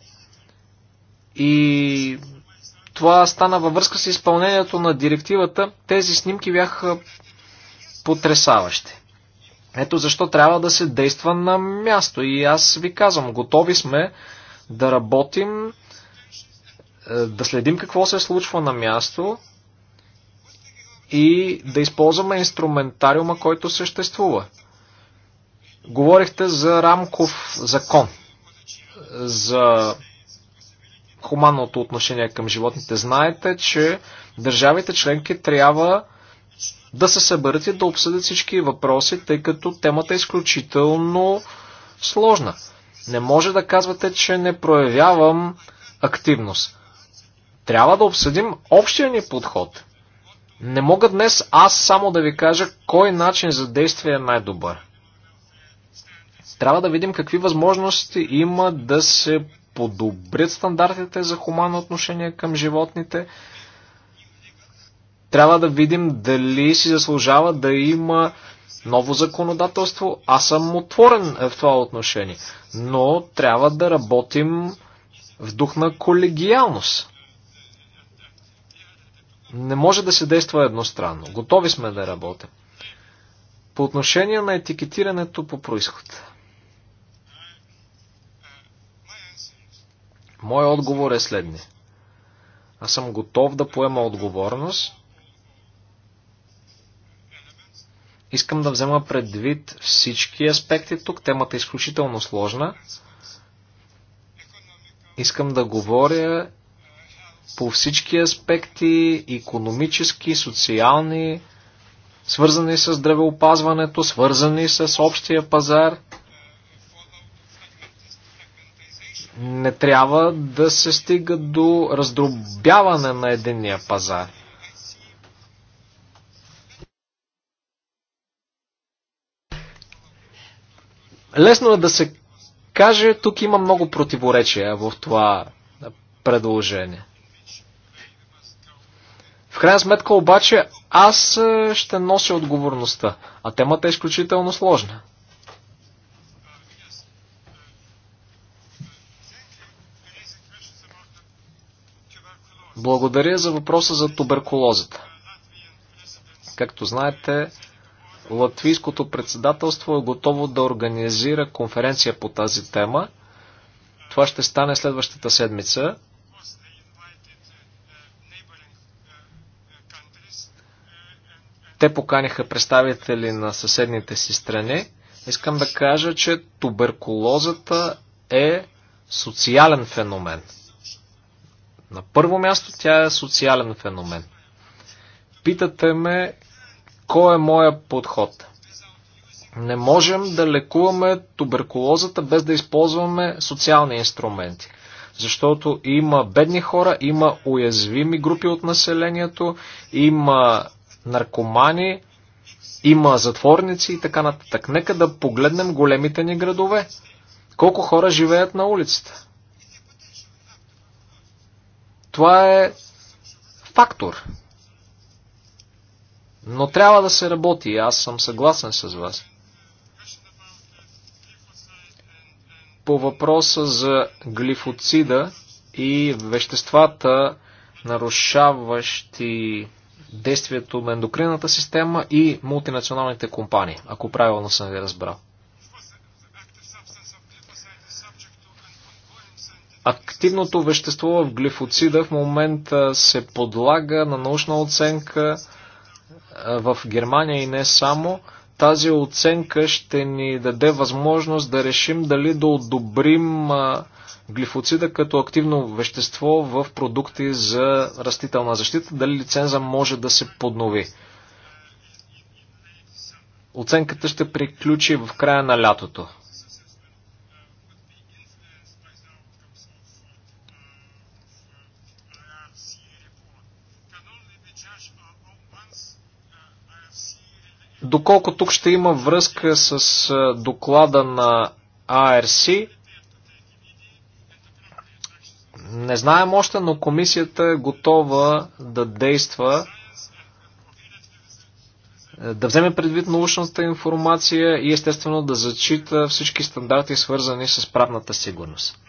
и това стана във връзка с изпълнението на директивата. Тези снимки бяха потресаващи. Ето защо трябва да се действа на място. И аз ви казвам, готови сме да работим, е, да следим какво се случва на място, и да използваме инструментариума, който съществува. Говорихте за рамков закон, за хуманното отношение към животните. Знаете, че държавите членки трябва да се съберат и да обсъдят всички въпроси, тъй като темата е изключително сложна. Не може да казвате, че не проявявам активност. Трябва да обсъдим общия ни подход. Не мога днес аз само да ви кажа кой начин за действие е най-добър. Трябва да видим какви възможности има да се подобрят стандартите за хуманно отношение към животните. Трябва да видим дали си заслужава да има ново законодателство. Аз съм отворен в това отношение. Но трябва да работим в дух на колегиалност. Не може да се действа едностранно. Готови сме да работим. По отношение на етикетирането по происход. Мой отговор е следния. Аз съм готов да поема отговорност. Искам да взема предвид всички аспекти тук. Темата е изключително сложна. Искам да говоря по всички аспекти, економически, социални, свързани с здравеопазването, свързани с общия пазар. Не трябва да се стига до раздробяване на единния пазар. Лесно е да се каже, тук има много противоречия в това предложение. В крайна сметка обаче аз е, ще нося отговорността, а темата е изключително сложна. Благодаря за въпроса за туберкулозата. Както знаете, Латвийското председателство е готово да организира конференция по тази тема. Това ще стане следващата седмица. Те поканиха представители на съседните си страни. Искам да кажа, че туберкулозата е социален феномен. На първо място тя е социален феномен. Питате ме, кой е моя подход? Не можем да лекуваме туберкулозата без да използваме социални инструменти. Защото има бедни хора, има уязвими групи от населението, има наркомани, има затворници и така нататък. Нека да погледнем големите ни градове. Колко хора живеят на улицата? Това е фактор. Но трябва да се работи. Аз съм съгласен с вас. По въпроса за глифоцида и веществата, нарушаващи действието на ендокринната система и мултинационалните компании, ако правилно съм ви разбрал. Активното вещество в глифоцида в момента се подлага на научна оценка в Германия и не само. Тази оценка ще ни даде възможност да решим дали да одобрим глифоцида като активно вещество в продукти за растителна защита, дали лиценза може да се поднови. Оценката ще приключи в края на лятото. Доколко тук ще има връзка с доклада на ARC, не знаем още, но комисията е готова да действа, е, да вземе предвид научната информация и естествено да зачита всички стандарти, свързани с правната сигурност.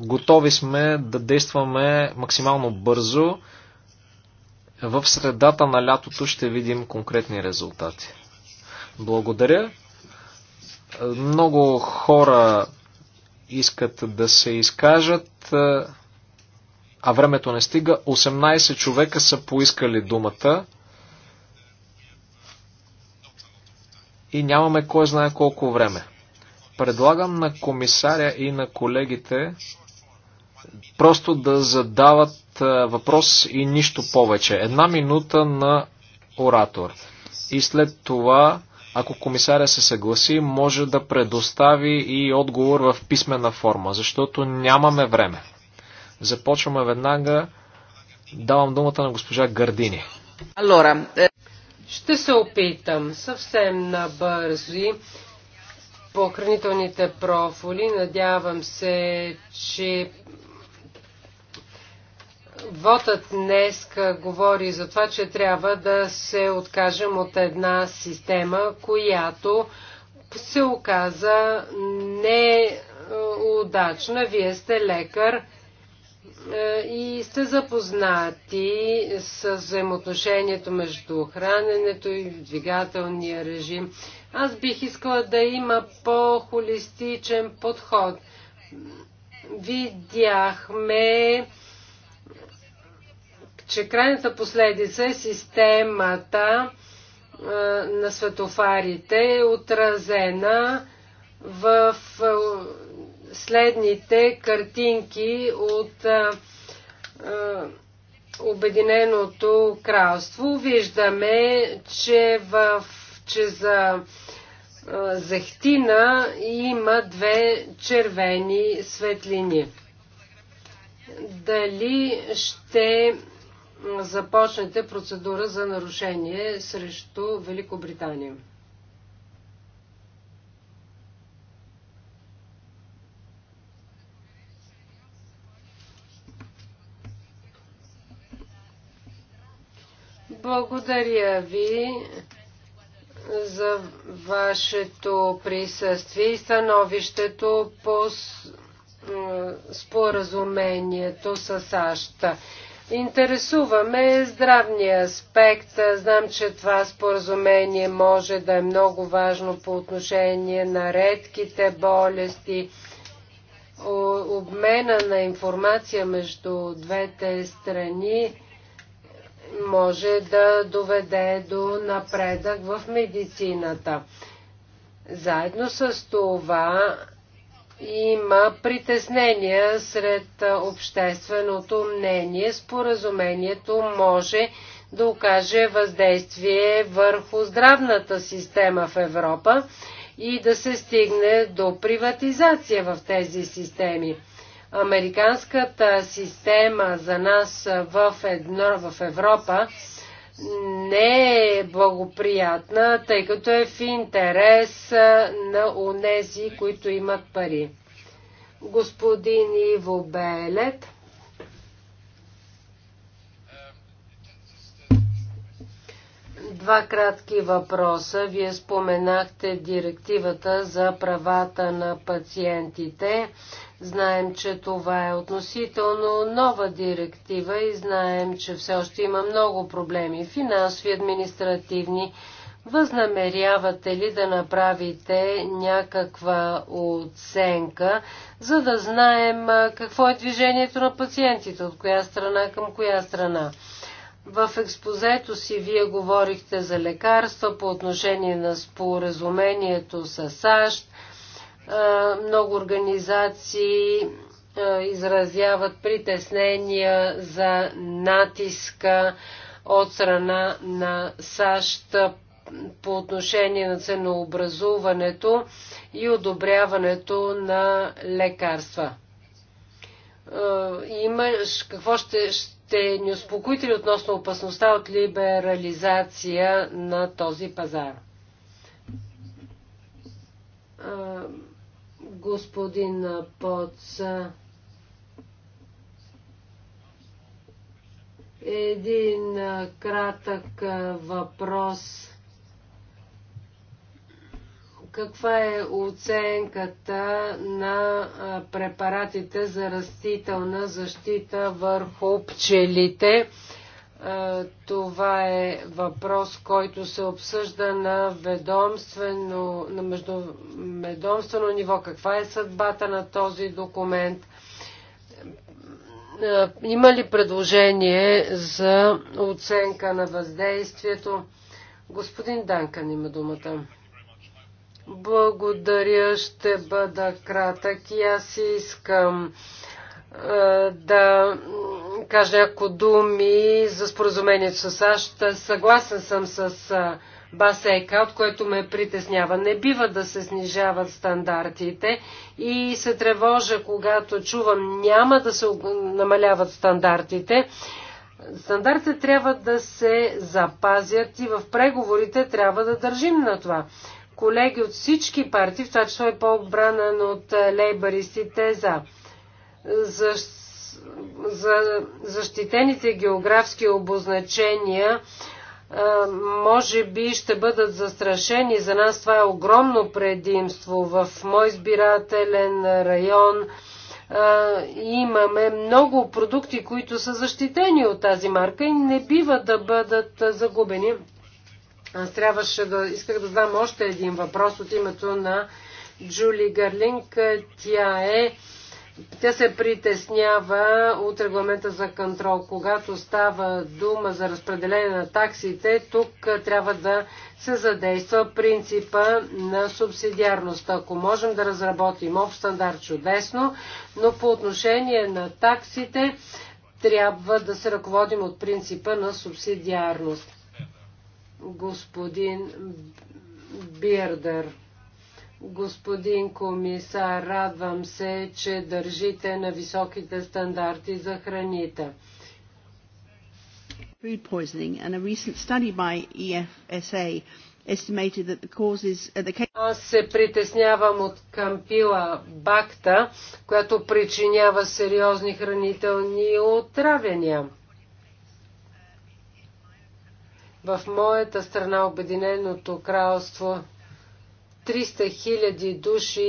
Готови сме да действаме максимално бързо. В средата на лятото ще видим конкретни резултати. Благодаря. Много хора искат да се изкажат, а времето не стига. 18 човека са поискали думата. И нямаме кой знае колко време. Предлагам на комисаря и на колегите просто да задават въпрос и нищо повече. Една минута на оратор. И след това ако комисаря се съгласи, може да предостави и отговор в писмена форма, защото нямаме време. Започваме веднага. Давам думата на госпожа Гардини. Алора, е, ще се опитам съвсем набързи по хранителните профили. Надявам се, че Вотът днес говори за това, че трябва да се откажем от една система, която се оказа неудачна. Вие сте лекар е, и сте запознати с взаимоотношението между храненето и двигателния режим. Аз бих искала да има по-холистичен подход. Видяхме че крайната последица е системата на светофарите е отразена в следните картинки от Обединеното кралство. Виждаме, че, в, че за зехтина има две червени светлини. Дали ще започнете процедура за нарушение срещу Великобритания. Благодаря ви за вашето присъствие и становището по споразумението с САЩ интересуваме здравния аспект. Знам, че това споразумение може да е много важно по отношение на редките болести, обмена на информация между двете страни може да доведе до напредък в медицината. Заедно с това има притеснения сред общественото мнение. Споразумението може да окаже въздействие върху здравната система в Европа и да се стигне до приватизация в тези системи. Американската система за нас в, едно, в Европа не е благоприятна, тъй като е в интерес на онези, които имат пари. Господин Иво Белет Два кратки въпроса. Вие споменахте директивата за правата на пациентите. Знаем, че това е относително нова директива и знаем, че все още има много проблеми финансови, административни. Възнамерявате ли да направите някаква оценка, за да знаем какво е движението на пациентите, от коя страна към коя страна? В експозето си вие говорихте за лекарства по отношение на споразумението с САЩ. Много организации изразяват притеснения за натиска от страна на САЩ по отношение на ценообразуването и одобряването на лекарства. Имаш, какво ще, ще ни успокоите ли относно опасността от либерализация на този пазар? Господин Поц, един кратък въпрос каква е оценката на препаратите за растителна защита върху пчелите? Това е въпрос, който се обсъжда на ведомствено, на междуведомствено ниво. Каква е съдбата на този документ? Има ли предложение за оценка на въздействието? Господин Данкан има думата. Благодаря, ще бъда кратък и аз искам е, да кажа няколко думи за споразумението с САЩ. Съгласен съм с е, Басейка, от което ме притеснява. Не бива да се снижават стандартите и се тревожа, когато чувам няма да се намаляват стандартите. Стандартите трябва да се запазят и в преговорите трябва да държим на това колеги от всички партии, в това число е по-обранен от е, лейбаристите за. за за защитените географски обозначения е, може би ще бъдат застрашени. За нас това е огромно предимство. В мой избирателен район е, имаме много продукти, които са защитени от тази марка и не бива да бъдат загубени. Аз трябваше да исках да задам още един въпрос от името на Джули Гарлинг. Тя е тя се притеснява от регламента за контрол. Когато става дума за разпределение на таксите, тук трябва да се задейства принципа на субсидиарност. Ако можем да разработим общ стандарт, чудесно, но по отношение на таксите трябва да се ръководим от принципа на субсидиарност господин Бирдър. Господин комисар, радвам се, че държите на високите стандарти за храните. Food poisoning and a recent study by EFSA estimated that the causes uh, the Аз се притеснявам от кампила бакта, която причинява сериозни хранителни отравяния. В моята страна, Обединеното кралство, 300 хиляди души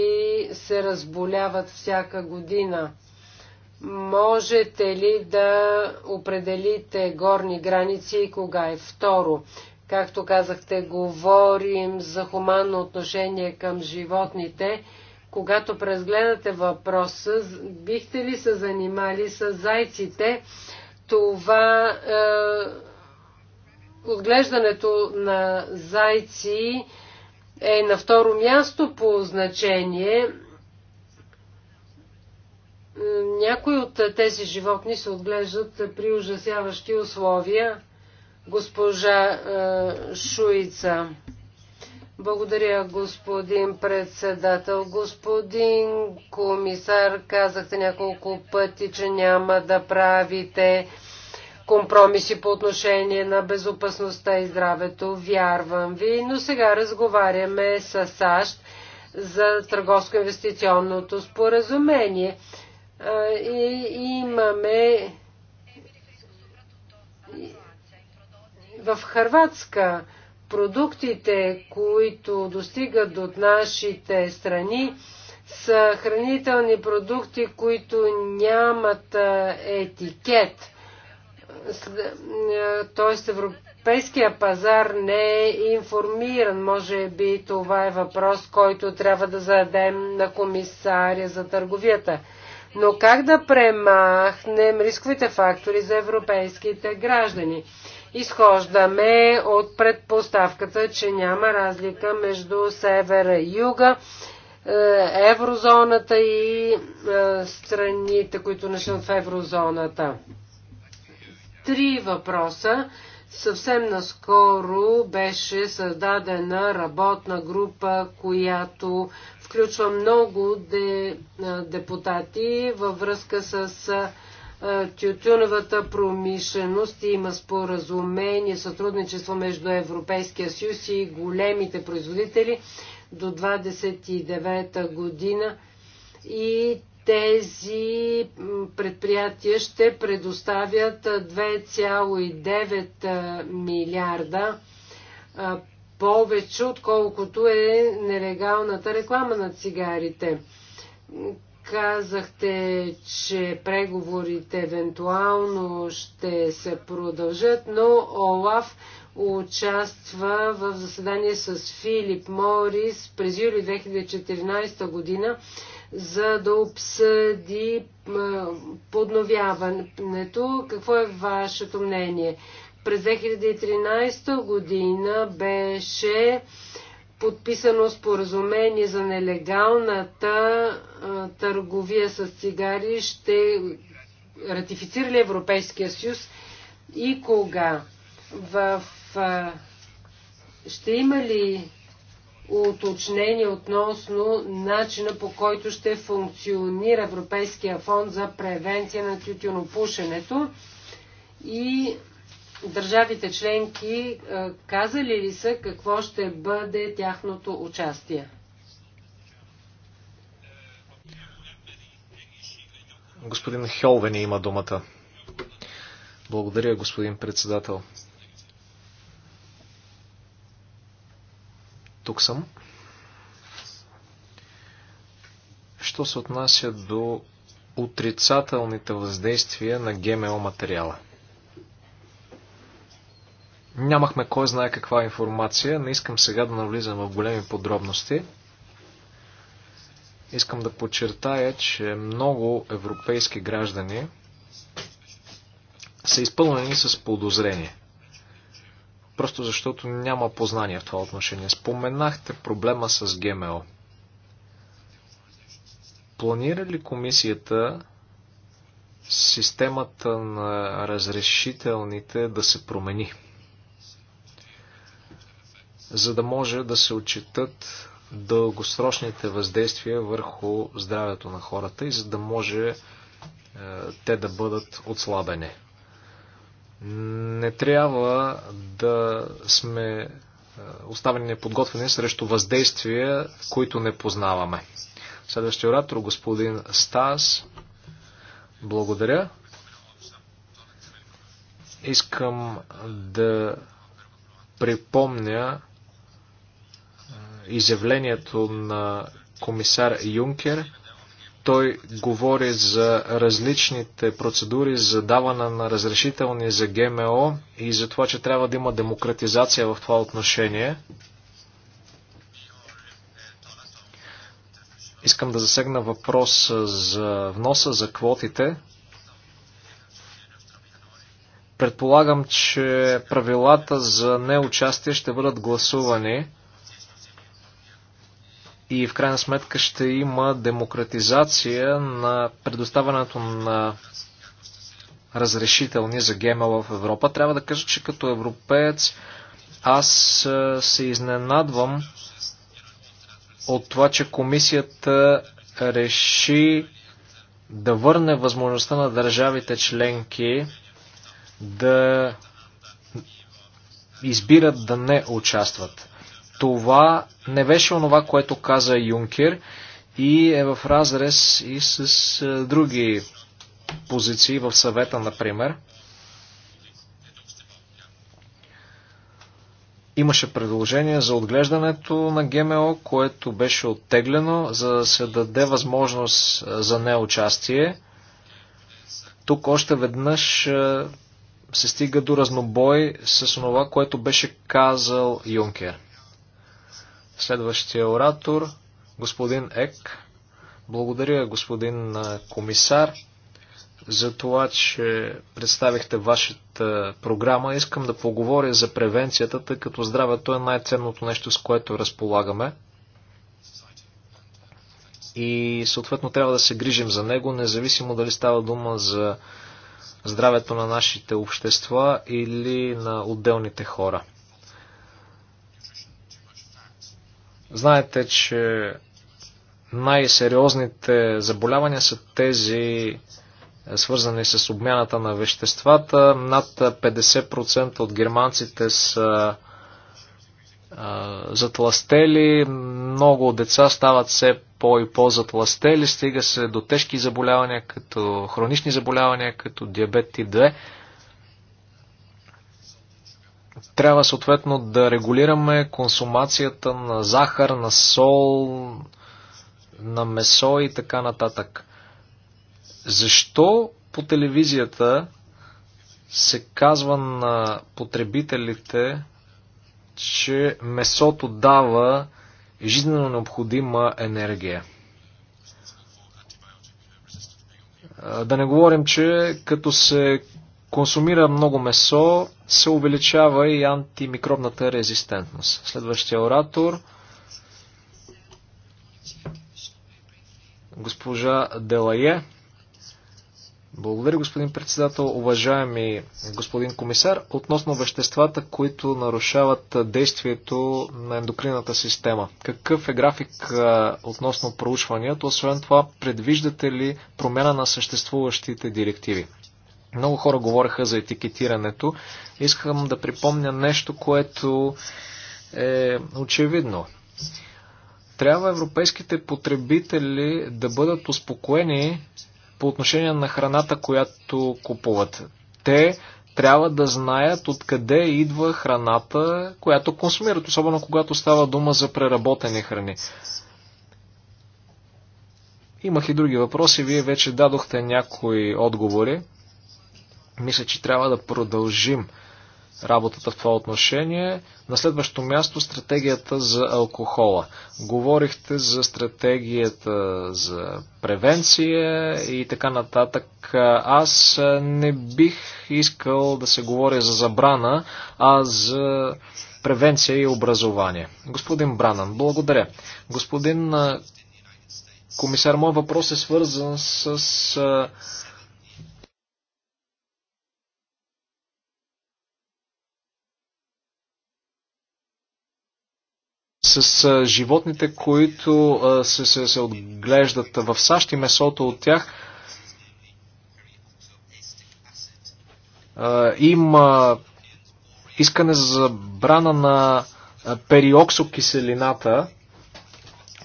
се разболяват всяка година. Можете ли да определите горни граници и кога е второ? Както казахте, говорим за хуманно отношение към животните. Когато презгледате въпроса, бихте ли се занимали с зайците? Това е, отглеждането на зайци е на второ място по значение. Някои от тези животни се отглеждат при ужасяващи условия. Госпожа е, Шуица. Благодаря, господин председател. Господин комисар, казахте няколко пъти, че няма да правите компромиси по отношение на безопасността и здравето. Вярвам ви, но сега разговаряме с САЩ за търговско-инвестиционното споразумение. И имаме в Харватска продуктите, които достигат от нашите страни, са хранителни продукти, които нямат етикет т.е. европейския пазар не е информиран. Може би това е въпрос, който трябва да зададем на комисаря за търговията. Но как да премахнем рисковите фактори за европейските граждани? Изхождаме от предпоставката, че няма разлика между севера и юга, е, еврозоната и е, страните, които не са в еврозоната три въпроса. Съвсем наскоро беше създадена работна група, която включва много де, депутати във връзка с тютюновата промишленост има споразумение, сътрудничество между Европейския съюз и големите производители до 29 година и тези предприятия ще предоставят 2,9 милиарда повече, отколкото е нелегалната реклама на цигарите. Казахте, че преговорите евентуално ще се продължат, но Олаф участва в заседание с Филип Морис през юли 2014 година за да обсъди подновяването. Какво е вашето мнение? През 2013 година беше подписано споразумение за нелегалната търговия с цигари. Ще ратифицира ли Европейския съюз и кога? В, ще има ли уточнение относно начина по който ще функционира Европейския фонд за превенция на тютюнопушенето и държавите членки е, казали ли са какво ще бъде тяхното участие? Господин Хелвени има думата. Благодаря, господин председател. Тук съм. Що се отнася до отрицателните въздействия на ГМО материала? Нямахме кой знае каква информация. Не искам сега да навлизам в големи подробности. Искам да подчертая, че много европейски граждани са изпълнени с подозрение просто защото няма познание в това отношение. Споменахте проблема с ГМО. Планира ли комисията системата на разрешителните да се промени? За да може да се отчитат дългосрочните въздействия върху здравето на хората и за да може е, те да бъдат отслабени. Не трябва да сме е, оставени неподготвени срещу въздействия, които не познаваме. Следващия оратор, господин Стас. Благодаря. Искам да припомня е, изявлението на комисар Юнкер. Той говори за различните процедури за даване на разрешителни за ГМО и за това, че трябва да има демократизация в това отношение. Искам да засегна въпрос за вноса, за квотите. Предполагам, че правилата за неучастие ще бъдат гласувани и в крайна сметка ще има демократизация на предоставянето на разрешителни за ГМО в Европа. Трябва да кажа, че като европеец аз е, се изненадвам от това, че комисията реши да върне възможността на държавите членки да избират да не участват. Това не беше онова, което каза Юнкер и е в разрез и с е, други позиции в съвета, например. Имаше предложение за отглеждането на ГМО, което беше оттеглено, за да се даде възможност е, за неучастие. Тук още веднъж е, се стига до разнобой с това, което беше казал Юнкер. Следващия оратор, господин Ек. Благодаря, господин комисар, за това, че представихте вашата програма. Искам да поговоря за превенцията, тъй като здравето е най-ценното нещо, с което разполагаме. И съответно трябва да се грижим за него, независимо дали става дума за здравето на нашите общества или на отделните хора. Знаете, че най-сериозните заболявания са тези, е, свързани с обмяната на веществата. Над 50% от германците са е, затластели, много деца стават все по- и по-затластели, стига се до тежки заболявания, като хронични заболявания, като диабет и 2 трябва съответно да регулираме консумацията на захар, на сол, на месо и така нататък. Защо по телевизията се казва на потребителите, че месото дава жизненно необходима енергия? Да не говорим, че като се консумира много месо, се увеличава и антимикробната резистентност. Следващия оратор госпожа Делае. Благодаря, господин председател. Уважаеми господин комисар, относно веществата, които нарушават действието на ендокринната система. Какъв е график относно проучванията? Освен това, предвиждате ли промяна на съществуващите директиви? Много хора говореха за етикетирането. Искам да припомня нещо, което е очевидно. Трябва европейските потребители да бъдат успокоени по отношение на храната, която купуват. Те трябва да знаят откъде идва храната, която консумират, особено когато става дума за преработени храни. Имах и други въпроси, вие вече дадохте някои отговори. Мисля, че трябва да продължим работата в това отношение. На следващо място стратегията за алкохола. Говорихте за стратегията за превенция и така нататък. Аз не бих искал да се говори за забрана, а за превенция и образование. Господин Бранан, благодаря. Господин комисар, мой въпрос е свързан с с а, животните, които а, се, се, се отглеждат в САЩ и месото от тях. има искане за забрана на периоксокиселината.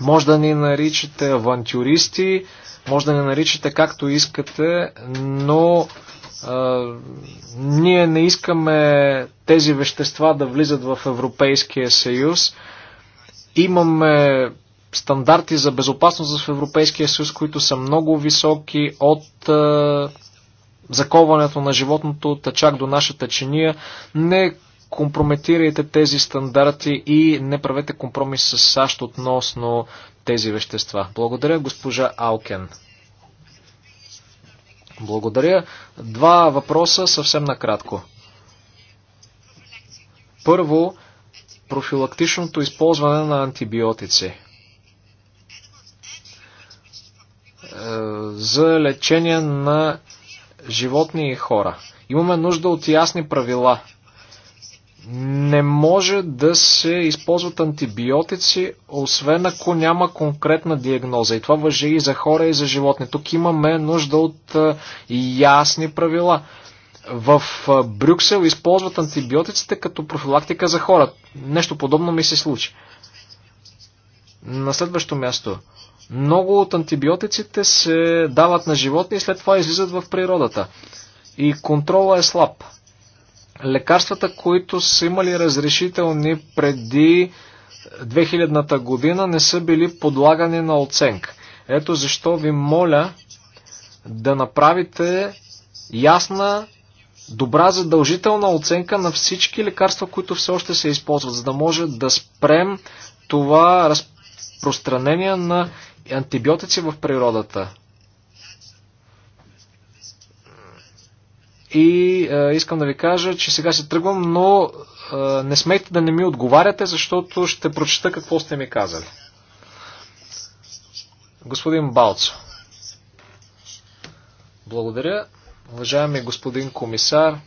Може да ни наричате авантюристи, може да ни наричате както искате, но а, ние не искаме тези вещества да влизат в Европейския съюз. Имаме стандарти за безопасност в Европейския съюз, които са много високи от е, заковането на животното тъчак до нашата чиния. Не компрометирайте тези стандарти и не правете компромис с САЩ относно тези вещества. Благодаря, госпожа Алкен. Благодаря. Два въпроса съвсем накратко. Първо, профилактичното използване на антибиотици. Е, за лечение на животни и хора. Имаме нужда от ясни правила. Не може да се използват антибиотици, освен ако няма конкретна диагноза. И това въжи и за хора, и за животни. Тук имаме нужда от е, ясни правила в Брюксел използват антибиотиците като профилактика за хора. Нещо подобно ми се случи. На следващо място. Много от антибиотиците се дават на животни и след това излизат в природата. И контрола е слаб. Лекарствата, които са имали разрешителни преди 2000-та година, не са били подлагани на оценка. Ето защо ви моля да направите ясна добра задължителна оценка на всички лекарства, които все още се използват, за да може да спрем това разпространение на антибиотици в природата. И е, искам да ви кажа, че сега се тръгвам, но е, не смейте да не ми отговаряте, защото ще прочета какво сте ми казали. Господин Балцо. Благодаря. Уважаеми господин комисар,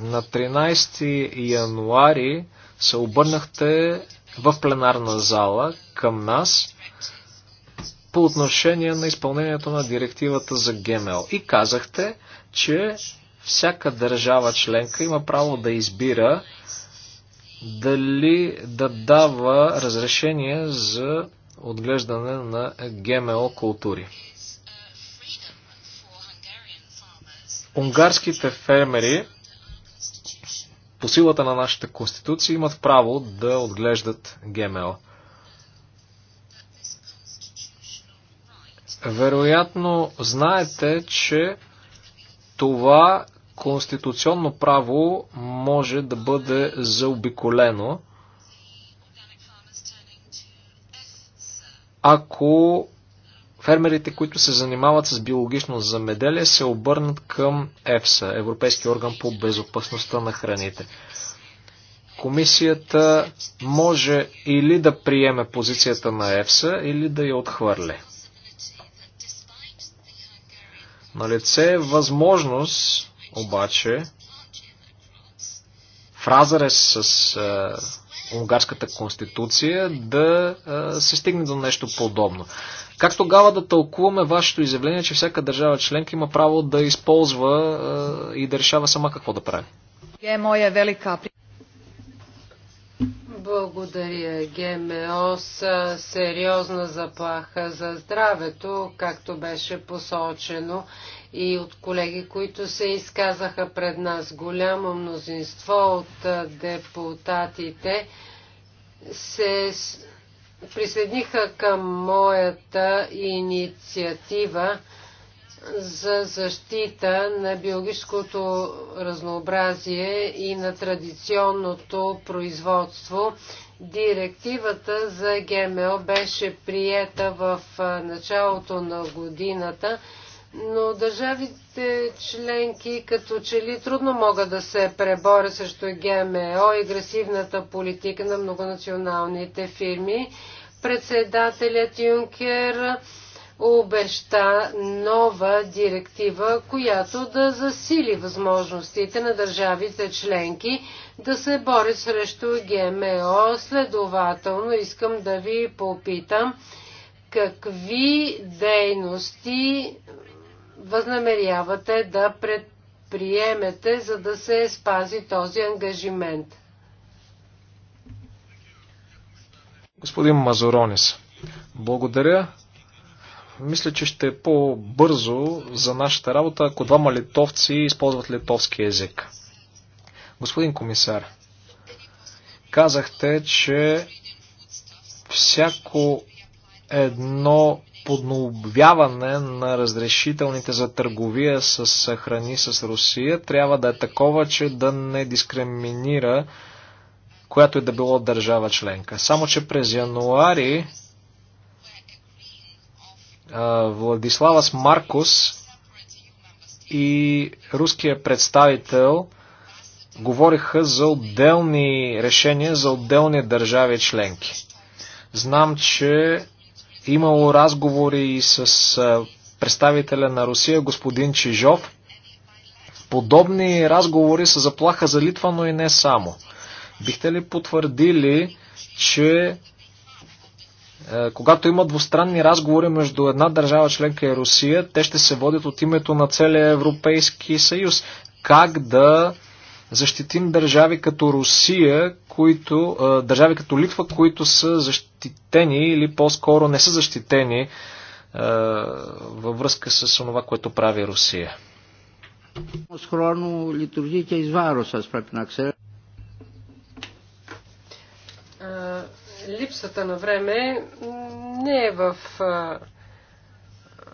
на 13 януари се обърнахте в пленарна зала към нас по отношение на изпълнението на директивата за ГМО и казахте, че всяка държава членка има право да избира дали да дава разрешение за отглеждане на ГМО култури. Унгарските фермери по силата на нашата конституция имат право да отглеждат ГМО. Вероятно знаете, че това конституционно право може да бъде заобиколено, ако Фермерите, които се занимават с биологично замеделие, се обърнат към ЕФСА, Европейски орган по безопасността на храните. Комисията може или да приеме позицията на ЕФСА, или да я отхвърли. На лице е възможност, обаче, в разрез с е, унгарската конституция, да се стигне до нещо подобно. Как тогава да тълкуваме вашето изявление, че всяка държава членка има право да използва и да решава сама какво да прави? е моя велика благодаря. ГМО са сериозна заплаха за здравето, както беше посочено и от колеги, които се изказаха пред нас. Голямо мнозинство от депутатите се присъединиха към моята инициатива за защита на биологическото разнообразие и на традиционното производство. Директивата за ГМО беше приета в началото на годината, но държавите членки като че ли трудно могат да се преборят срещу ГМО и агресивната политика на многонационалните фирми. Председателят Юнкер обеща нова директива, която да засили възможностите на държавите членки да се борят срещу ГМО. Следователно искам да ви попитам какви дейности възнамерявате да предприемете, за да се спази този ангажимент. Господин Мазоронис, благодаря. Мисля, че ще е по-бързо за нашата работа, ако двама литовци използват литовски език. Господин комисар, казахте, че всяко едно подновяване на разрешителните за търговия с храни с Русия трябва да е такова, че да не дискриминира която и е да било държава членка. Само, че през януари Владиславас Маркус и руския представител говориха за отделни решения за отделни държави членки. Знам, че имало разговори и с представителя на Русия, господин Чижов. Подобни разговори са заплаха за Литва, но и не само. Бихте ли потвърдили, че е, когато има двустранни разговори между една държава членка и Русия, те ще се водят от името на целия Европейски съюз. Как да защитим държави като Русия, които, е, държави като Литва, които са защитени или по-скоро не са защитени е, във връзка с това, което прави Русия. С хроно литургите изваро, аз липсата на време не е в а,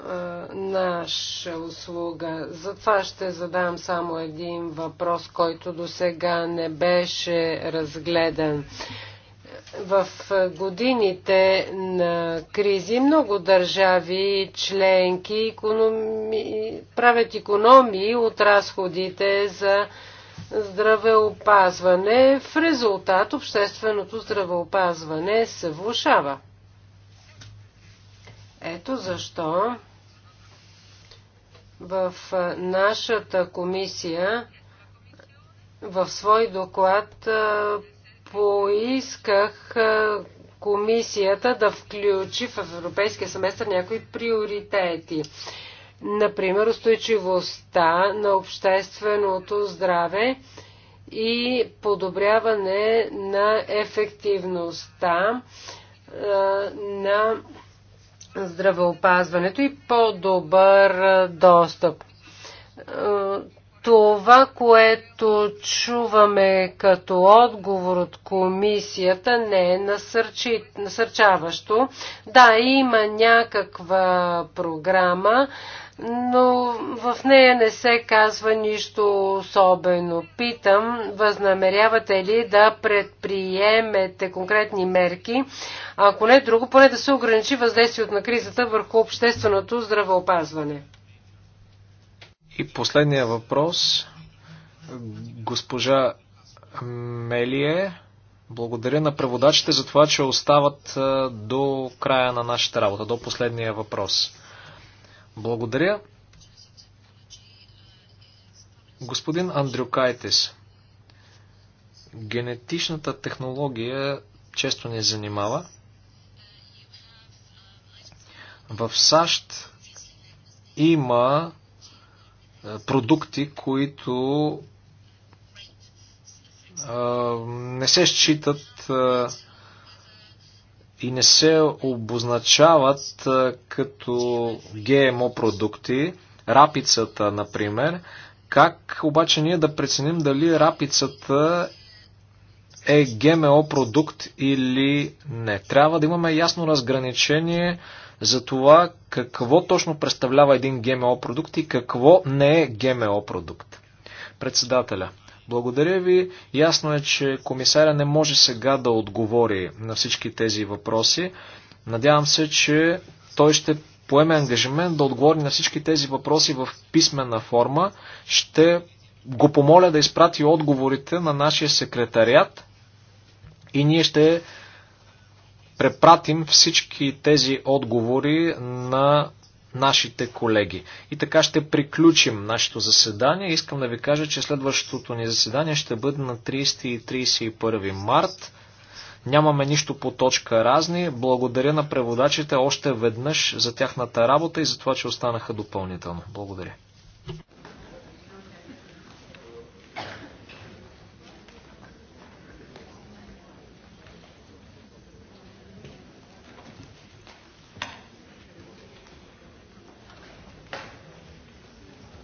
а, наша услуга. Затова ще задам само един въпрос, който до сега не беше разгледан. В годините на кризи много държави членки економи... правят економии от разходите за здравеопазване. В резултат общественото здравеопазване се влушава. Ето защо в нашата комисия в свой доклад поисках комисията да включи в европейския семестър някои приоритети. Например, устойчивостта на общественото здраве и подобряване на ефективността на здравеопазването и по-добър достъп. Това, което чуваме като отговор от комисията, не е насърчи, насърчаващо. Да, има някаква програма, но в нея не се казва нищо особено. Питам, възнамерявате ли да предприемете конкретни мерки, ако не друго, поне да се ограничи въздействието на кризата върху общественото здравеопазване? И последния въпрос. Госпожа Мелие, благодаря на преводачите за това, че остават до края на нашата работа, до последния въпрос. Благодаря. Господин Кайтес, генетичната технология често не занимава. В САЩ има е, продукти, които е, не се считат е, и не се обозначават като ГМО продукти, рапицата, например. Как обаче ние да преценим дали рапицата е ГМО продукт или не? Трябва да имаме ясно разграничение за това какво точно представлява един ГМО продукт и какво не е ГМО продукт. Председателя. Благодаря ви. Ясно е, че комисаря не може сега да отговори на всички тези въпроси. Надявам се, че той ще поеме ангажимент да отговори на всички тези въпроси в писмена форма. Ще го помоля да изпрати отговорите на нашия секретариат и ние ще препратим всички тези отговори на нашите колеги. И така ще приключим нашето заседание. Искам да ви кажа, че следващото ни заседание ще бъде на 30 и 31 март. Нямаме нищо по точка разни. Благодаря на преводачите още веднъж за тяхната работа и за това, че останаха допълнително. Благодаря.